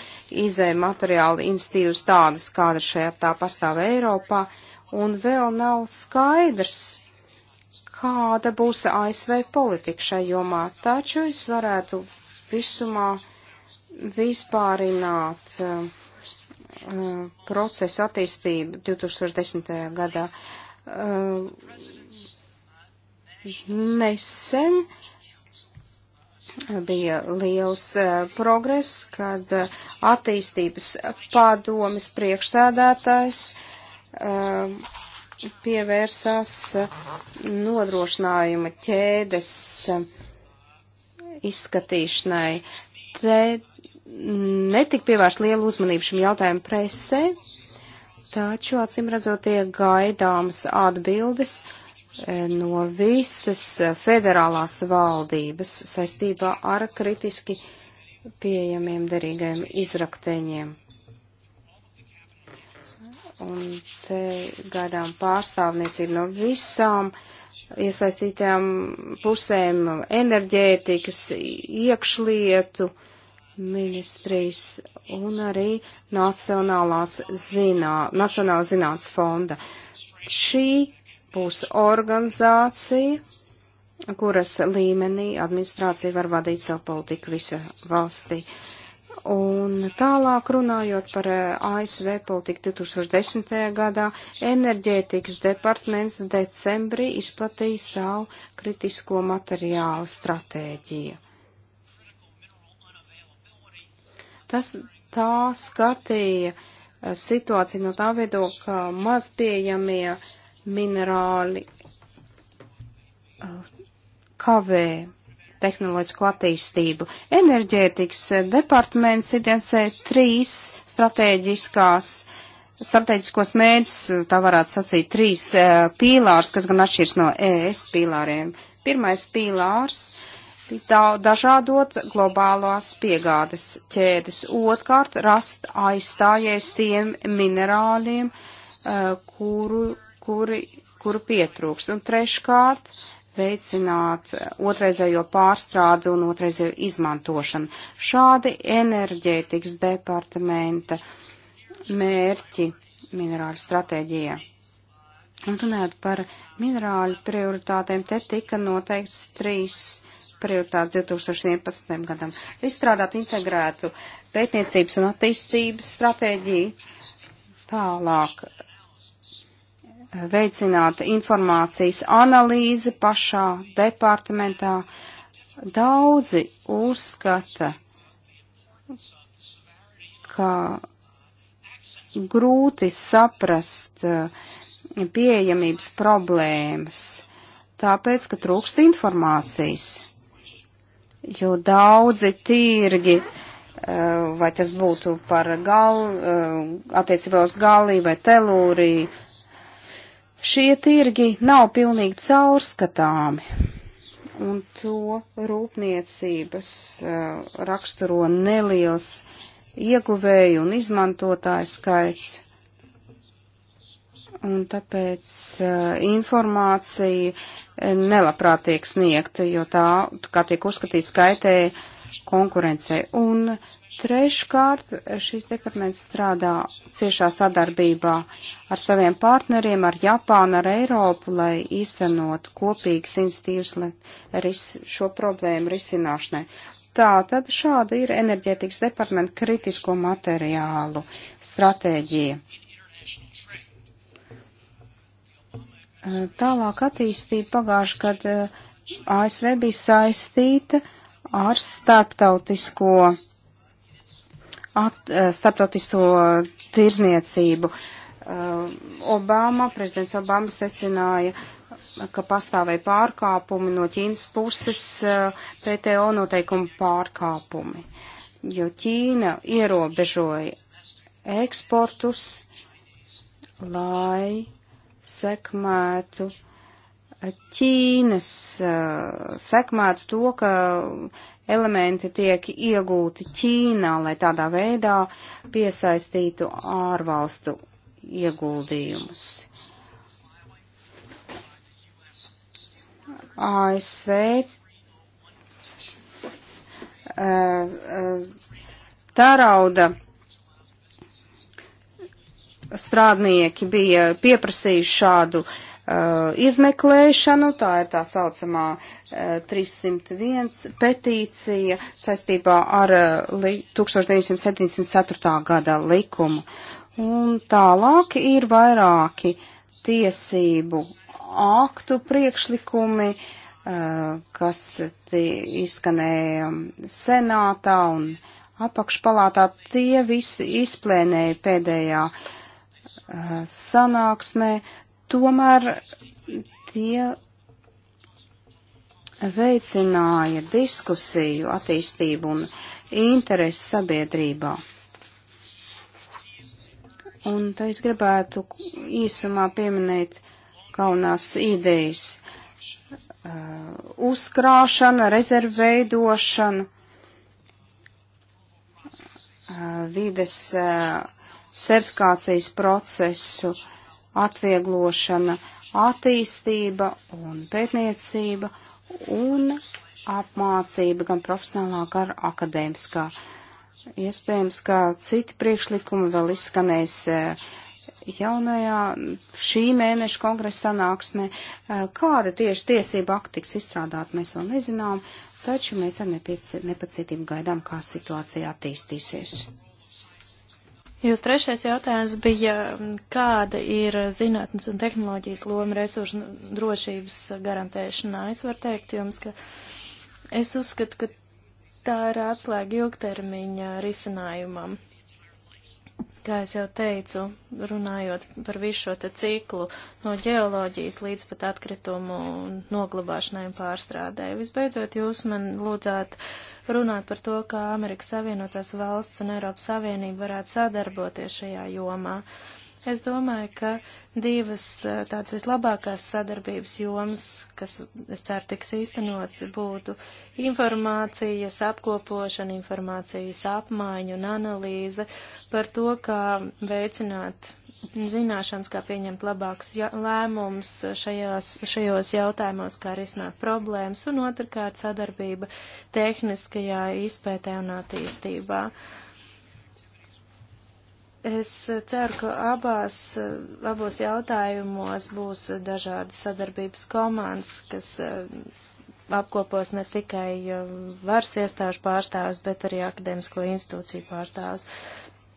izējuma materiāla institīvas tādas, kāda šajā tā pastāv Eiropā, un vēl nav skaidrs kāda būs ASV politika šai jomā, taču es varētu visumā vispārināt uh, procesu attīstību 2010. gadā. Uh, nesen bija liels uh, progress, kad attīstības padomis priekšsēdētājs uh, pievērsās eh, nodrošinājuma ķēdes eh, izskatīšanai. Te netika pievērst lielu uzmanību šim jautājumu presē, taču acīm redzot tiek gaidāmas atbildes eh, no visas federālās valdības saistībā ar kritiski pieejamiem derīgajiem izrakteņiem. Un te gaidām pārstāvniecību no visām iesaistītām pusēm - enerģētikas, iekšlietu ministrijas un arī Nacionālās zinā, Nacionālā zinātnes fonda. Šī būs organizācija, kuras līmenī administrācija var vadīt savu politiku visa valstī. Uh, Un tālāk runājot par eh, ASV politiku 2010. gadā, enerģētikas departaments decembrī izplatīja savu kritisko materiālu stratēģiju. Tas tā skatīja eh, situāciju no tā viedokļa, ka maz pieejamie minerāli eh, kavē tehnoloģisko attīstību. Enerģētikas departaments identificē trīs strateģiskās, strateģiskos mērķus, tā varētu sacīt, trīs eh, pīlārs, kas gan atšķirs no ES pīlāriem. Pirmais pīlārs dažādot globālās piegādes ķēdes, otkārt rast aizstājies tiem minerāliem, eh, kuru, kuri, kuru pietrūks, un treškārt uh, veicināt otrreizējo pārstrādi un otrreizējo izmantošanu. Šādi enerģētikas departamenta mērķi minerāļu stratēģijā. Un runājot par minerāļu prioritātēm, te tika noteikts trīs prioritātes 2011. gadam. Izstrādāt integrētu pētniecības un attīstības stratēģiju, tālāk veicināt informācijas analīzi pašā departamentā. Daudzi uzskata, ka grūti saprast eh, pieejamības problēmas, tāpēc, ka trūkst informācijas. Jo daudzi tirgi, eh, vai tas būtu par gal, eh, attiecībā uz galī vai telūrī, Šie tirgi nav pilnīgi caurskatāmi, un to rūpniecības uh, raksturo neliels ieguvēju un izmantotāju skaits. Un tāpēc uh, informācija nelabprāt tiek sniegta, jo tā, kā tiek uzskatīts, kaitēja uh, konkurencei. Un treškārt šis departaments strādā ciešā sadarbībā ar saviem partneriem, ar Japānu, ar Eiropu, lai īstenot kopīgas institīvas ris, šo problēmu risināšanai. Tātad šāda ir enerģētikas departamenta kritisko materiālu stratēģija. Tālāk attīstība pagājuši, kad eh, ASV bija saistīta ar starptautisko, at, eh, starptautisko tirzniecību. Eh, Obama, prezidents Obama secināja, ka pastāvēja pārkāpumi no Ķīnas puses, eh, PTO noteikumu pārkāpumi, jo Ķīna ierobežoja eksportus, lai sekmētu uh, Ķīnas sekmētu to, ka elementi tiek iegūti Ķīnā, lai tādā veidā piesaistītu ārvalstu ieguldījumus. ASV tārauda strādnieki bija pieprasījuši šādu uh, Uh, izmeklēšanu, tā ir tā saucamā 301 uh, petīcija saistībā ar 1974. Uh, gada likumu. Un tālāk ir vairāki tiesību aktu priekšlikumi, kas izskanēja senātā un apakšpalātā. Tie visi izplēnēja pēdējā sanāksmē. Tomēr tie veicināja diskusiju attīstību un interesi sabiedrībā. Un tā es gribētu īsumā pieminēt kaunās idejas uh, uzkrāšana, rezervveidošana, uh, vides uh, sertifikācijas procesu, uh, atvieglošana, attīstība un pētniecība un apmācība gan profesionālā, gan akadēmiskā. Iespējams, ka citi priekšlikumi vēl izskanēs eh, jaunajā šī mēneša kongresa sanāksmē. Eh, Kāda tieši tiesība akti tiks izstrādāt, mēs vēl nezinām, taču mēs ar nepacietību gaidām, kā situācija attīstīsies.
Jūs trešais jautājums bija, kāda ir zinātnes un tehnoloģijas loma resursu drošības garantēšanā. Es varu teikt jums, ka es uzskatu, ka tā ir atslēga ilgtermiņa risinājumam. Kā es jau teicu, runājot par visu šo te ciklu no ģeoloģijas līdz pat atkritumu noglabāšanai un pārstrādēju. Visbeidzot, jūs man lūdzāt runāt par to, kā Amerikas Savienotās valsts un Eiropas Savienība varētu sadarboties šajā jomā. Uh, Es domāju, ka divas tādas vislabākās sadarbības jomas, kas, es ceru, tiks īstenots, būtu informācijas apkopošana, informācijas apmaiņa un analīze par to, kā veicināt zināšanas, kā pieņemt labākus lēmumus šajās, šajos jautājumos, kā risināt problēmas, un otrkārt sadarbība tehniskajā izpētē un attīstībā. Uh, Es ceru, ka abās, abos jautājumos būs dažādi sadarbības komandas, kas eh, apkopos ne tikai eh, varas iestāžu pārstāvis, bet arī akadēmisko institūciju pārstāvis.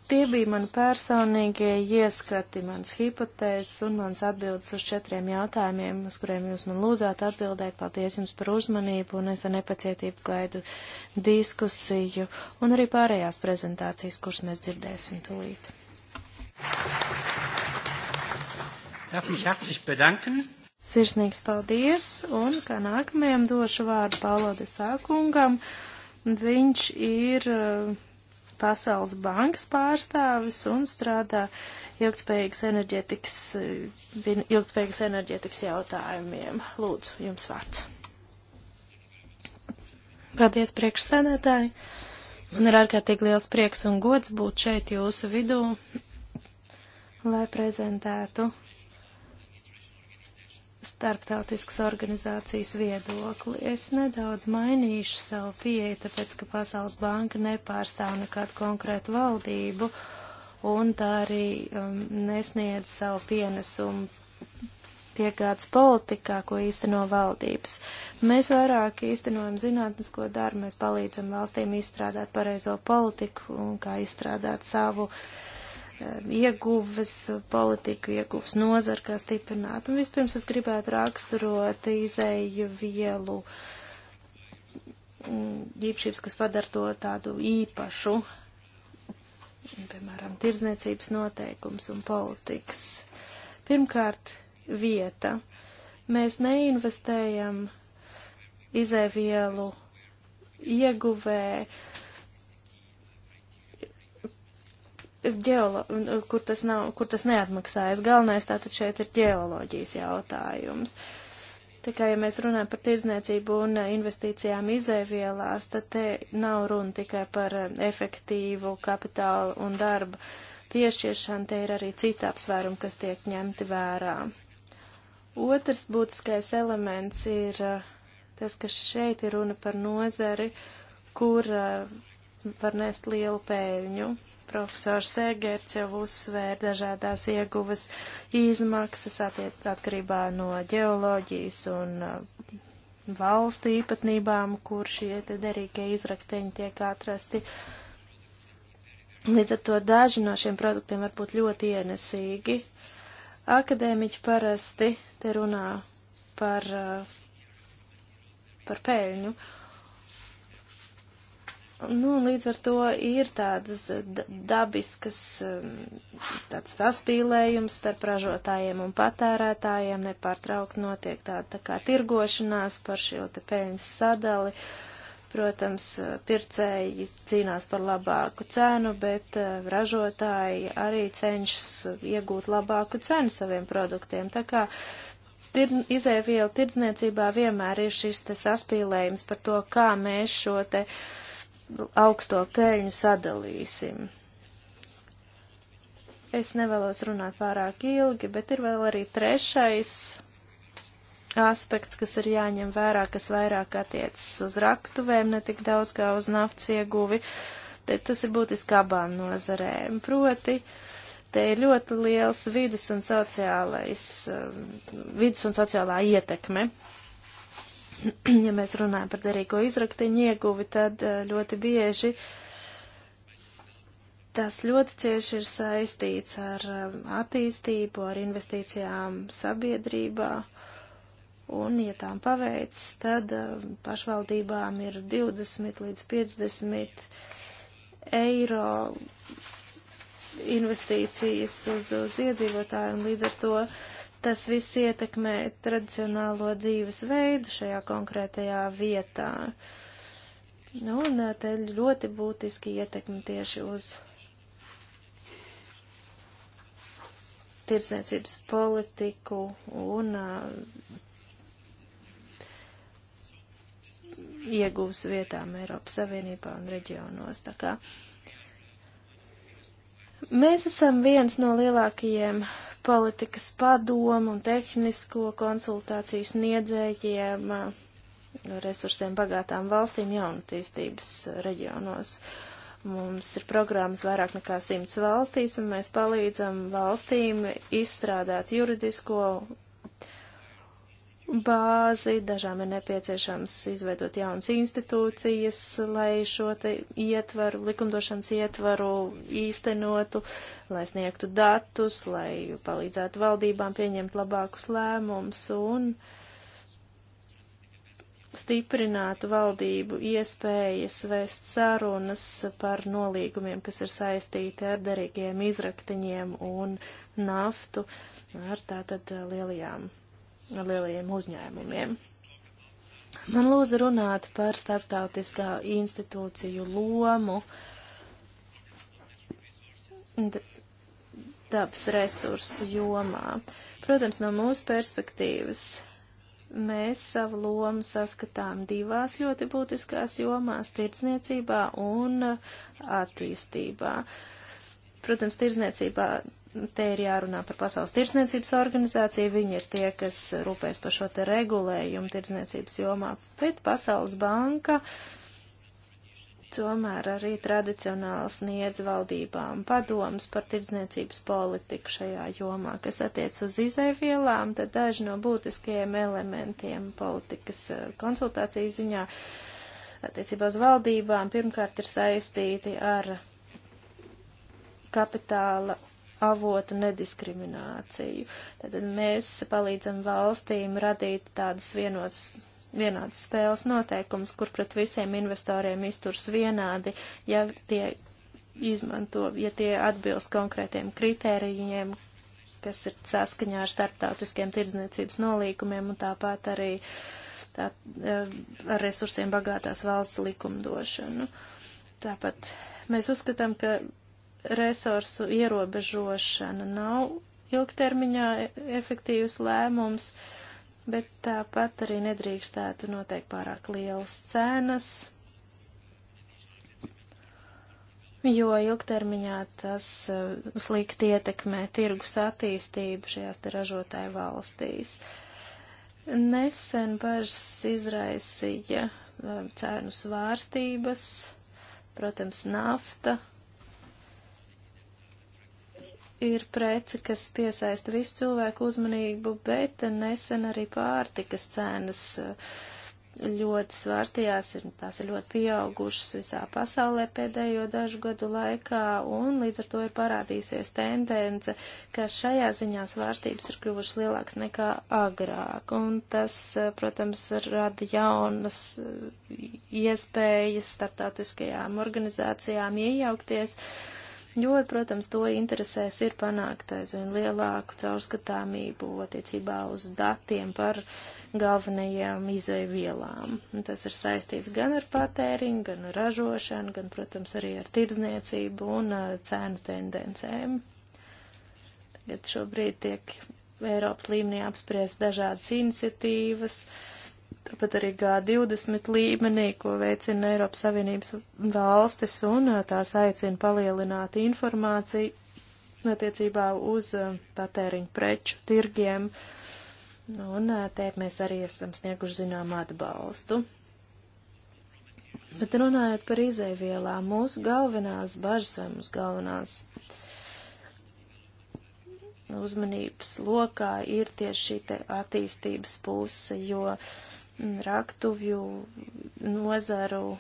Tie bija mani personīgie ieskati, mans hipotēzes un mans atbildes uz četriem jautājumiem, uz kuriem jūs man lūdzāt atbildēt. Paldies jums par uzmanību un es ar nepacietību gaidu diskusiju un arī pārējās prezentācijas, kuras mēs dzirdēsim tūlīt.
Darf mich herzlich bedanken.
Sirsnīgs paldies, un kā nākamajam došu vārdu Paulo de Sākungam. Viņš ir uh, Pasaules bankas pārstāvis un strādā ilgspējīgas enerģetikas, ilgspējīgas enerģetikas jautājumiem. Lūdzu, jums vārds. Paldies, priekšsēdētāji. Man ir ārkārtīgi liels prieks un gods būt šeit jūsu vidū, lai prezentētu starptautiskas organizācijas viedokli. Es nedaudz mainīšu savu pieeju, tāpēc, ka Pasaules banka nepārstāv nekādu konkrētu valdību un tā arī um, nesniedz savu pienesumu piegādes politikā, ko īsteno valdības. Mēs vairāk īstenojam zinātnisko darbu, mēs palīdzam valstīm izstrādāt pareizo politiku un kā izstrādāt savu uh, Um, ieguves politiku, ieguves nozar, kā stiprināt. Un vispirms es gribētu raksturot izēju vielu mm, īpašības, kas padara to tādu īpašu, piemēram, tirzniecības noteikums un politikas. Pirmkārt, vieta. Mēs neinvestējam izēvielu ieguvē, uh, ģeolo, uh, kur, tas nav, kur tas neatmaksājas. Galvenais tātad šeit ir ģeoloģijas jautājums. Tā kā, ja mēs runājam par tirdzniecību un uh, investīcijām izēvielās, tad te nav runa tikai par um, efektīvu kapitālu un darbu piešķiršanu, te ir arī citi apsvērumi, kas tiek ņemti vērā. Otrs būtiskais elements ir uh, tas, ka šeit ir runa par nozari, kur var nest lielu pēļņu. Profesors Egerts jau uzsvēra dažādās ieguvas izmaksas atkarībā no ģeoloģijas un uh, valstu īpatnībām, kur šie te derīgie izrakteņi tiek atrasti. Līdz ar to daži no šiem produktiem var būt ļoti ienesīgi. Akadēmiķi parasti te runā par, uh, par pēļņu. Uh, Nu, līdz ar to ir tādas dabiskas, um, tāds saspīlējums starp ražotājiem un patērētājiem, nepārtraukt notiek tāda tā kā tirgošanās par šo te peļņas sadali. Protams, pircēji cīnās par labāku cenu, bet uh, ražotāji arī cenšas iegūt labāku cenu saviem produktiem. Tā kā tir, izēvielu tirdzniecībā vienmēr ir šis te saspīlējums par to, kā mēs šo te uh, augsto peļņu sadalīsim. Es nevēlos runāt pārāk ilgi, bet ir vēl arī trešais aspekts, kas ir jāņem vērā, kas vairāk attiecas uz raktuvēm, ne tik daudz kā uz naftas ieguvi, bet tas ir būtiski abām nozarēm. Proti, te ir ļoti liels vidus un sociālais, um, vidus un sociālā ietekme. Uh, ja mēs runājam par derīgo izraktiņu ieguvi, tad eh, ļoti bieži tas ļoti cieši ir saistīts ar eh, attīstību, ar investīcijām sabiedrībā. Un, ja tām paveic, tad eh, pašvaldībām ir 20 līdz 50 eiro investīcijas uz, uz iedzīvotājiem, līdz ar to uh, tas viss ietekmē tradicionālo dzīves veidu šajā konkrētajā vietā. Nu, un te ļoti būtiski ietekmi tieši uz tirdzniecības politiku un uh, iegūs vietām Eiropas Savienībā un reģionos. Tā kā mēs esam viens no lielākajiem uh, politikas padomu un tehnisko konsultāciju sniedzējiem eh, resursiem bagātām valstīm jaunatīstības eh, reģionos. Mums ir programmas vairāk nekā simts valstīs, un mēs palīdzam valstīm izstrādāt juridisko bāzi, dažām ir nepieciešams izveidot jaunas institūcijas, lai šo te ietvaru, likumdošanas ietvaru īstenotu, lai sniegtu datus, lai palīdzētu valdībām pieņemt labākus lēmumus un stiprinātu valdību iespējas vēst sarunas par nolīgumiem, kas ir saistīti ar derīgiem izraktiņiem un naftu, ar tātad lielajām lielajiem uzņēmumiem. Man lūdzu runāt par starptautiskā institūciju lomu dabas resursu jomā. Protams, no mūsu perspektīvas mēs savu lomu saskatām divās ļoti būtiskās jomās - tirdzniecībā un attīstībā. Protams, tirdzniecībā te ir jārunā par Pasaules tirsniecības organizāciju, viņi ir tie, kas rūpēs par šo te regulējumu tirsniecības jomā, bet Pasaules banka tomēr arī tradicionāli sniedz valdībām padomus par tirdzniecības politiku šajā jomā, kas attiec uz izaivielām, tad daži no būtiskajiem elementiem politikas eh, konsultāciju ziņā attiecībā uz valdībām pirmkārt ir saistīti ar kapitāla avotu nediskrimināciju. Tad mēs palīdzam valstīm radīt tādus vienotus, vienādus spēles noteikumus, kur pret visiem investoriem izturs vienādi, ja tie izmanto, ja tie atbilst konkrētiem kritērijiem, kas ir saskaņā ar starptautiskiem tirdzniecības nolīkumiem un tāpat arī tā, eh, ar resursiem bagātās valsts likumdošanu. Tāpat mēs uzskatām, ka resursu ierobežošana nav ilgtermiņā e- efektīvs lēmums, bet tāpat arī nedrīkstētu noteikt pārāk lielas cenas, jo ilgtermiņā tas e, slikti ietekmē tirgus attīstību šajās te ražotāju valstīs. Nesen bažas izraisīja e, cēnu svārstības, protams, nafta, ir prece, kas piesaista visu cilvēku uzmanību, bet nesen arī pārtikas cenas eh, ļoti svārstījās, ir, tās ir ļoti pieaugušas visā pasaulē pēdējo dažu gadu laikā, un līdz ar to ir parādījusies tendence, ka šajā ziņā svārstības ir kļuvušas lielākas nekā agrāk, un tas, eh, protams, rada jaunas eh, iespējas starptautiskajām organizācijām iejaukties. Uh, jo, protams, to interesēs ir panākt aizvien lielāku caurskatāmību attiecībā uz datiem par galvenajām izaivielām. Tas ir saistīts gan ar patēriņu, gan ar ražošanu, gan, protams, arī ar tirdzniecību un uh, cēnu tendencēm. Tagad šobrīd tiek Eiropas līmenī apspriest dažādas iniciatīvas. Uh, Tāpat arī G20 līmenī, ko veicina Eiropas Savienības valstis un tās aicina palielināt informāciju attiecībā uz patēriņu preču tirgiem. Un te mēs arī esam snieguši zinām atbalstu. Bet runājot par izēvielām, mūsu galvenās bažas vai mūsu galvenās uzmanības lokā ir tieši šī attīstības puse, jo uh, raktuvju nozaru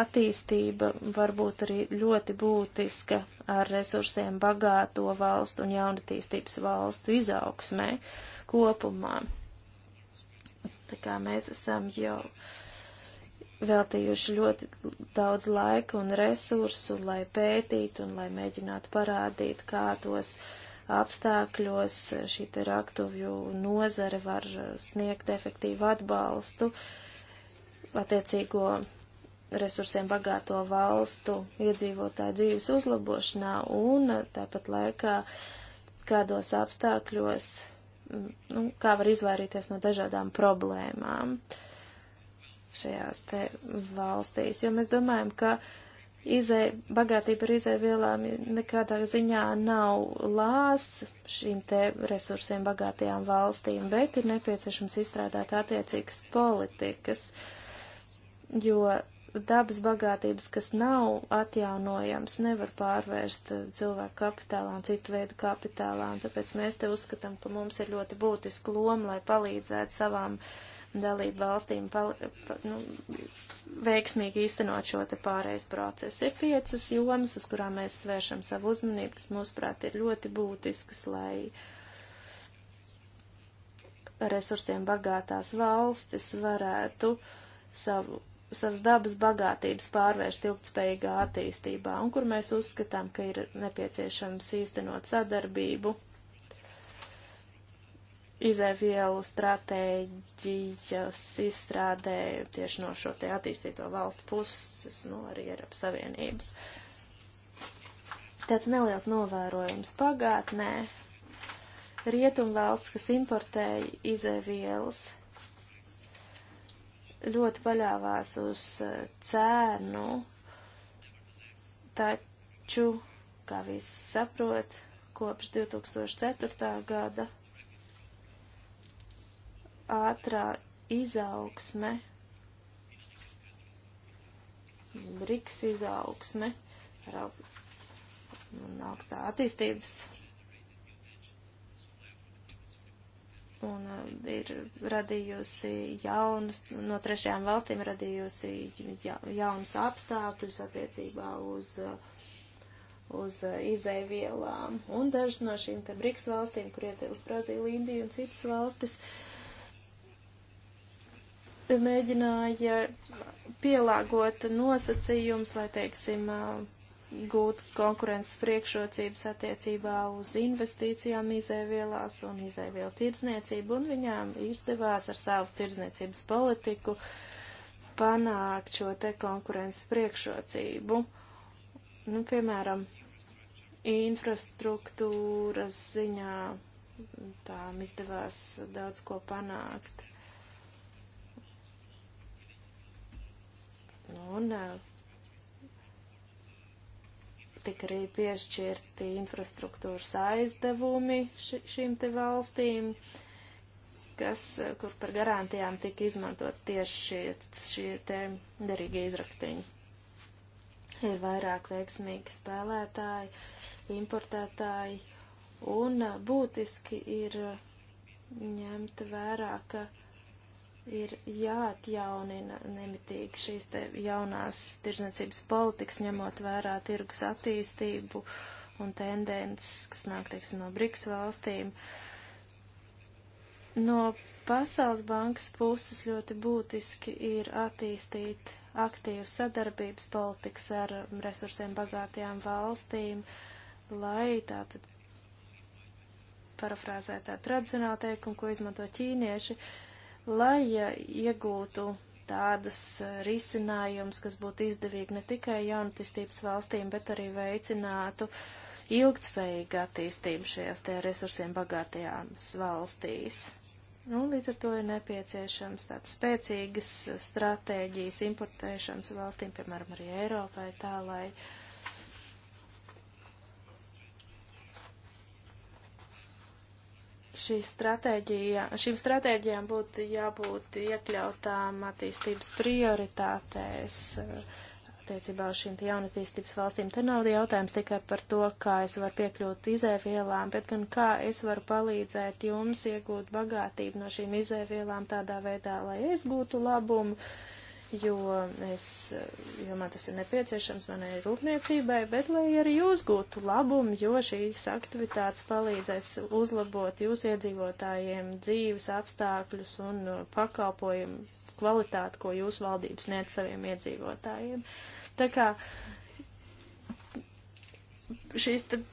attīstība var būt arī ļoti būtiska ar resursiem bagāto valstu un jaunatīstības valstu izaugsmē kopumā. Tā kā mēs esam jau veltījuši ļoti daudz laika un resursu, lai pētītu un lai mēģinātu parādīt, kā tos uh, apstākļos šī te raktuvju nozare var sniegt efektīvu atbalstu attiecīgo resursiem bagāto valstu iedzīvotāju dzīves uzlabošanā un tāpat laikā kādos apstākļos, nu, kā var izvairīties no dažādām problēmām šajās te valstīs, jo mēs domājam, ka uh, Izē, bagātība ar izēvielām nekādā ziņā nav lāsts šīm te resursiem bagātajām valstīm, bet ir nepieciešams izstrādāt attiecīgas politikas, jo dabas bagātības, kas nav atjaunojams, nevar pārvērst cilvēku kapitālā un citu veidu kapitālā, un tāpēc mēs te uzskatām, ka mums ir ļoti būtiska loma, lai palīdzētu savām uh, dalību valstīm pali, pa, nu, veiksmīgi īstenot šo te pārējais procesu. Ir piecas jomas, uz kurām mēs vēršam savu uzmanību, kas, mūsuprāt, ir ļoti būtiskas, lai resursiem bagātās valstis varētu savu savas dabas bagātības pārvērst ilgtspējīgā attīstībā, un kur mēs uzskatām, ka ir nepieciešams īstenot sadarbību izēvielu stratēģijas izstrādē tieši no šo te attīstīto valstu puses, no nu, arī Eiropas Savienības. Tāds neliels novērojums pagātnē. Rietumvalsts, kas importēja izēvielas, ļoti paļāvās uz eh, cēnu, taču, kā visi saprot, kopš 2004. gada ātrā izaugsme, briks izaugsme, un augstā attīstības. Un eh, ir radījusi jaunus, no trešajām valstīm radījusi ja, jaunus apstākļus attiecībā uz, uz izēvielām. Un dažas no šīm te briks valstīm, kur ietilpst Brazīlija, Indija un citas valstis, uh, mēģināja pielāgot nosacījumus, lai, teiksim, gūt konkurences priekšrocības attiecībā uz investīcijām izēvielās un izēvielu tirdzniecību, un viņām izdevās ar savu tirdzniecības politiku panākt šo te konkurences priekšrocību. Nu, piemēram, infrastruktūras ziņā tām izdevās daudz ko panākt. Un tika arī piešķirti infrastruktūras aizdevumi ši, šīm te valstīm, kas, kur par garantijām tika izmantots tieši šie, šie te derīgie izraktiņi. Ir vairāk veiksmīgi spēlētāji, importētāji, un būtiski ir ņemta vērā, ka ir jāatjaunina nemitīgi šīs te jaunās tirdzniecības politikas, ņemot vērā tirgus attīstību un tendences, kas nāk, teiksim, no Briks valstīm. No Pasaules bankas puses ļoti būtiski ir attīstīt aktīvu sadarbības politikas ar resursiem bagātajām valstīm, lai tātad parafrāzētā tradicionāla teikuma, ko izmanto ķīnieši, uh, lai iegūtu tādas eh, risinājumus, kas būtu izdevīgi ne tikai jaunatistības valstīm, bet arī veicinātu ilgtspējīgu attīstību šajās te resursiem bagātajās valstīs. Nu, līdz ar to ir nepieciešams tāds spēcīgas eh, stratēģijas importēšanas valstīm, piemēram, arī Eiropai, tā lai uh, šī stratēģija, šīm stratēģijām būtu jābūt iekļautām attīstības prioritātēs attiecībā uz šīm jaunatīstības valstīm. Te nav jautājums tikai par to, kā es varu piekļūt izēvielām, bet gan kā es varu palīdzēt jums iegūt bagātību no šīm izēvielām tādā veidā, lai es gūtu labumu jo es domāju, eh, tas ir nepieciešams manai rūpniecībai, bet lai arī jūs gūtu labumu, jo šīs aktivitātes palīdzēs uzlabot jūs iedzīvotājiem dzīves apstākļus un eh, pakalpojumu kvalitāti, ko jūs valdības sniedz saviem iedzīvotājiem. Tā kā šīs tad.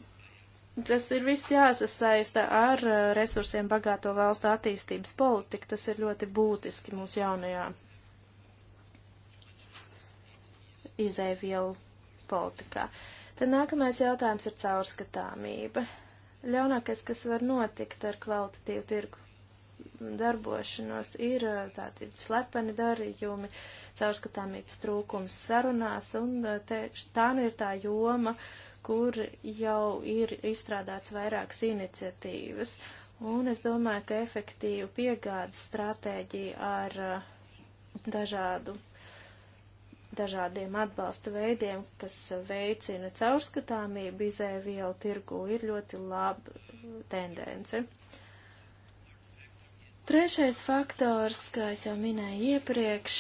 Tas ir viss jāsasaista ar eh, resursiem bagāto valstu attīstības politiku. Tas ir ļoti būtiski mūsu jaunajā izēvielu politikā. Tad nākamais jautājums ir caurskatāmība. Ļaunākais, kas var notikt ar kvalitatīvu tirgu darbošanos, ir uh, tādi slepeni darījumi, caurskatāmības trūkums sarunās, un uh, te, tā nu ir tā joma, kur jau ir izstrādāts vairākas iniciatīvas. Un es domāju, ka efektīva piegādes stratēģija ar uh, dažādu dažādiem atbalsta veidiem, kas veicina caurskatāmību izēvielu tirgu, ir ļoti laba tendence. Trešais faktors, kā es jau minēju iepriekš,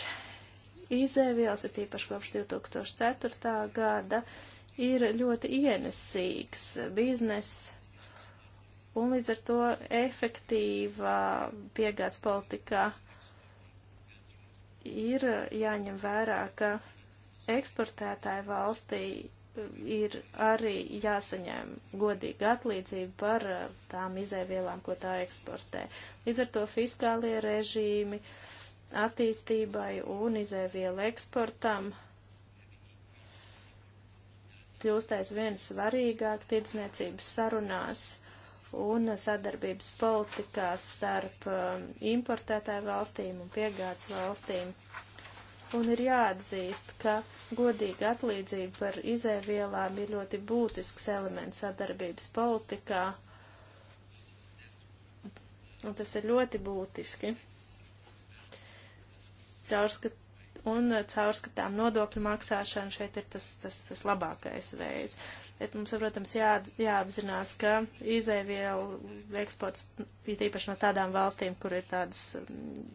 izēvielas, ir tīpaši kopš 2004. gada, ir ļoti ienesīgs bizness, un līdz ar to efektīvā piegāds politikā ir jāņem vērā, ka eksportētāja valstī uh, ir arī jāsaņem godīga atlīdzība par uh, tām izēvielām, ko tā eksportē. Līdz ar to fiskālie režīmi attīstībai un izēvielu eksportam kļūst aizvien svarīgāk tirdzniecības sarunās un sadarbības politikās starp um, importētāju valstīm un piegādes valstīm. Un ir jāatzīst, ka godīga atlīdzība par izēvielām ir ļoti būtisks elements sadarbības politikā, un tas ir ļoti būtiski. Caurskatīt un eh, caurskatām nodokļu maksāšana šeit ir tas, tas, tas labākais veids. Bet mums, protams, jā, jāapzinās, ka izēvielu eksports ir īpaši no tādām valstīm, kur ir tādas mm,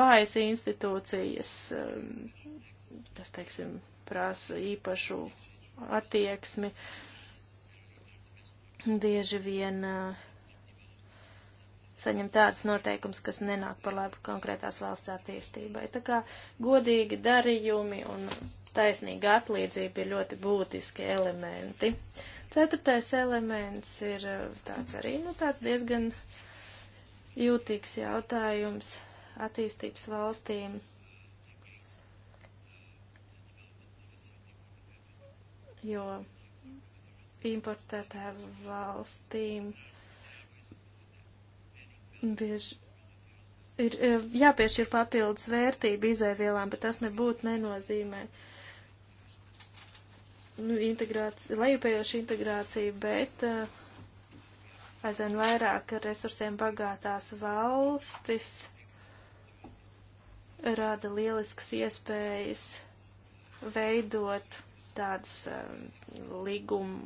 vājas institūcijas, kas, mm, teiksim, prasa īpašu attieksmi. Bieži vien uh, saņem tādas noteikums, kas nenāk par labu konkrētās valsts attīstībai. Tā kā godīgi darījumi un taisnīga atlīdzība ir ļoti būtiski elementi. Ceturtais elements ir eh, tāds arī, nu, tāds diezgan jūtīgs jautājums attīstības valstīm. Jo importētā valstīm bieži ir e, jāpiešķir papildus vērtība izēvielām, bet tas nebūtu nenozīmē nu, integrācija, lejupējoša integrācija, bet uh, aizvien vairāk resursiem bagātās valstis rada lielisks iespējas veidot tādas um, e, līgumu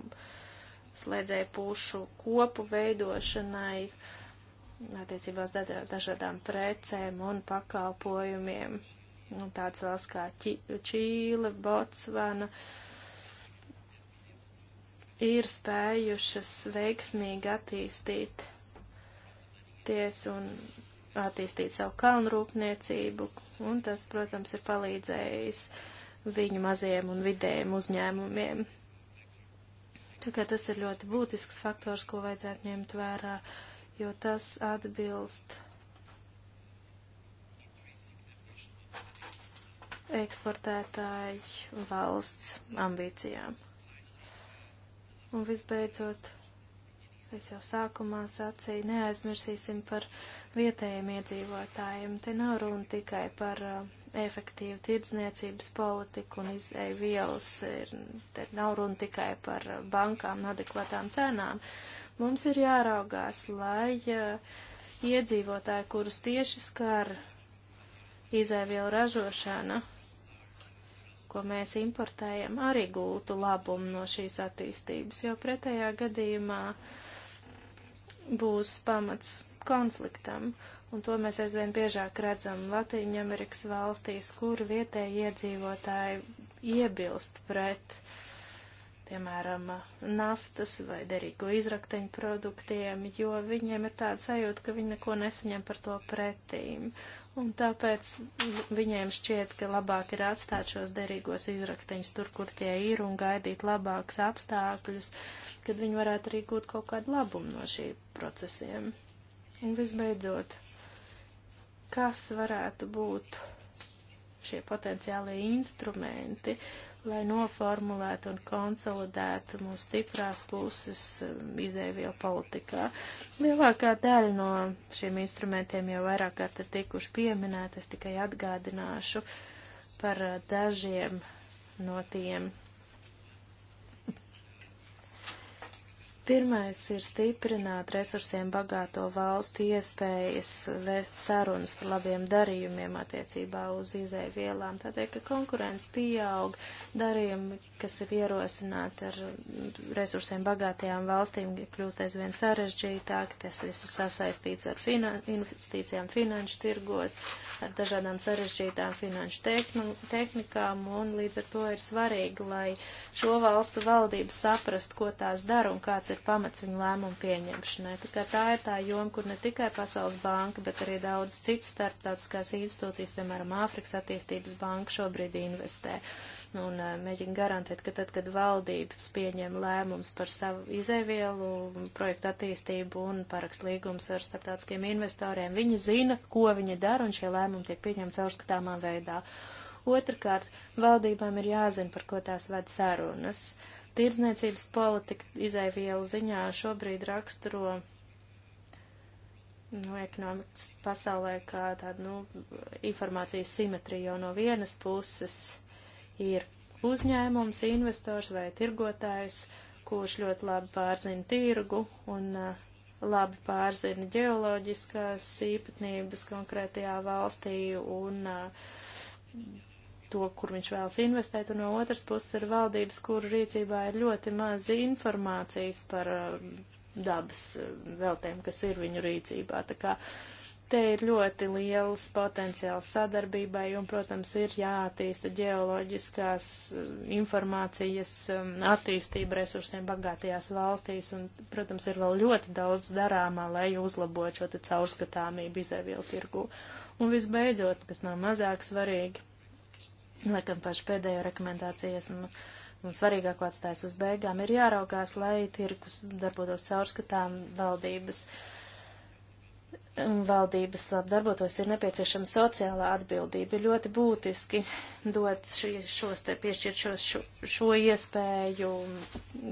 slēdzēju pušu kopu veidošanai, uh, attiecībās dažādām precēm un pakalpojumiem. Un tāds valsts kā Čīle, Botsvana ir spējušas veiksmīgi attīstīt ties un attīstīt savu kalnu rūpniecību, un tas, protams, ir palīdzējis viņu maziem un vidējiem uzņēmumiem. Tā kā tas ir ļoti būtisks faktors, ko vajadzētu ņemt vērā uh, jo tas atbilst eksportētāju valsts ambīcijām. Un visbeidzot, es jau sākumā sacīju, neaizmirsīsim par vietējiem iedzīvotājiem. Te nav runa tikai par uh, efektīvu tirdzniecības politiku un izdēju vielas, ir, te nav runa tikai par uh, bankām un adekvatām cenām. Uh, Mums ir jāraugās, lai uh, iedzīvotāji, kurus tieši skar izēvielu ražošana, ko mēs importējam, arī gūtu labumu no šīs attīstības, jo pretējā gadījumā būs pamats konfliktam, un to mēs aizvien biežāk redzam Latīņamerikas valstīs, kur vietēji iedzīvotāji iebilst pret uh, piemēram, naftas vai derīgo izrakteņu produktiem, jo viņiem ir tāda sajūta, ka viņi neko nesaņem par to pretīm. Un tāpēc viņiem šķiet, ka labāk ir atstāt šos derīgos izrakteņus tur, kur tie ir, un gaidīt labākus apstākļus, kad viņi varētu arī gūt kaut kādu labumu no šī procesiem. Un visbeidzot, kas varētu būt šie potenciālie instrumenti, uh, lai noformulētu un konsolidētu mūsu stiprās puses um, izēvio politikā. Lielākā daļa no šiem instrumentiem jau vairāk kārt ir tikuši pieminēti, es tikai atgādināšu par uh, dažiem no tiem. Pirmais ir stiprināt resursiem bagāto valstu iespējas vēst sarunas par labiem darījumiem attiecībā uz izēvielām. Tādēļ, ka konkurence pieaug, darījumi, kas ir ierosināti ar resursiem bagātajām valstīm, kļūst aizvien sarežģītāk, tas viss ir sasaistīts ar finan investīcijām finanšu tirgos, ar dažādām sarežģītām finanšu tehn tehnikām, un līdz ar to ir svarīgi, lai šo valstu valdības saprast, ko tās dara un kāds ir ir pamats viņu lēmumu pieņemšanai. Tā kā tā ir tā joma, kur ne tikai Pasaules banka, bet arī daudz citas starptautiskās institūcijas, piemēram, Āfrikas attīstības banka šobrīd investē nu, un mēģina garantēt, ka tad, kad valdības pieņem lēmums par savu izēvielu, projektu attīstību un parakst līgums ar starptautiskiem investoriem, viņi zina, ko viņi dara, un šie lēmumi tiek pieņemti caurskatāmā veidā. Otrakārt, valdībām ir jāzina, par ko tās ved sarunas. Uh, Tirdzniecības politika izaivielu ziņā šobrīd raksturo nu, ekonomikas pasaulē kā tāda nu, informācijas simetrija, jo no vienas puses ir uzņēmums, investors vai tirgotājs, kurš ļoti labi pārzina tirgu un uh, labi pārzina ģeoloģiskās īpatnības konkrētajā valstī un uh, to, kur viņš vēlas investēt, un no otras puses ir valdības, kuru rīcībā ir ļoti maz informācijas par uh, dabas uh, veltēm, kas ir viņu rīcībā. Tā kā te ir ļoti liels potenciāls sadarbībai, un, protams, ir jāattīsta ģeoloģiskās uh, informācijas um, attīstība resursiem bagātajās valstīs, un, protams, ir vēl ļoti daudz darāmā, lai uzlabotu šo caurskatāmību izēvielu tirgu. Un visbeidzot, kas nav mazāk svarīgi, Laikam pašu pēdējo rekomendāciju esmu un svarīgāko atstājas uz beigām, ir jāraugās, lai tirkus darbotos caurskatām valdības. Valdības labdarbotos ir nepieciešama sociālā atbildība. Ļoti būtiski dot šī, šos te piešķirt šos, šo, šo iespēju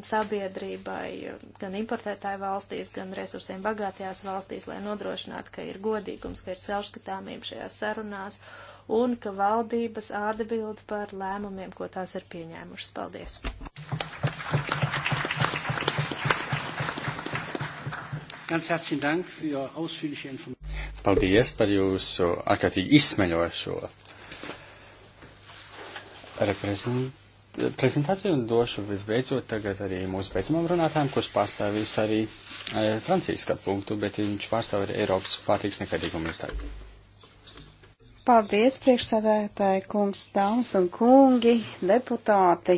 sabiedrībai, gan importētāju valstīs, gan resursiem bagātajās valstīs, lai nodrošinātu, ka ir godīgums, ka ir caurskatāmība šajās sarunās. Uh, un ka valdības atbild par lēmumiem, ko tās ir pieņēmušas. Paldies!
Paldies par jūsu ārkārtīgi izsmeļošo prezentāciju un došu visbeidzot tagad arī mūsu beidzamam runātājam, kurš pārstāvīs arī e, Francijas skatu punktu, bet viņš pārstāv arī Eiropas pārtīks nekadīgumu iestādi.
Paldies, priekšsēdētāji, kungs, dāmas un kungi, deputāti.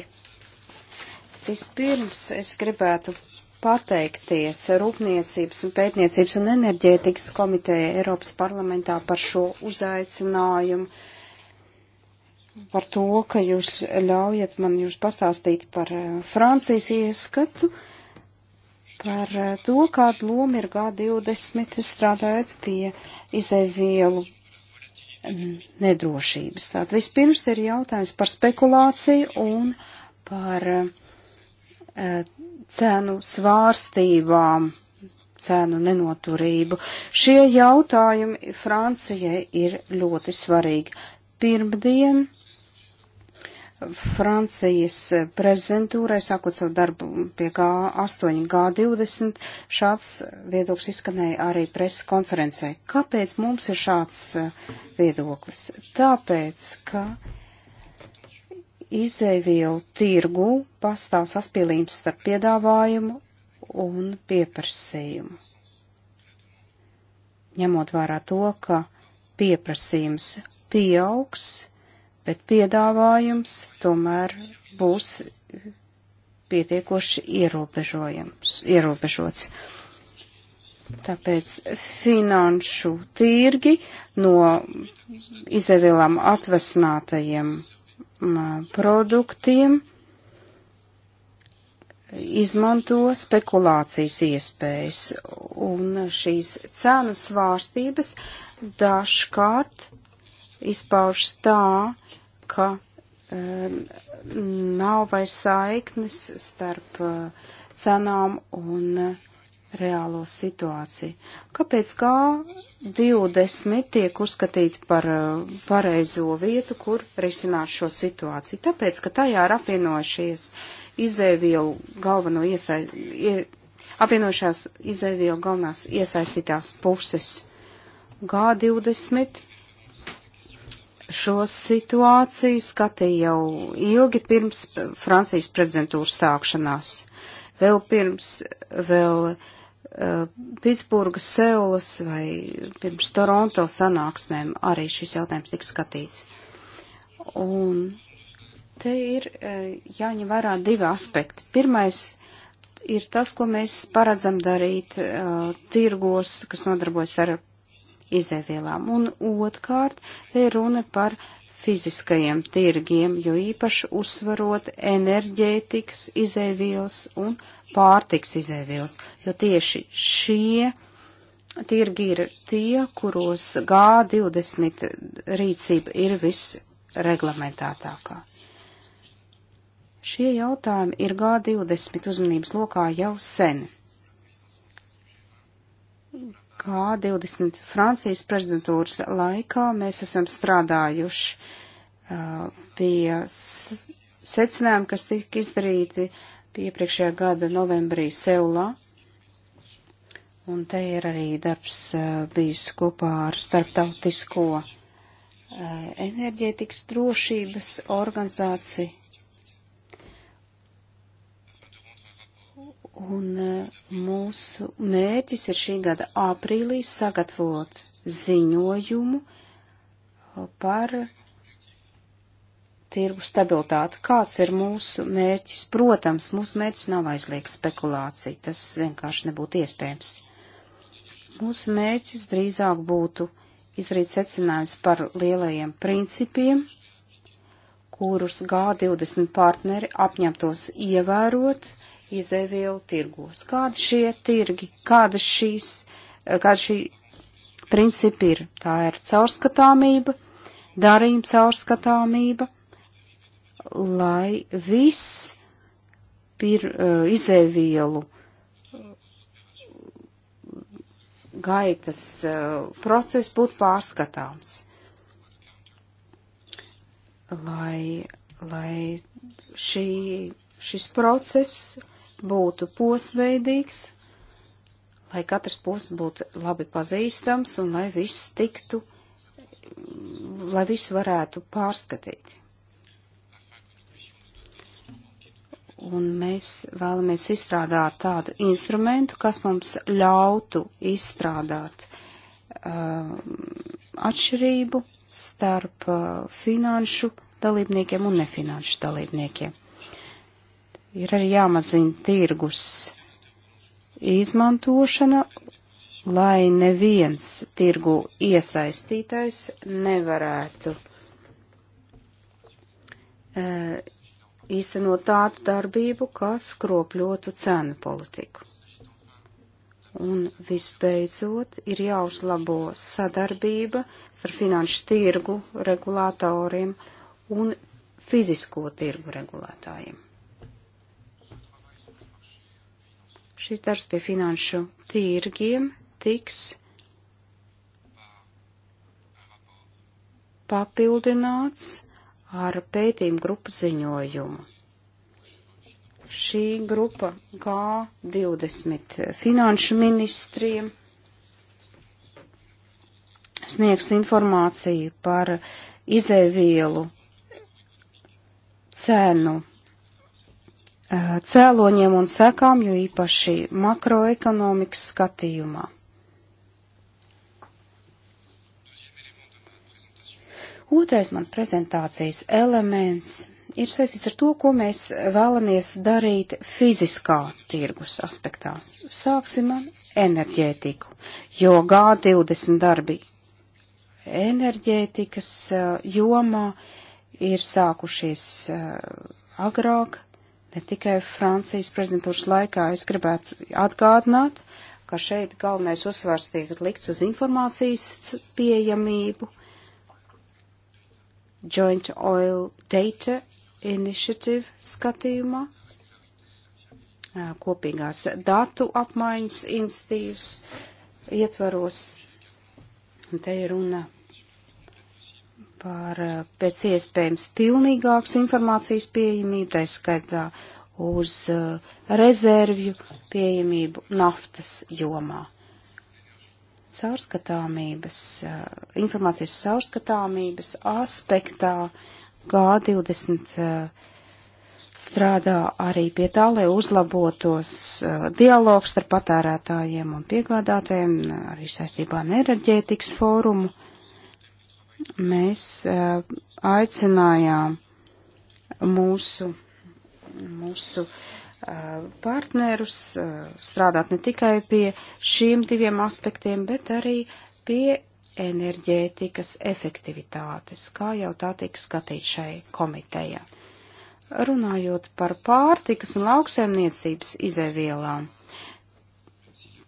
Vispirms es gribētu pateikties Rūpniecības un Pētniecības un enerģētikas komiteja Eiropas parlamentā par šo uzaicinājumu, par to, ka jūs ļaujat man jūs pastāstīt par eh, Francijas ieskatu, par eh, to, kādu lomu ir G20 strādājot pie izēvielu nedrošības. Tātad vispirms ir jautājums par spekulāciju un par eh, cenu svārstībām, cenu nenoturību. Šie jautājumi Francijai ir ļoti svarīgi. Pirmdien uh, Francijas prezidentūrai, sākot savu darbu pie G8, G20, šāds viedoklis izskanēja arī preses konferencē. Kāpēc mums ir šāds eh, viedoklis? Tāpēc, ka izēvielu tirgu pastāv saspīlījums starp piedāvājumu un pieprasījumu. Ņemot vērā to, ka pieprasījums pieaugs, bet piedāvājums tomēr būs pietiekoši ierobežots. Tāpēc finanšu tirgi no izevielām atvesinātajiem produktiem izmanto spekulācijas iespējas, un šīs cenu svārstības dažkārt izpaužas tā, ka um, nav vairs saiknes starp uh, cenām un uh, reālo situāciju. Kāpēc G20 tiek uzskatīta par uh, pareizo vietu, kur risināt šo situāciju? Tāpēc, ka tajā ir apvienojušies izēvielu galveno iesai, ie, apvienojušās izēvielu galvenās iesaistītās puses. G20 Šo situāciju skatīja jau ilgi pirms Francijas prezidentūras sākšanās. Vēl pirms, vēl uh, eh, Pitsburgas, Seulas vai pirms Toronto sanāksmēm arī šis jautājums tika skatīts. Un te ir uh, jāņem vērā divi aspekti. Pirmais ir tas, ko mēs paredzam darīt uh, tirgos, kas nodarbojas ar izēvielām. Un otrkārt, te ir runa par fiziskajiem tirgiem, jo īpaši uzsvarot enerģētikas izēvielas un pārtiks izēvielas, jo tieši šie tirgi ir tie, kuros G20 rīcība ir visreglamentētākā. Šie jautājumi ir G20 uzmanības lokā jau sen kā 20 Francijas prezidentūras laikā mēs esam strādājuši uh, pie secinājumi, kas tika izdarīti iepriekšējā gada novembrī Seulā. Un te ir arī darbs uh, bijis kopā ar starptautisko uh, enerģētikas drošības organizāciju Un e, mūsu mērķis ir šī gada aprīlī sagatavot ziņojumu e, par tirgu stabilitāti. Kāds ir mūsu mērķis? Protams, mūsu mērķis nav aizliegt spekulāciju, tas vienkārši nebūtu iespējams. Mūsu mērķis drīzāk būtu izrīt secinājums par lielajiem principiem, kurus G20 partneri apņemtos ievērot, izēvielu tirgos. Kādi šie tirgi, kāda šīs, kāda šī principi ir? Tā ir caurskatāmība, darījuma caurskatāmība, lai viss pir, eh, izēvielu eh, gaitas eh, process būtu pārskatāms. Lai, lai šī, šis process būtu posveidīgs, lai katrs posms būtu labi pazīstams un lai viss tiktu, lai visu varētu pārskatīt. Un mēs vēlamies izstrādāt tādu instrumentu, kas mums ļautu izstrādāt uh, atšķirību starp uh, finanšu dalībniekiem un nefinanšu dalībniekiem ir arī jāmazina tirgus izmantošana, lai neviens tirgu iesaistītais nevarētu e, īstenot tādu darbību, kas kropļotu cenu politiku. Un visbeidzot, ir jāuzlabo sadarbība starp finanšu tirgu regulātoriem un fizisko tirgu regulētājiem. Šis darbs pie finanšu tirgiem tiks papildināts ar pētījumu grupu ziņojumu. Šī grupa G20 finanšu ministriem sniegs informāciju par izēvielu cenu Eh, cēloņiem un sekām, jo īpaši makroekonomikas skatījumā. Otrais mans prezentācijas elements ir saistīts ar to, ko mēs vēlamies darīt fiziskā tirgus aspektā. Sāksim ar enerģētiku, jo G20 darbi enerģētikas eh, jomā ir sākušies eh, agrāk ne tikai Francijas prezidentūras laikā. Es gribētu atgādināt, ka šeit galvenais uzsvars tiek likts uz informācijas pieejamību. Joint Oil Data Initiative skatījumā, kopīgās datu apmaiņas institīvas ietvaros. Un te ir runa par eh, pēc iespējams pilnīgāks informācijas pieejamību, tā skaitā uz eh, rezervju pieejamību naftas jomā. Saurskatāmības, eh, informācijas saurskatāmības aspektā G20 strādā arī pie tā, lai uzlabotos dialogs ar patērētājiem un piegādātājiem, arī saistībā ar enerģētikas fórumu mēs e, aicinājām mūsu, mūsu e, partnerus e, strādāt ne tikai pie šiem diviem aspektiem, bet arī pie enerģētikas efektivitātes, kā jau tā tiek skatīt šai komitejā. Runājot par pārtikas un lauksēmniecības izēvielām,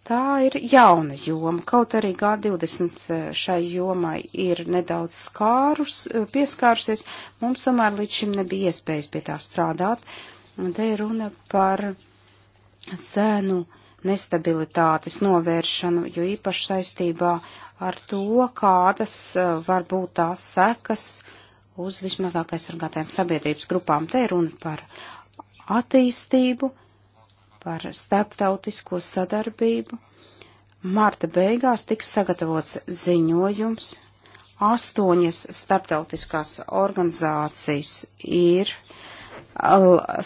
Tā ir jauna joma, kaut arī G20 e, šai jomai ir nedaudz skārus, e, pieskārusies, mums tomēr līdz šim nebija iespējas pie tā strādāt. Un te ir runa par cēnu nestabilitātes novēršanu, jo īpaši saistībā ar to, kādas e, var būt tās sekas uz vismazāk aizsargātajām sabiedrības grupām. Te ir runa par attīstību, par starptautisko sadarbību. Marta beigās tiks sagatavots ziņojums. Astoņas starptautiskās organizācijas ir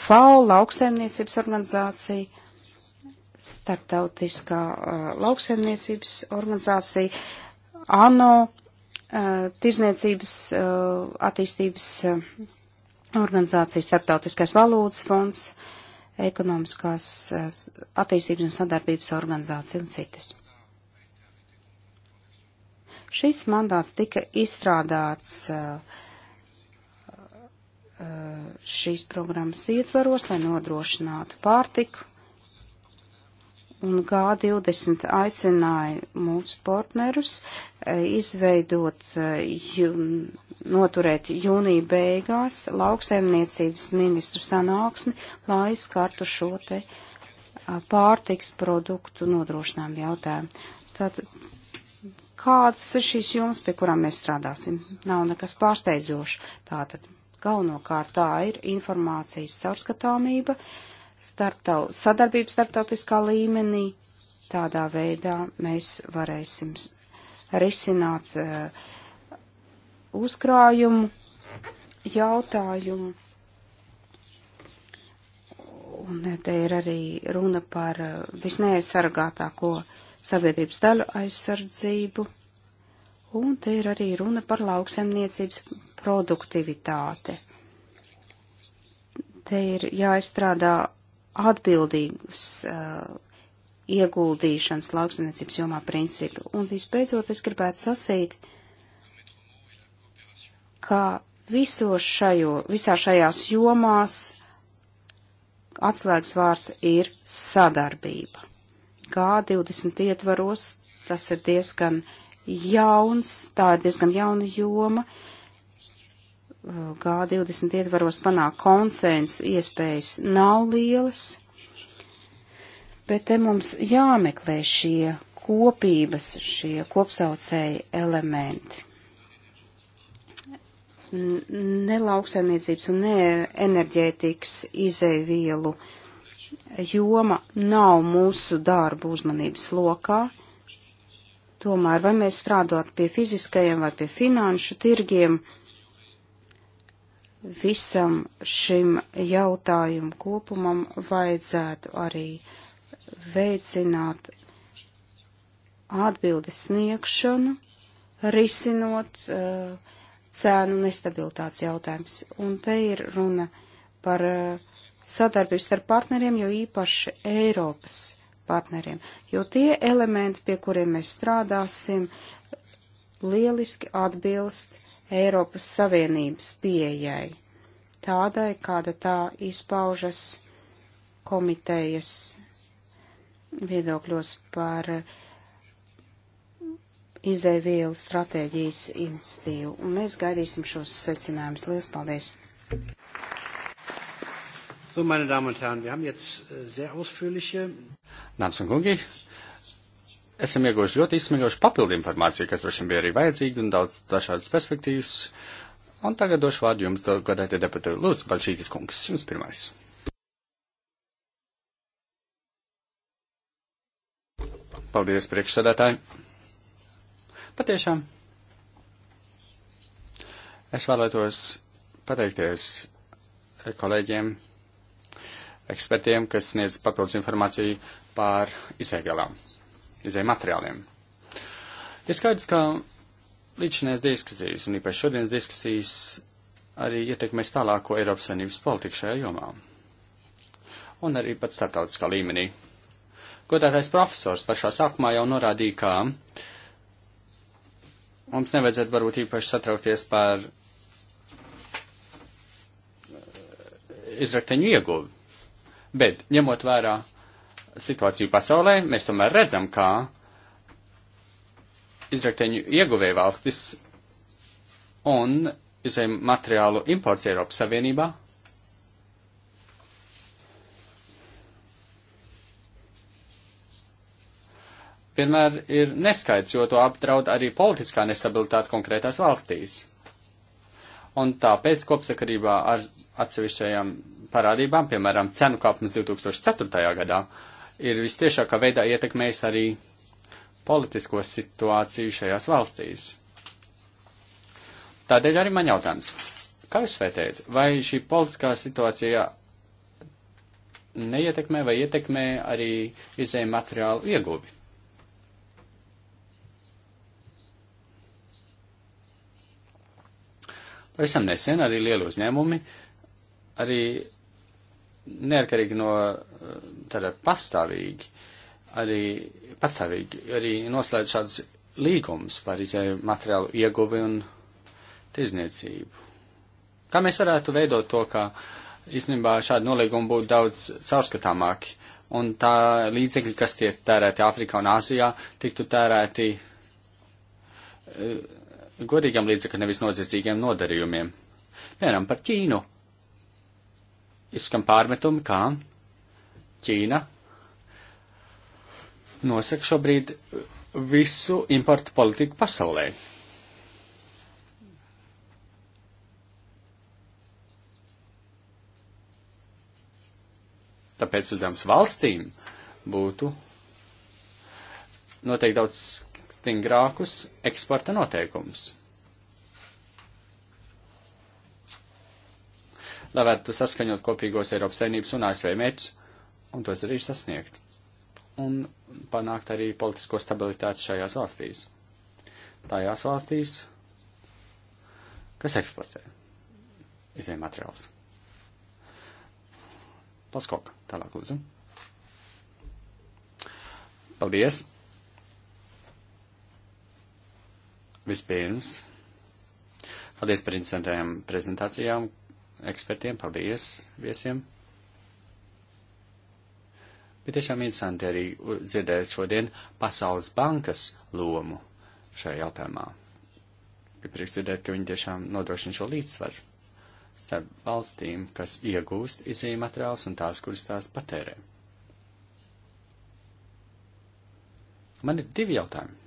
FAO lauksaimniecības organizācija, starptautiskā uh, lauksaimniecības organizācija, ANO uh, tirzniecības uh, attīstības uh, organizācija, starptautiskais valūtas fonds, ekonomiskās attīstības un sadarbības organizācija un citas. Šis mandāts tika izstrādāts eh, eh, šīs programmas ietvaros, lai nodrošinātu pārtiku, un G20 aicināja mūsu partnerus eh, izveidot noturēt jūnija beigās lauksaimniecības ministru sanāksmi, lai skartu šo te pārtiks produktu nodrošinājumu jautājumu. Tad kādas ir šīs jomas, pie kurām mēs strādāsim? Nav nekas pārsteidzošs. Tātad galvenokārt tā ir informācijas caurskatāmība, starptau, sadarbība starptautiskā līmenī. Tādā veidā mēs varēsim risināt uh, uzkrājumu jautājumu. Un te ir arī runa par eh, visneaizsargātāko sabiedrības daļu aizsardzību. Un te ir arī runa par lauksemniecības produktivitāte. Te ir jāizstrādā atbildīgas uh, ieguldīšanas lauksemniecības jomā principi. Un visbeidzot, es gribētu sasīt, uh, ka viso šajo, visā šajās jomās atslēgas vārds ir sadarbība. G20 ietvaros tas ir diezgan jauns, tā ir diezgan jauna joma. G20 ietvaros panākt konsensu iespējas nav lielas, bet te mums jāmeklē šie kopības, šie kopsaucēji elementi ne lauksaimniecības un ne enerģētikas izēvielu joma nav mūsu darbu uzmanības lokā. Tomēr, vai mēs strādāt pie fiziskajiem vai pie finanšu tirgiem, visam šim jautājumu kopumam vajadzētu arī veicināt atbildes sniegšanu, risinot uh, cēnu nestabilitātes jautājums. Un te ir runa par eh, sadarbību starp partneriem, jo īpaši Eiropas partneriem, jo tie elementi, pie kuriem mēs strādāsim, lieliski atbilst Eiropas Savienības pieejai, tādai, kāda tā izpaužas komitejas viedokļos par uh, izēvielu stratēģijas institīvu, un mēs gaidīsim šos secinājumus. Lielas paldies!
So, meine Damen und Herren, wir haben jetzt äh, sehr ausführliche. Dāmas un kungi, esam ieguvuši ļoti izsmeļošu papildu informāciju, kas droši vien bija arī vajadzīga un daudz dažādas perspektīvas. Un tagad došu vārdu jums, godētie deputāti. Lūdzu, Balčītis kungs, jums pirmais. Paldies, priekšsēdētāji! Patiešām es vēlētos pateikties kolēģiem, ekspertiem, kas sniedz papildus informāciju par izēgalām, izēju materiāliem. Ir skaidrs, ka līdzinās diskusijas un īpaši šodienas diskusijas arī ietekmēs tālāko Eiropas Savienības politiku šajā jomā. Un arī pat startautiskā līmenī. Godātais profesors pašā sākumā jau norādīja, ka Mums nevajadzētu varbūt īpaši satraukties par eh, izrakteņu ieguvi. Bet, ņemot vērā situāciju pasaulē, mēs tomēr redzam, kā izrakteņu ieguvē valstis un izrakteņu materiālu imports Eiropas Savienībā vienmēr ir neskaidrs, jo to apdraud arī politiskā nestabilitāte konkrētās valstīs. Un tāpēc kopsakarībā ar atsevišķajām parādībām, piemēram, cenu kāpums 2004. gadā, ir vistiešākā veidā ietekmējis arī politisko situāciju šajās valstīs. Tādēļ arī man jautājums, kā jūs vērtējat, vai šī politiskā situācija neietekmē vai ietekmē arī izējuma materiālu ieguvi? Pavisam nesen arī lieli uzņēmumi, arī neatkarīgi no eh, tāda pastāvīgi, arī patsavīgi, arī noslēdz šāds līgums par izēju materiālu ieguvi un tirzniecību. Kā mēs varētu veidot to, ka īstenībā šādi nolīgumi būtu daudz caurskatāmāki un tā līdzekļi, kas tiek tērēti Āfrikā un Āzijā, tiktu tērēti eh, godīgiem līdzekļiem, nevis noziedzīgiem nodarījumiem. Piemēram, par Ķīnu. Izskan pārmetumi, kā Ķīna nosaka šobrīd visu importu politiku pasaulē. Tāpēc uzdevums valstīm būtu noteikti daudz stingrākus eksporta noteikumus. Lai varētu saskaņot kopīgos Eiropas saimnības un ASV mērķus, un tos arī sasniegt, un panākt arī politisko stabilitāti šajās valstīs. Tajās valstīs, kas eksportē izējai materiālus. Paskok, tālāk lūdzu. Paldies! Vispirms, paldies par interesantām prezentācijām, ekspertiem, paldies viesiem. Bet tiešām interesanti arī dzirdēt šodien Pasaules bankas lomu šajā jautājumā. Ir prieks dzirdēt, ka viņi tiešām nodrošina šo līdzsvaru starp valstīm, kas iegūst izējuma materiālus un tās, kuras tās patērē. Man ir divi jautājumi.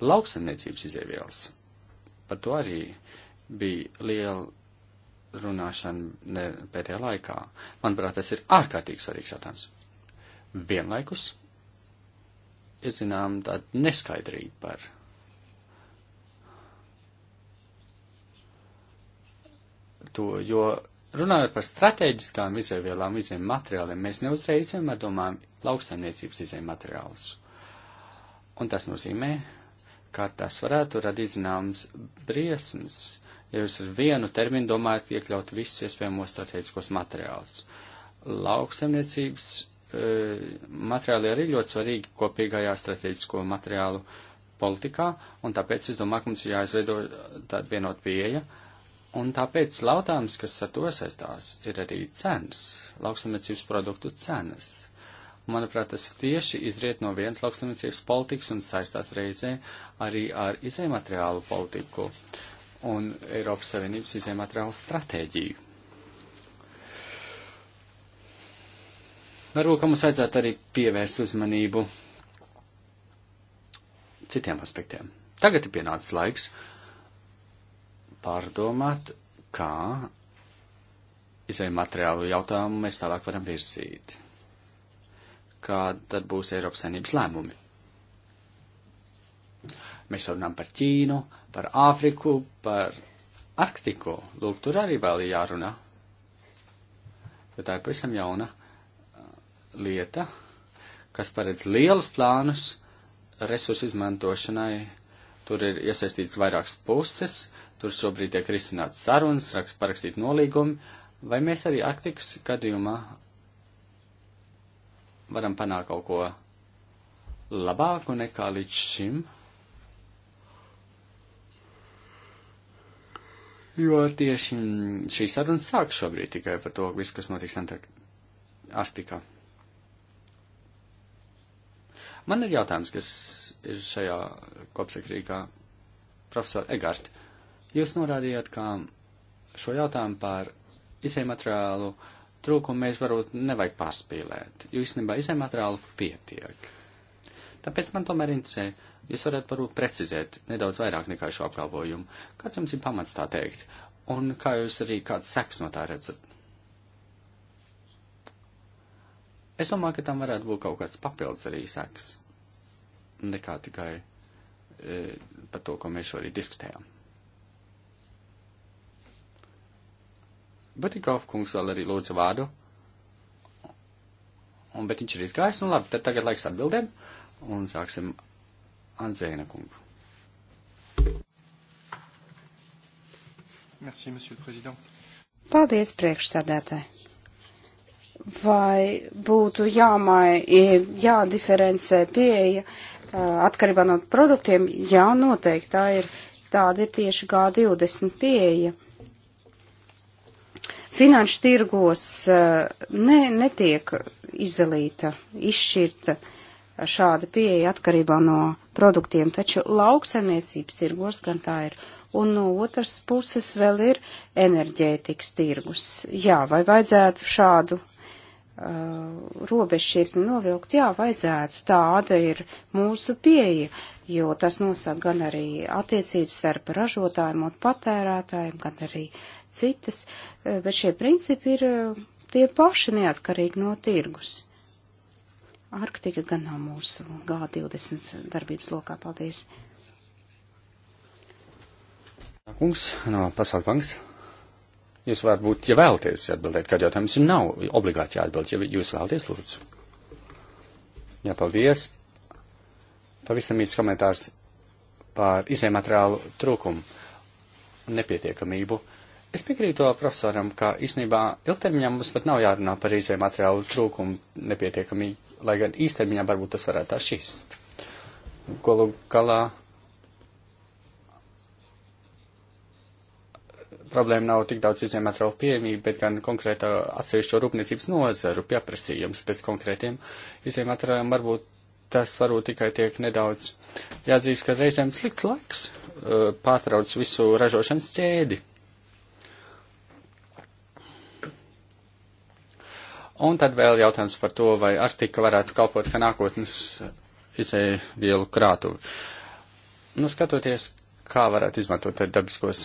lauksaimniecības izēvielas. Par to arī bija liela runāšana pēdējā laikā. Manuprāt, tas ir ārkārtīgi svarīgs jautājums. Vienlaikus ir zinām tāda neskaidrība par to, jo runājot par strateģiskām izēvielām, izēm materiāliem, mēs neuzreiz vienmēr domājam lauksaimniecības izēm materiālus. Un tas nozīmē, kā tas varētu radīt zināmas briesmas, ja jūs ar vienu terminu domājat iekļaut visus iespējamos strateģiskos materiālus. Lauksemniecības e, materiāli arī ļoti svarīgi kopīgajā strateģisko materiālu politikā, un tāpēc es domāju, ka mums ir jāizveido tāda vienota pieeja, un tāpēc lautājums, kas ar to saistās, ir arī cenas, lauksemniecības produktu cenas. Manuprāt, tas tieši izriet no vienas lauksaimniecības politikas un saistās reizē arī ar izējumateriālu politiku un Eiropas Savienības izējumateriālu stratēģiju. Varbūt, ka mums vajadzētu arī pievērst uzmanību citiem aspektiem. Tagad ir pienācis laiks pārdomāt, kā izējumateriālu jautājumu mēs tālāk varam virzīt kāda tad būs Eiropas saimnības lēmumi. Mēs runājam par Ķīnu, par Āfriku, par Arktiku. Lūk, tur arī vēl ir jārunā. Jo tā ir pavisam jauna uh, lieta, kas paredz lielus plānus resursu izmantošanai. Tur ir iesaistīts vairākas puses, tur šobrīd tiek risināts sarunas, rakst parakstīt nolīgumi, vai mēs arī Arktikas gadījumā varam panākt kaut ko labāku nekā līdz šim. Jo tieši šī saruna sāk šobrīd tikai par to visu, kas notiks Antarktikā. Man ir jautājums, kas ir šajā kopsakrīgā. Profesor Egart, jūs norādījāt, ka šo jautājumu par izējumateriālu materiālu trūkumu mēs varbūt nevajag pārspīlēt, jo īstenībā izēmateriālu pietiek. Tāpēc man tomēr interesē, jūs varat varbūt precizēt nedaudz vairāk nekā šo apgalvojumu. Kāds jums ir pamats tā teikt? Un kā jūs arī kāds seks no tā redzat? Es domāju, ka tam varētu būt kaut kāds papildus arī seks. Nekā tikai e, par to, ko mēs šorīt diskutējām. Batikov kungs vēl arī lūdza vārdu. Un Betiņš ir izgājis, un nu, labi, tad tagad laiks atbildēm, un sāksim Andzēna kungu. Merci, monsieur le président.
Paldies, priekšsādētāji. Vai būtu jāmai, jādiferencē pieeja atkarībā no produktiem? Jā, noteikti tā ir. Tāda ir tieši G20 pieeja. Finanšu tirgos eh, ne, netiek izdalīta, izšķirta šāda pieeja atkarībā no produktiem, taču lauksaimniecības tirgos gan tā ir. Un no otras puses vēl ir enerģētikas tirgus. Jā, vai vajadzētu šādu uh, robežšķirtni novilkt? Jā, vajadzētu. Tāda ir mūsu pieeja, jo tas nosaka gan arī attiecības starp ražotājiem un patērētājiem, gan arī uh, citas, eh, bet šie principi ir eh, tie paši neatkarīgi no tirgus. Arktika gan nav mūsu G20 darbības lokā. Paldies!
Kungs no Pasaules bankas. Jūs varat būt, ja vēlaties atbildēt, kādu jautājumu jums nav obligāti jāatbild, ja jūs vēlaties, lūdzu. Jā, paldies. Pavisam īsts komentārs par izējumateriālu trūkumu un nepietiekamību. Es piekrītu profesoram, ka īstenībā ilgtermiņā mums pat nav jārunā par izēju materiālu trūkumu nepietiekami, lai gan īstermiņā varbūt tas varētu atšķist. Ko lūk galā problēma nav tik daudz izēju materiālu pieejamība, bet gan konkrēta atsevišķo rūpniecības nozaru pieprasījums pēc konkrētiem izēju materiāliem varbūt tas varbūt tikai tiek nedaudz jāatzīst, ka reizēm slikts laiks uh, pārtrauc visu ražošanas ķēdi Un tad vēl jautājums par to, vai Arktika varētu kalpot kā ka nākotnes izēvielu krātuvi. Nu, skatoties, kā varētu izmantot dabiskos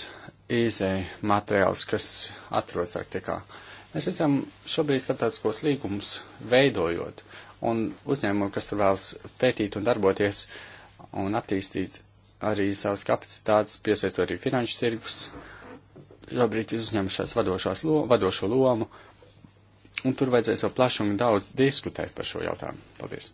izēju materiālus, kas atrodas Arktikā. Mēs redzam šobrīd starptautiskos līgumus veidojot, un uzņēmumi, kas tur vēlas pētīt un darboties un attīstīt arī savas kapacitātes, piesaistot arī finanšu tirgus, šobrīd ir uzņemšās vadošās lo, vadošo lomu. Uh, Un tur vajadzēs vēl plaši un daudz diskutēt par šo jautājumu. Paldies!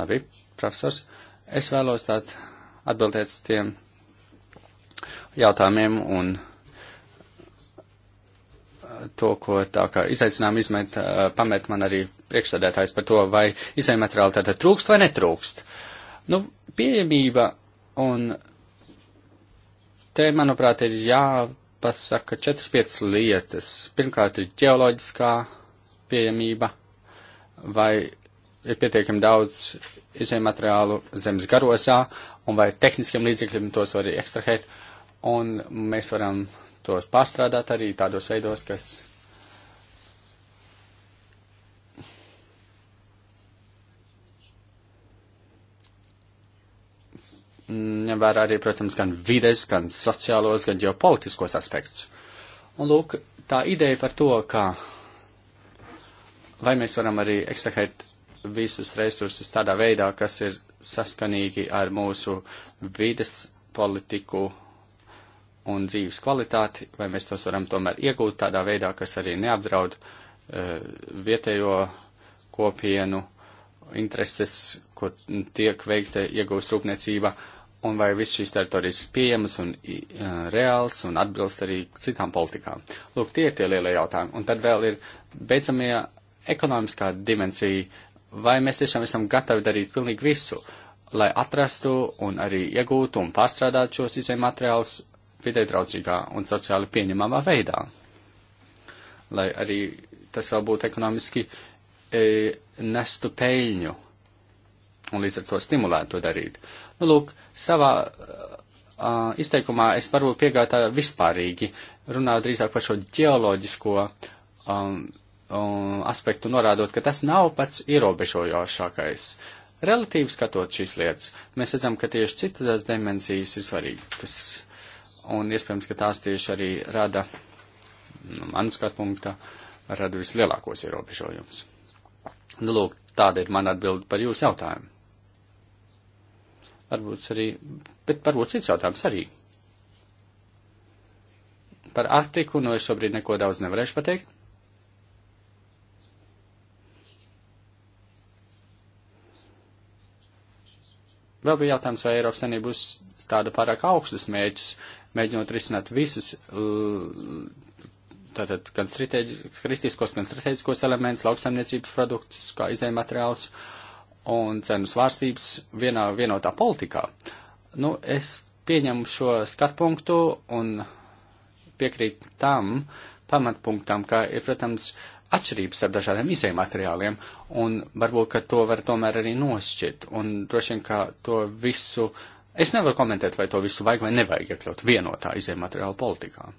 Labi, profesors, es vēlos tāt atbildēt uz tiem jautājumiem un eh, to, ko tā kā izaicinājumu izmet, eh, pamet man arī priekšsēdētājs par to, vai izaimateriāli tātad trūkst vai netrūkst. Uh, Nu, pieejamība un te, manuprāt, ir jāpasaka 4-5 lietas. Pirmkārt, ir ģeoloģiskā pieejamība, vai ir pietiekami daudz izējuma materiālu zemes garosā, un vai tehniskiem līdzekļiem tos var arī ekstrahēt, un mēs varam tos pārstrādāt arī tādos veidos, kas ņem vērā arī, protams, gan vides, gan sociālos, gan ģeopolitiskos aspektus. Un lūk, tā ideja par to, ka vai mēs varam arī ekstrahēt visus resursus tādā veidā, kas ir saskanīgi ar mūsu vides politiku un dzīves kvalitāti, vai mēs tos varam tomēr iegūt tādā veidā, kas arī neapdraud e, vietējo kopienu intereses, kur tiek veikta iegūst rūpniecība, un vai viss šīs teritorijas ir pieejamas un uh, reāls un atbilst arī citām politikām. Lūk, tie ir tie lielie jautājumi. Un tad vēl ir beidzamie ekonomiskā dimensija, vai mēs tiešām esam gatavi darīt pilnīgi visu, lai atrastu un arī iegūtu un pārstrādātu šos izējumu materiālus vidē draudzīgā un sociāli pieņemamā veidā. Lai arī tas vēl būtu ekonomiski e, nestu peļņu un līdz ar to stimulēt to darīt. Nu, lūk, savā uh, izteikumā es varbūt piegāju tā vispārīgi, runāju drīzāk par šo ģeoloģisko um, um, aspektu, norādot, ka tas nav pats ierobežojošākais. Relatīvi skatot šīs lietas, mēs redzam, ka tieši citas dimensijas ir svarīgas, un iespējams, ka tās tieši arī rada, nu, manas skatu punktā, rada vislielākos ierobežojumus. Nu, lūk, tāda ir mana atbilde par jūsu jautājumu varbūt arī, bet varbūt cits jautājums arī. Par Arktiku, nu es šobrīd neko daudz nevarēšu pateikt. Vēl bija jautājums, vai Eiropas Savienība būs tāda pārāk augstas mērķus, mēģinot risināt visus, tātad gan kritiskos, gan strateģiskos elementus, lauksaimniecības produktus, kā izējumateriālus. materiāls un cenu svārstības vienā vienotā politikā. Nu, es pieņemu šo skatpunktu un piekrītu tam pamatpunktam, ka ir, protams, atšķirības ar dažādiem izējiem materiāliem, un varbūt, ka to var tomēr arī nošķirt, un droši vien, ka to visu, es nevaru komentēt, vai to visu vajag vai nevajag iekļaut vienotā izējiem materiāla politikā.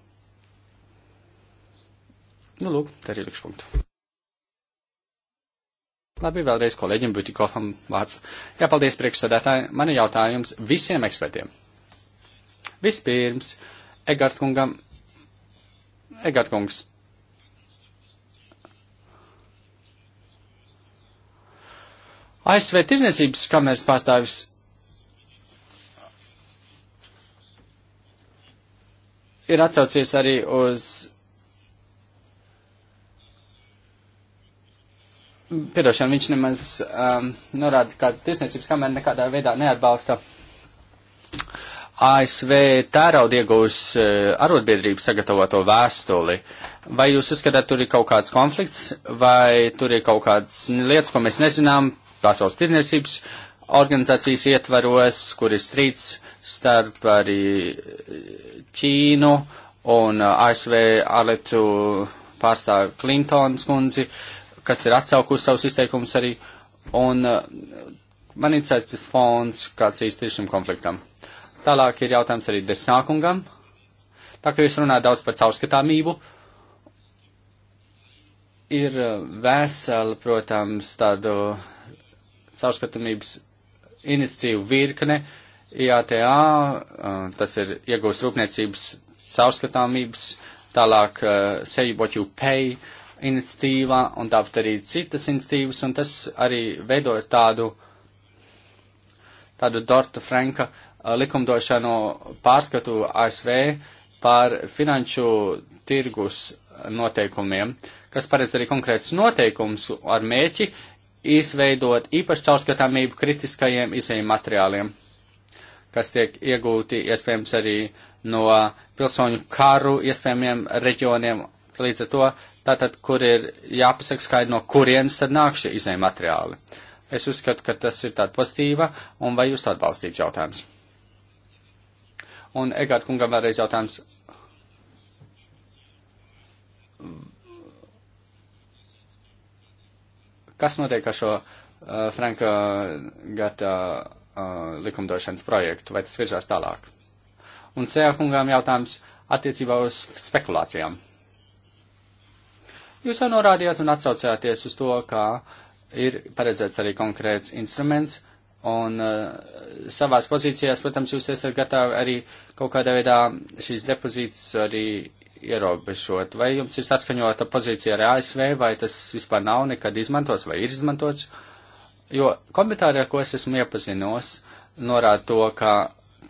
Nu, lūk, tā ir ilikšpunktu. Labi, vēlreiz kolēģim Butikofam vārds. Jā, paldies priekšsēdētāji. Man ir jautājums visiem ekspertiem. Vispirms, Egart kungam. Egart kungs. ASV tirzniecības kameras pārstāvis ir atsaucies arī uz Piedošana, viņš nemaz um, norāda, ka tirsniecības kamera nekādā veidā neatbalsta ASV tērauda iegūs uh, arotbiedrības sagatavoto vēstuli. Vai jūs uzskatāt, tur ir kaut kāds konflikts, vai tur ir kaut kādas lietas, ko mēs nezinām, pasaules tirsniecības organizācijas ietvaros, kur ir strīds starp arī Ķīnu un uh, ASV ārlietu pārstāvi Klintons kundzi. Uh, kas ir atsaukusi savus izteikumus arī, un uh, man ir certs fons kāds īsti šim konfliktam. Tālāk ir jautājums arī desnākungam. Tā kā jūs runājat daudz par caurskatāmību, ir uh, vesela, protams, tādu caurskatāmības iniciatīvu virkne. IATA, uh, tas ir iegūst rūpniecības caurskatāmības, tālāk Say What You Pay, uh, iniciatīvā un tāpat arī citas iniciatīvas, un tas arī veidoja tādu, tādu Dorta Franka uh, likumdošanu pārskatu ASV par finanšu tirgus noteikumiem, kas paredz arī konkrēts noteikums ar mēķi izveidot īpašu caurskatāmību kritiskajiem izējiem materiāliem, kas tiek iegūti iespējams arī no pilsoņu karu iespējamiem reģioniem. Līdz ar to Tātad, kur ir jāpasaka skaidri, no kurienes tad nāk šie izņēma materiāli. Es uzskatu, ka tas ir tāda pozitīva, un vai jūs tā atbalstītu jautājums? Un Egārt kungam vēlreiz jautājums. Kas notiek ar šo uh, Franka Gata uh, likumdošanas projektu? Vai tas virzās tālāk? Un Cēkungām jautājums attiecībā uz spekulācijām. Jūs jau norādījāt un atsaucāties uz to, ka ir paredzēts arī konkrēts instruments, un uh, savās pozīcijās, protams, jūs esat gatavi arī kaut kādā veidā šīs depozītas arī ierobežot. Vai jums ir saskaņota pozīcija ar ASV, vai tas vispār nav nekad izmantots vai ir izmantots? Jo komentāri, ar ko es esmu iepazinos, norāda to, ka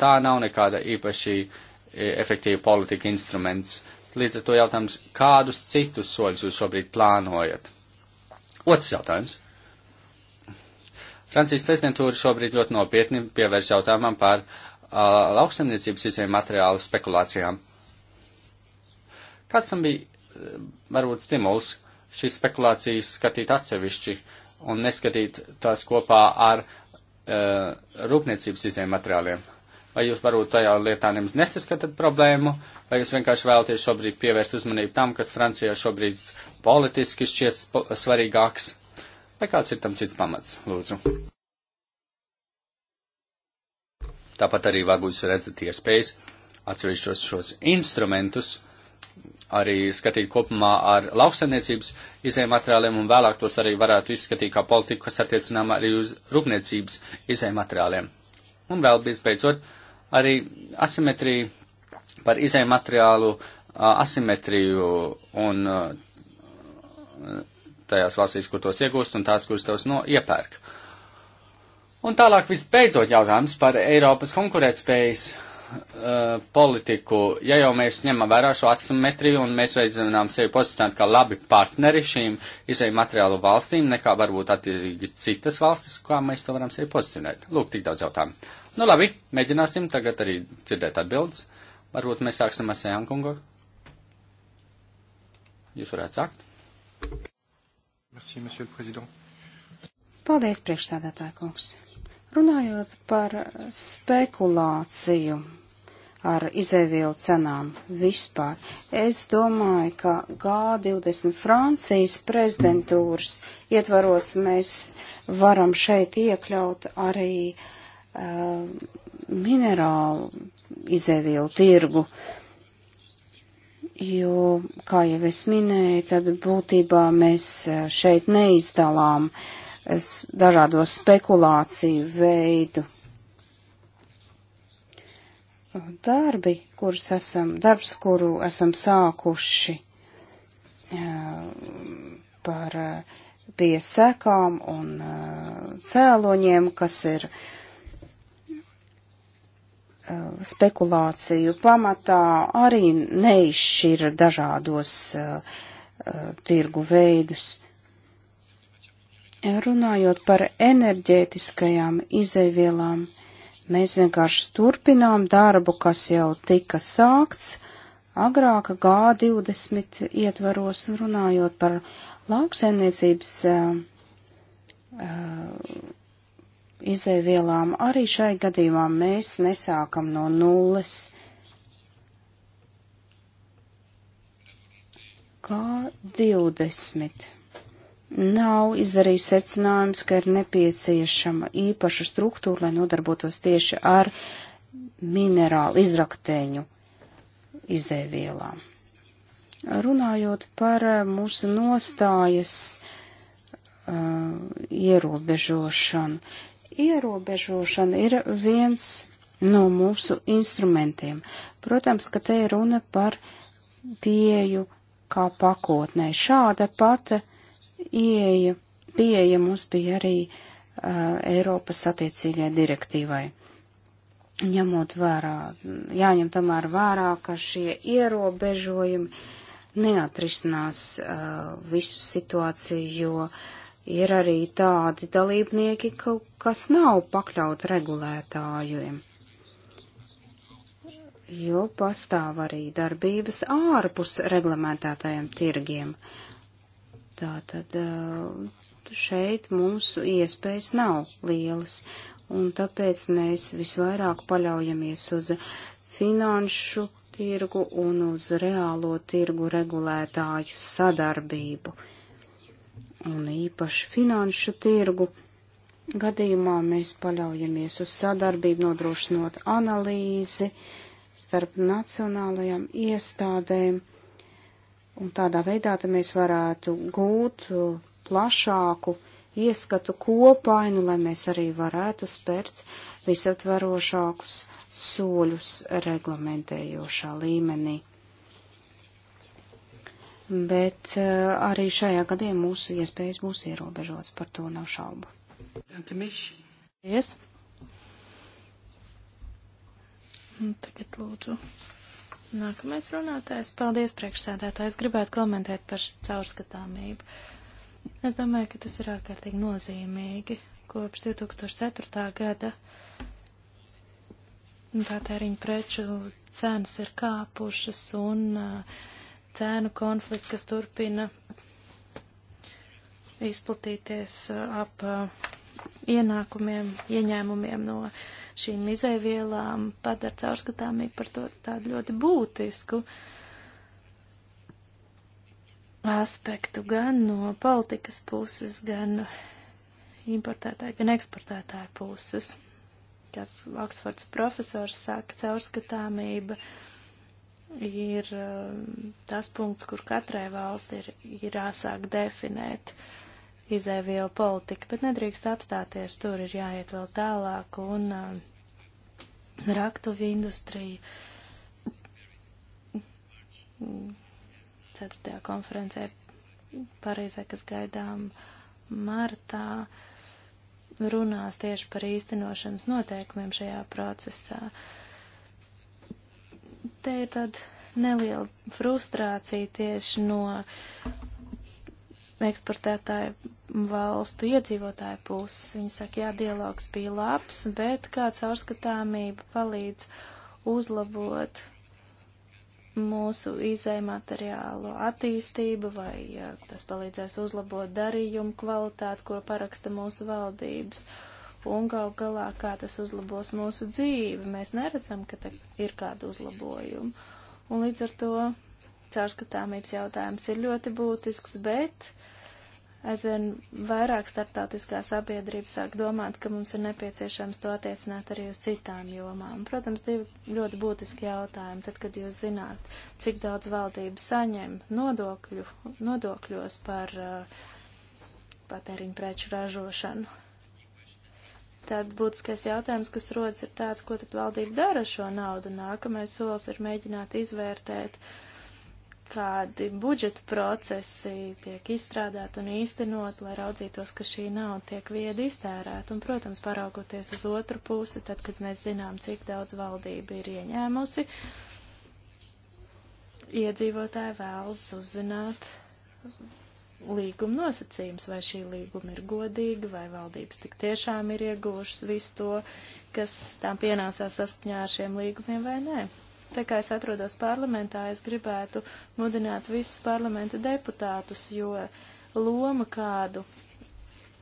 tā nav nekāda īpaši eh, efektīva politika instruments. Uh, Līdz ar to jautājums, kādus citus soļus jūs šobrīd plānojat? Otrs jautājums. Francijas prezidentūra šobrīd ļoti nopietni pievērš jautājumam par uh, lauksaimniecības izējiem materiālu spekulācijām. Kāds tam bija, uh, varbūt, stimuls šīs spekulācijas skatīt atsevišķi un neskatīt tās kopā ar uh, rūpniecības izējiem materiāliem? vai jūs varbūt tajā lietā nemaz nesaskatāt problēmu, vai jūs vienkārši vēlaties šobrīd pievērst uzmanību tam, kas Francijā šobrīd politiski šķiet svarīgāks, vai kāds ir tam cits pamats, lūdzu. Tāpat arī varbūt jūs redzat iespējas atsevišķos šos instrumentus arī skatīt kopumā ar lauksaimniecības izējumateriāliem un vēlāk tos arī varētu izskatīt kā politiku, kas attiecinām arī uz rūpniecības izējumateriāliem. Un vēl, beidzot, Arī asimetrija par izēju materiālu asimetriju un tajās valstīs, kur tos iegūst un tās, kuras tos no iepērk. Un tālāk visbeidzot jautājums par Eiropas konkurētspējas politiku, ja jau mēs ņemam vērā šo asimetriju un mēs veicinām sevi pozicionēt kā labi partneri šīm izēju materiālu valstīm, nekā varbūt attiecīgi citas valstis, kā mēs to varam sevi pozicionēt. Lūk, tik daudz jautājumu. Nu labi, mēģināsim tagad arī dzirdēt atbildes. Varbūt mēs sāksim ar Sēnkungu. Jūs varētu sākt. Merci, monsieur le président.
Paldies, priekšsēdētāja kungs. Runājot par spekulāciju ar izēvielu cenām vispār, es domāju, ka G20 Francijas prezidentūras ietvaros mēs varam šeit iekļaut arī uh, Um, minerālu izēvielu tirgu, jo, kā jau es minēju, tad būtībā mēs uh, šeit neizdalām uh, dažādo spekulāciju veidu. Darbi, kurus esam, darbs, kuru esam sākuši uh, par pie sekām un cēloņiem, kas ir uh, Uh, spekulāciju pamatā arī neizšķir dažādos uh, uh, tirgu veidus. Runājot par enerģētiskajām izēvielām, mēs vienkārši turpinām darbu, kas jau tika sākts agrāk G20 ietvaros, runājot par lauksaimniecības uh, uh, izēvielām, arī šai gadījumā mēs nesākam no nulles. Kā 20. Nav izdarījis secinājums, ka ir nepieciešama īpaša struktūra, lai nodarbotos tieši ar minerālu izraktēņu izēvielām. Runājot par eh, mūsu nostājas uh, ierobežošanu, Ierobežošana ir viens no mūsu instrumentiem. Protams, ka te ir runa par pieju kā pakotnē. Šāda pata ieja, pieeja mums bija arī uh, Eiropas attiecīgai direktīvai. Ņemot vērā, jāņem tomēr vērā, ka šie ierobežojumi neatrisinās uh, visu situāciju, jo uh, ir arī tādi dalībnieki, kas nav pakļaut regulētājiem, jo pastāv arī darbības ārpus reglamentētajiem tirgiem. Tātad eh, šeit mūsu iespējas nav lielas, un tāpēc mēs visvairāk paļaujamies uz finanšu tirgu un uz reālo tirgu regulētāju sadarbību un īpaši finanšu tirgu gadījumā mēs paļaujamies uz sadarbību, nodrošinot analīzi starp nacionālajām iestādēm, un tādā veidā mēs varētu gūt uh, plašāku ieskatu kopainu, lai mēs arī varētu spērt visatvarošākus soļus reglamentējošā līmenī bet eh, arī šajā gadījumā mūsu iespējas būs ierobežotas, par to nav šaubu. Yes.
Tagad lūdzu. Nākamais runātājs. Paldies, priekšsēdētājs. Gribētu komentēt par caurskatāmību. Es domāju, ka tas ir ārkārtīgi nozīmīgi. Kopš 2004. gada tā tēriņu preču cenas ir kāpušas un uh, cēnu konflikts, kas turpina izplatīties uh, ap uh, ienākumiem, ieņēmumiem no šīm izēvielām, padara caurskatāmību par to tādu ļoti būtisku aspektu gan no politikas puses, gan importētāju, gan eksportētāju puses. Kāds Oksfords profesors saka, caurskatāmība uh, ir um, tas punkts, kur katrai valsti ir, ir jāsāk definēt izēvielu politiku, bet nedrīkst apstāties, tur ir jāiet vēl tālāk un uh, um, raktuvi industrija. Ceturtajā konferencē Parīzē, kas gaidām martā, runās tieši par īstenošanas noteikumiem šajā procesā. Uh, Te ir tāda neliela frustrācija tieši no eksportētāju valstu iedzīvotāju puses. Viņi saka, jā, dialogs bija labs, bet kā caurskatāmība palīdz uzlabot mūsu izējumateriālu attīstību vai tas palīdzēs uzlabot darījumu kvalitāti, ko paraksta mūsu valdības. Uh, un gal galā, kā tas uzlabos mūsu dzīvi. Mēs neredzam, ka te ir kāda uzlabojuma. Un līdz ar to caurskatāmības jautājums ir ļoti būtisks, bet aizvien vairāk starptautiskā sabiedrība sāk domāt, ka mums ir nepieciešams to attiecināt arī uz citām jomām. Protams, divi ļoti būtiski jautājumi. Tad, kad jūs zināt, cik daudz valdība saņem nodokļu, nodokļos par uh, patēriņu preču ražošanu, Tad būtiskais jautājums, kas rodas, ir tāds, ko tad valdība dara ar šo naudu. Nākamais solis ir mēģināt izvērtēt, kādi budžeta procesi tiek izstrādāti un īstenot, lai raudzītos, ka šī nauda tiek viedi iztērēta. Un, protams, paraugoties uz otru pusi, tad, kad mēs zinām, cik daudz valdība ir ieņēmusi, iedzīvotāji vēlas uzzināt, līguma nosacījums, vai šī līguma ir godīga, vai valdības tik tiešām ir iegūšas visu to, kas tām pienācās saskaņā ar šiem līgumiem vai nē. Tā kā es atrodos parlamentā, es gribētu mudināt visus parlamenta deputātus, jo loma, kādu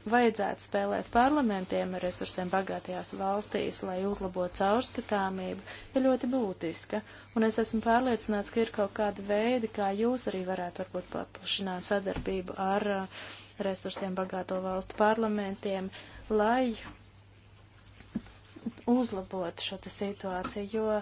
vajadzētu spēlēt parlamentiem ar resursiem bagātajās valstīs, lai uzlabotu caurskatāmību, ir ļoti būtiska, un es esmu pārliecināts, ka ir kaut kāda veida, kā jūs arī varētu varbūt paplašināt sadarbību ar uh, resursiem bagāto valstu parlamentiem, lai uzlabotu šo situāciju, jo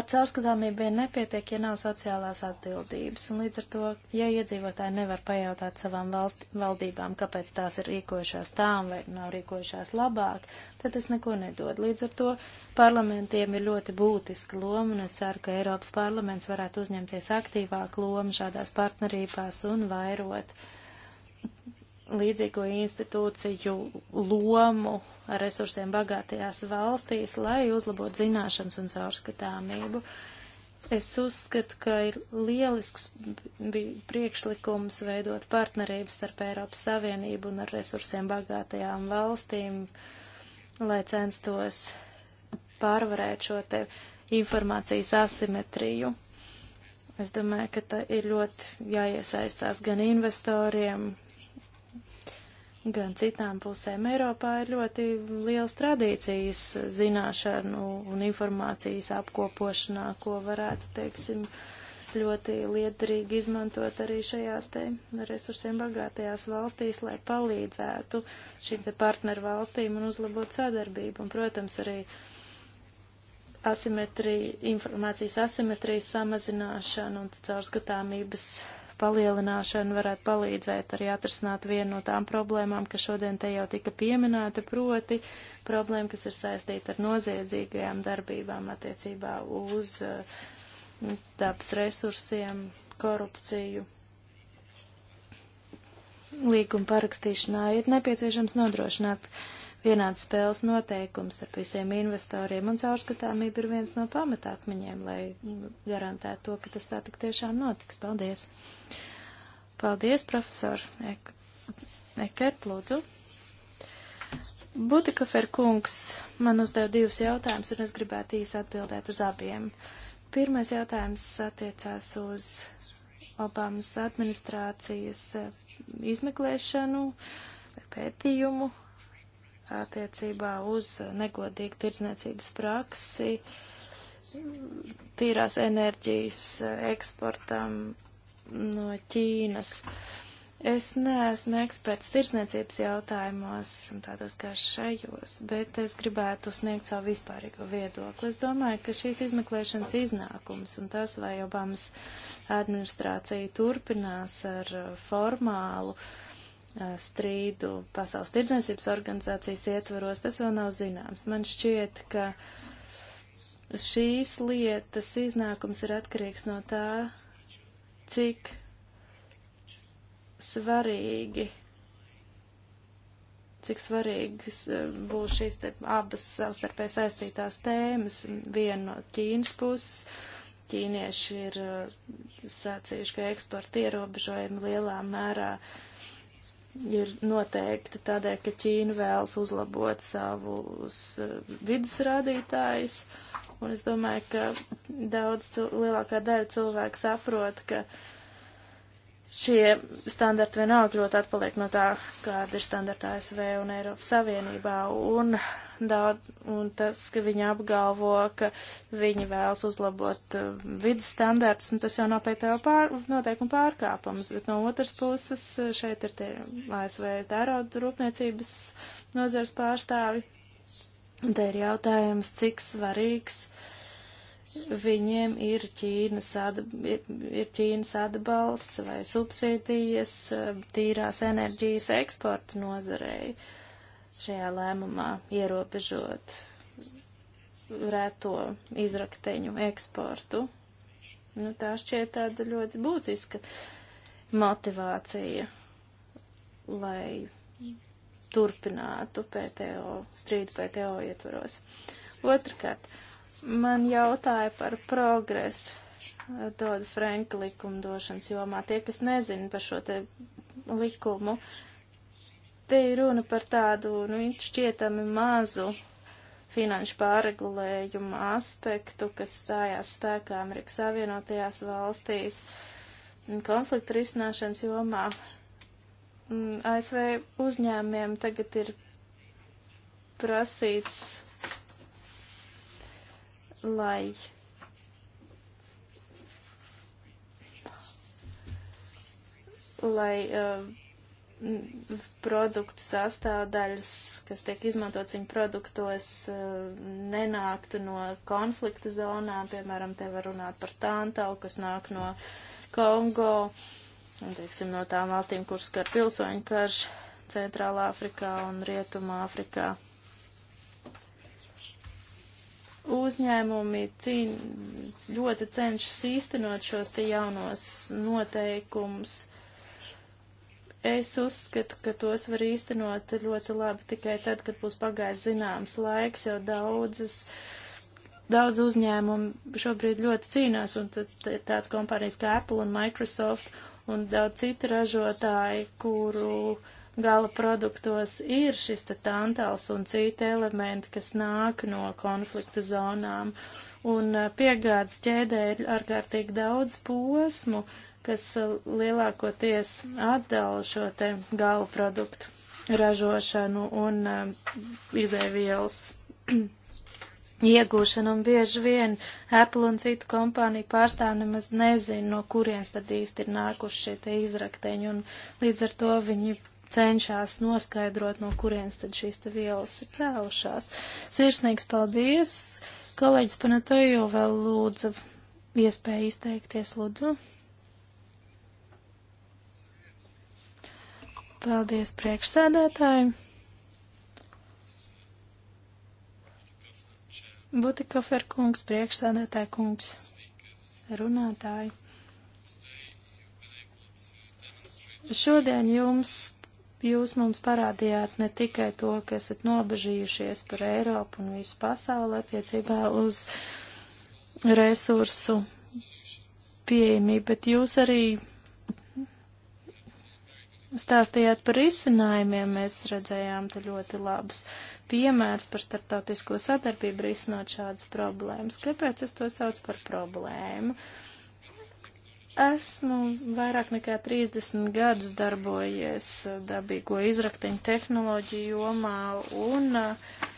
Ar caurskatāmību vien nepietiek, ja nav sociālās atbildības, un līdz ar to, ja iedzīvotāji nevar pajautāt savām valst, valdībām, kāpēc tās ir rīkojušās tā un vai nav rīkojušās labāk, tad tas neko nedod. Līdz ar to parlamentiem ir ļoti būtiska loma, un es ceru, ka Eiropas parlaments varētu uzņemties aktīvāku lomu šādās partnerībās un vairot līdzīgo institūciju lomu resursiem bagātajās valstīs, lai uzlabotu zināšanas un caurskatāmību. Es uzskatu, ka ir lielisks priekšlikums veidot partnerības starp Eiropas Savienību un ar resursiem bagātajām valstīm, lai censtos pārvarēt šo te informācijas asimetriju. Es domāju, ka tā ir ļoti jāiesaistās gan investoriem, gan citām pusēm. Eiropā ir ļoti liels tradīcijas zināšanu un informācijas apkopošanā, ko varētu, teiksim, ļoti liederīgi izmantot arī šajās te resursiem bagātajās valstīs, lai palīdzētu šīm te partneru valstīm un uzlabot sadarbību. Un, protams, arī asimetrija, informācijas asimetrijas samazināšana un caurskatāmības palielināšana varētu palīdzēt arī atrisināt vienu no tām problēmām, kas šodien te jau tika pieminēta, proti problēma, kas ir saistīta ar noziedzīgajām darbībām attiecībā uz uh, dabas resursiem, korupciju. Līguma parakstīšanā ir nepieciešams nodrošināt vienāds spēles noteikums ar visiem investoriem, un caurskatāmība ir viens no pamatākmeņiem, lai garantētu to, ka tas tā tik tiešām notiks. Paldies! Paldies, profesor Ek Ekert, lūdzu. Butikafer kungs man uzdev divus jautājumus, un es gribētu īsi atbildēt uz abiem. Pirmais jautājums attiecās uz Obamas administrācijas eh, izmeklēšanu, pētījumu attiecībā uz negodīgu tirdzniecības praksi, tīrās enerģijas eh, eksportam no Ķīnas. Es neesmu eksperts tirsniecības jautājumos, tādos kā šajos, bet es gribētu sniegt savu vispārīgo viedokli. Es domāju, ka šīs izmeklēšanas iznākums un tas, vai Obamas administrācija turpinās ar uh, formālu uh, strīdu Pasaules tirdzniecības organizācijas ietvaros, tas vēl nav zināms. Man šķiet, ka šīs lietas iznākums ir atkarīgs no tā, cik svarīgi, cik svarīgas um, būs šīs te abas savstarpēji saistītās tēmas. Viena no Ķīnas puses. Ķīnieši ir uh, sācījuši, ka eksporta ierobežojumi lielā mērā ir noteikti tādēļ, ka Ķīna vēlas uzlabot savus uh, vidas rādītājus. Uh, Un es domāju, ka daudz, lielākā daļa cilvēku saprot, ka šie standarti vienalga ļoti atpaliek no tā, kāda ir standarta ASV un Eiropas Savienībā. Un, daudz, un tas, ka viņi apgalvo, ka viņi vēlas uzlabot uh, vidas standartus, un tas jau nav pēc tev pār, noteikuma pārkāpums. Bet no otras puses uh, šeit ir tie ASV tērauda rūpniecības nozars pārstāvi. Un te ir jautājums, cik svarīgs viņiem ir Ķīnas, ir Ķīnas atbalsts vai subsīdijas eh, tīrās enerģijas eksporta nozarei šajā lēmumā ierobežot reto izrakteņu eksportu. Nu, tā šķiet tāda ļoti būtiska motivācija, lai turpinātu PTO, strīdu PTO ietvaros. Otrkārt, uh, Man jautāja par progresu eh, Doda Franka likumdošanas jomā. Tie, kas nezina par šo te likumu, te ir runa par tādu, nu, šķietami mazu finanšu pārregulējumu aspektu, kas stājās spēkā Amerikas Savienotajās valstīs konflikta risināšanas jomā. Mm, ASV uzņēmiem tagad ir prasīts lai lai uh, produktu sastāvdaļas, kas tiek izmantots viņu produktos, uh, nenāktu no konflikta zonām. Piemēram, te var runāt par tantalu, kas nāk no Kongo, un, teiksim, no tām valstīm, kuras skar pilsoņu karš Centrālā Afrikā un Rietumā Afrikā uzņēmumi cīn, ļoti cenšas īstenot šos te jaunos noteikumus. Es uzskatu, ka tos var īstenot ļoti labi tikai tad, kad būs pagājis zināms laiks, jo daudzas, daudz uzņēmumu šobrīd ļoti cīnās, un tāds kompānijas kā Apple un Microsoft un daudz citi ražotāji, kuru. Uh, gala produktos ir šis te tantāls un citi elementi, kas nāk no konflikta zonām. Un eh, piegādes ķēdē ir ārkārtīgi daudz posmu, kas eh, lielākoties atdala šo te gala produktu ražošanu un um, izēvielas iegūšanu. Un bieži vien Apple un citu kompāniju pārstāv nemaz nezin, no kurienes tad īsti ir nākuši šie te izrakteņi. Un līdz ar to viņi cenšas noskaidrot, no kurienes tad šīs te vielas ir cēlušās. Sirsnīgs paldies! Kolēģis Panatojo vēl lūdza iespēju izteikties, lūdzu. Paldies priekšsēdētājiem! Butikofer kungs, priekšsādātāja kungs, runātāji. Šodien jums Jūs mums parādījāt ne tikai to, ka esat nobežījušies par Eiropu un visu pasauli attiecībā uz resursu pieejamību, bet jūs arī stāstījāt par izcinājumiem. Mēs redzējām te ļoti labus piemērus par starptautisko sadarbību risinot šādas problēmas. Kāpēc es to saucu par problēmu? Uh, Esmu vairāk nekā 30 gadus darbojies eh, dabīgo izrakteņu tehnoloģiju jomā un eh,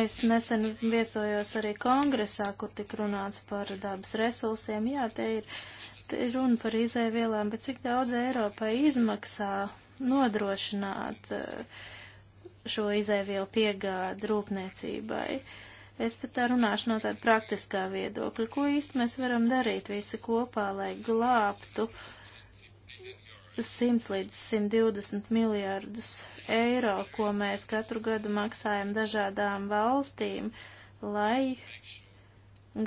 es nesen viesojos arī kongresā, kur tik runāts par dabas resursiem. Jā, te ir, te ir runa par izēvielām, bet cik daudz Eiropai izmaksā nodrošināt eh, šo izēvielu piegādu rūpniecībai? Uh, Es te tā runāšu no tāda praktiskā viedokļa. Ko īsti mēs varam darīt visi kopā, lai glābtu 100 līdz 120 miljārdus eiro, ko mēs katru gadu maksājam dažādām valstīm, lai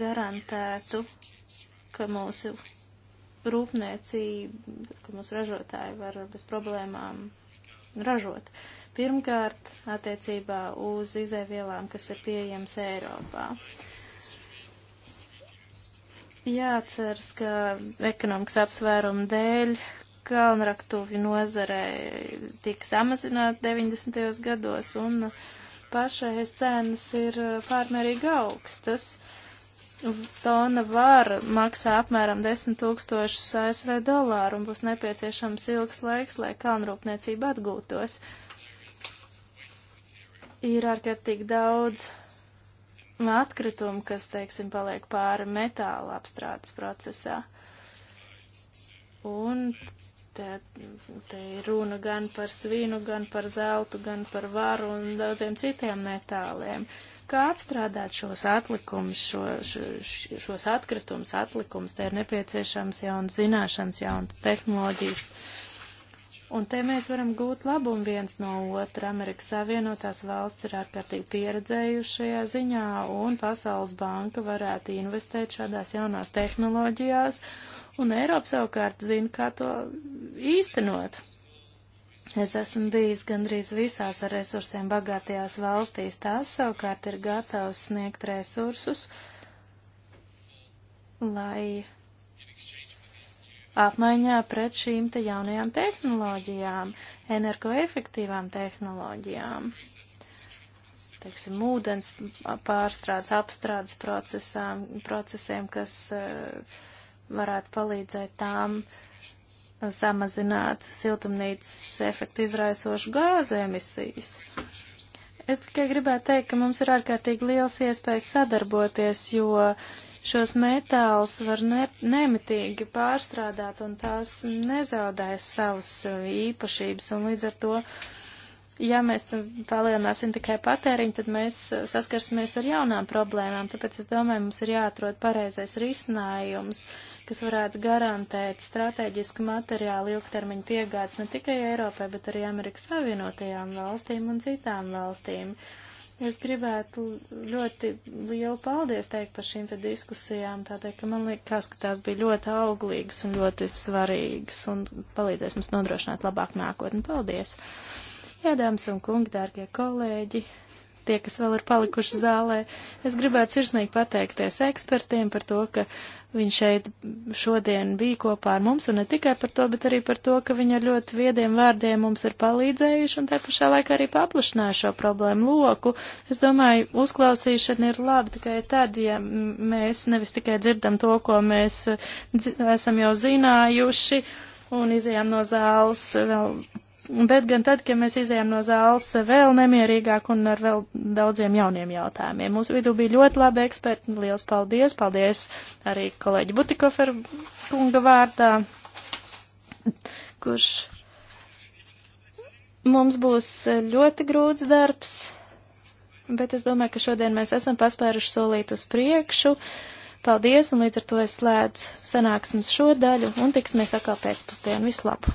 garantētu, ka mūsu rūpniecība, ka mūsu ražotāji var bez problēmām ražot. Uh, Pirmkārt, attiecībā uz izēvielām, kas ir pieejams Eiropā. Jāatceras, ka ekonomikas apsvērumu dēļ kalnraktuvi nozarē tika samazināta 90. gados, un pašais cenas ir pārmērīgi augstas. Tona var maksā apmēram 10 tūkstošus ASV dolāru un būs nepieciešams ilgs laiks, lai kalnrūpniecība atgūtos. Uh, ir ārkārtīgi daudz atkritumu, kas, teiksim, paliek pāri metāla apstrādes procesā. Un te, te ir runa gan par svinu, gan par zeltu, gan par varu un daudziem citiem metāliem. Kā apstrādāt šos atlikumus, šo, šo, šos atkritumus, atlikumus, te ir nepieciešams jauns zināšanas, jauns tehnoloģijas. Uh, Un te mēs varam gūt labumu viens no otra. Amerikas Savienotās valsts ir ārkārtīgi pieredzējušajā ziņā, un Pasaules banka varētu investēt šādās jaunās tehnoloģijās, un Eiropa savukārt zina, kā to īstenot. Es esmu bijis gandrīz visās ar resursiem bagātajās valstīs, tās savukārt ir gatavas sniegt resursus, lai apmaiņā pret šīm te jaunajām tehnoloģijām, energoefektīvām tehnoloģijām. Teiksim, ūdens pārstrādes, apstrādes procesām, procesiem, kas uh, varētu palīdzēt tām samazināt siltumnīcas efektu izraisošu gāzu emisijas. Es tikai gribētu teikt, ka mums ir ārkārtīgi liels iespējas sadarboties, jo uh, Šos metālus var ne, nemitīgi pārstrādāt, un tās nezaudēs savas uh, īpašības, un līdz ar to, ja mēs palielināsim tikai patēriņu, tad mēs uh, saskarsimies ar jaunām problēmām, tāpēc es domāju, mums ir jāatrod pareizais risinājums, kas varētu garantēt strateģisku materiālu ilgtermiņu piegādes ne tikai Eiropai, bet arī Amerikas Savienotajām valstīm un citām valstīm. Uh, Es gribētu ļoti lielu paldies teikt par šīm te diskusijām, tādēļ, ka man liekas, ka tās bija ļoti auglīgas un ļoti svarīgas un palīdzēs mums nodrošināt labāku nākotni. Paldies! Jā, dāmas un kungi, dārgie kolēģi! tie, kas vēl ir palikuši zālē. Es gribētu sirsnīgi pateikties ekspertiem par to, ka viņš šeit šodien bija kopā ar mums, un ne tikai par to, bet arī par to, ka viņa ļoti viediem vārdiem mums ir palīdzējuši, un te pašā laikā arī paplašināja šo problēmu loku. Es domāju, uzklausīšana ir laba tikai tad, ja mēs nevis tikai dzirdam to, ko mēs esam jau zinājuši, un izējām no zāles vēl bet gan tad, kad mēs izējām no zāles vēl nemierīgāk un ar vēl daudziem jauniem jautājumiem. Mūsu vidū bija ļoti labi eksperti, liels paldies, paldies arī kolēģi Butikoferu kunga vārdā, kurš mums būs ļoti grūts darbs, bet es domāju, ka šodien mēs esam paspēruši solīt uz priekšu. Paldies, un līdz ar to es slēdzu sanāksmes šo daļu, un tiksimies atkal pēcpusdienu. Vislabāk!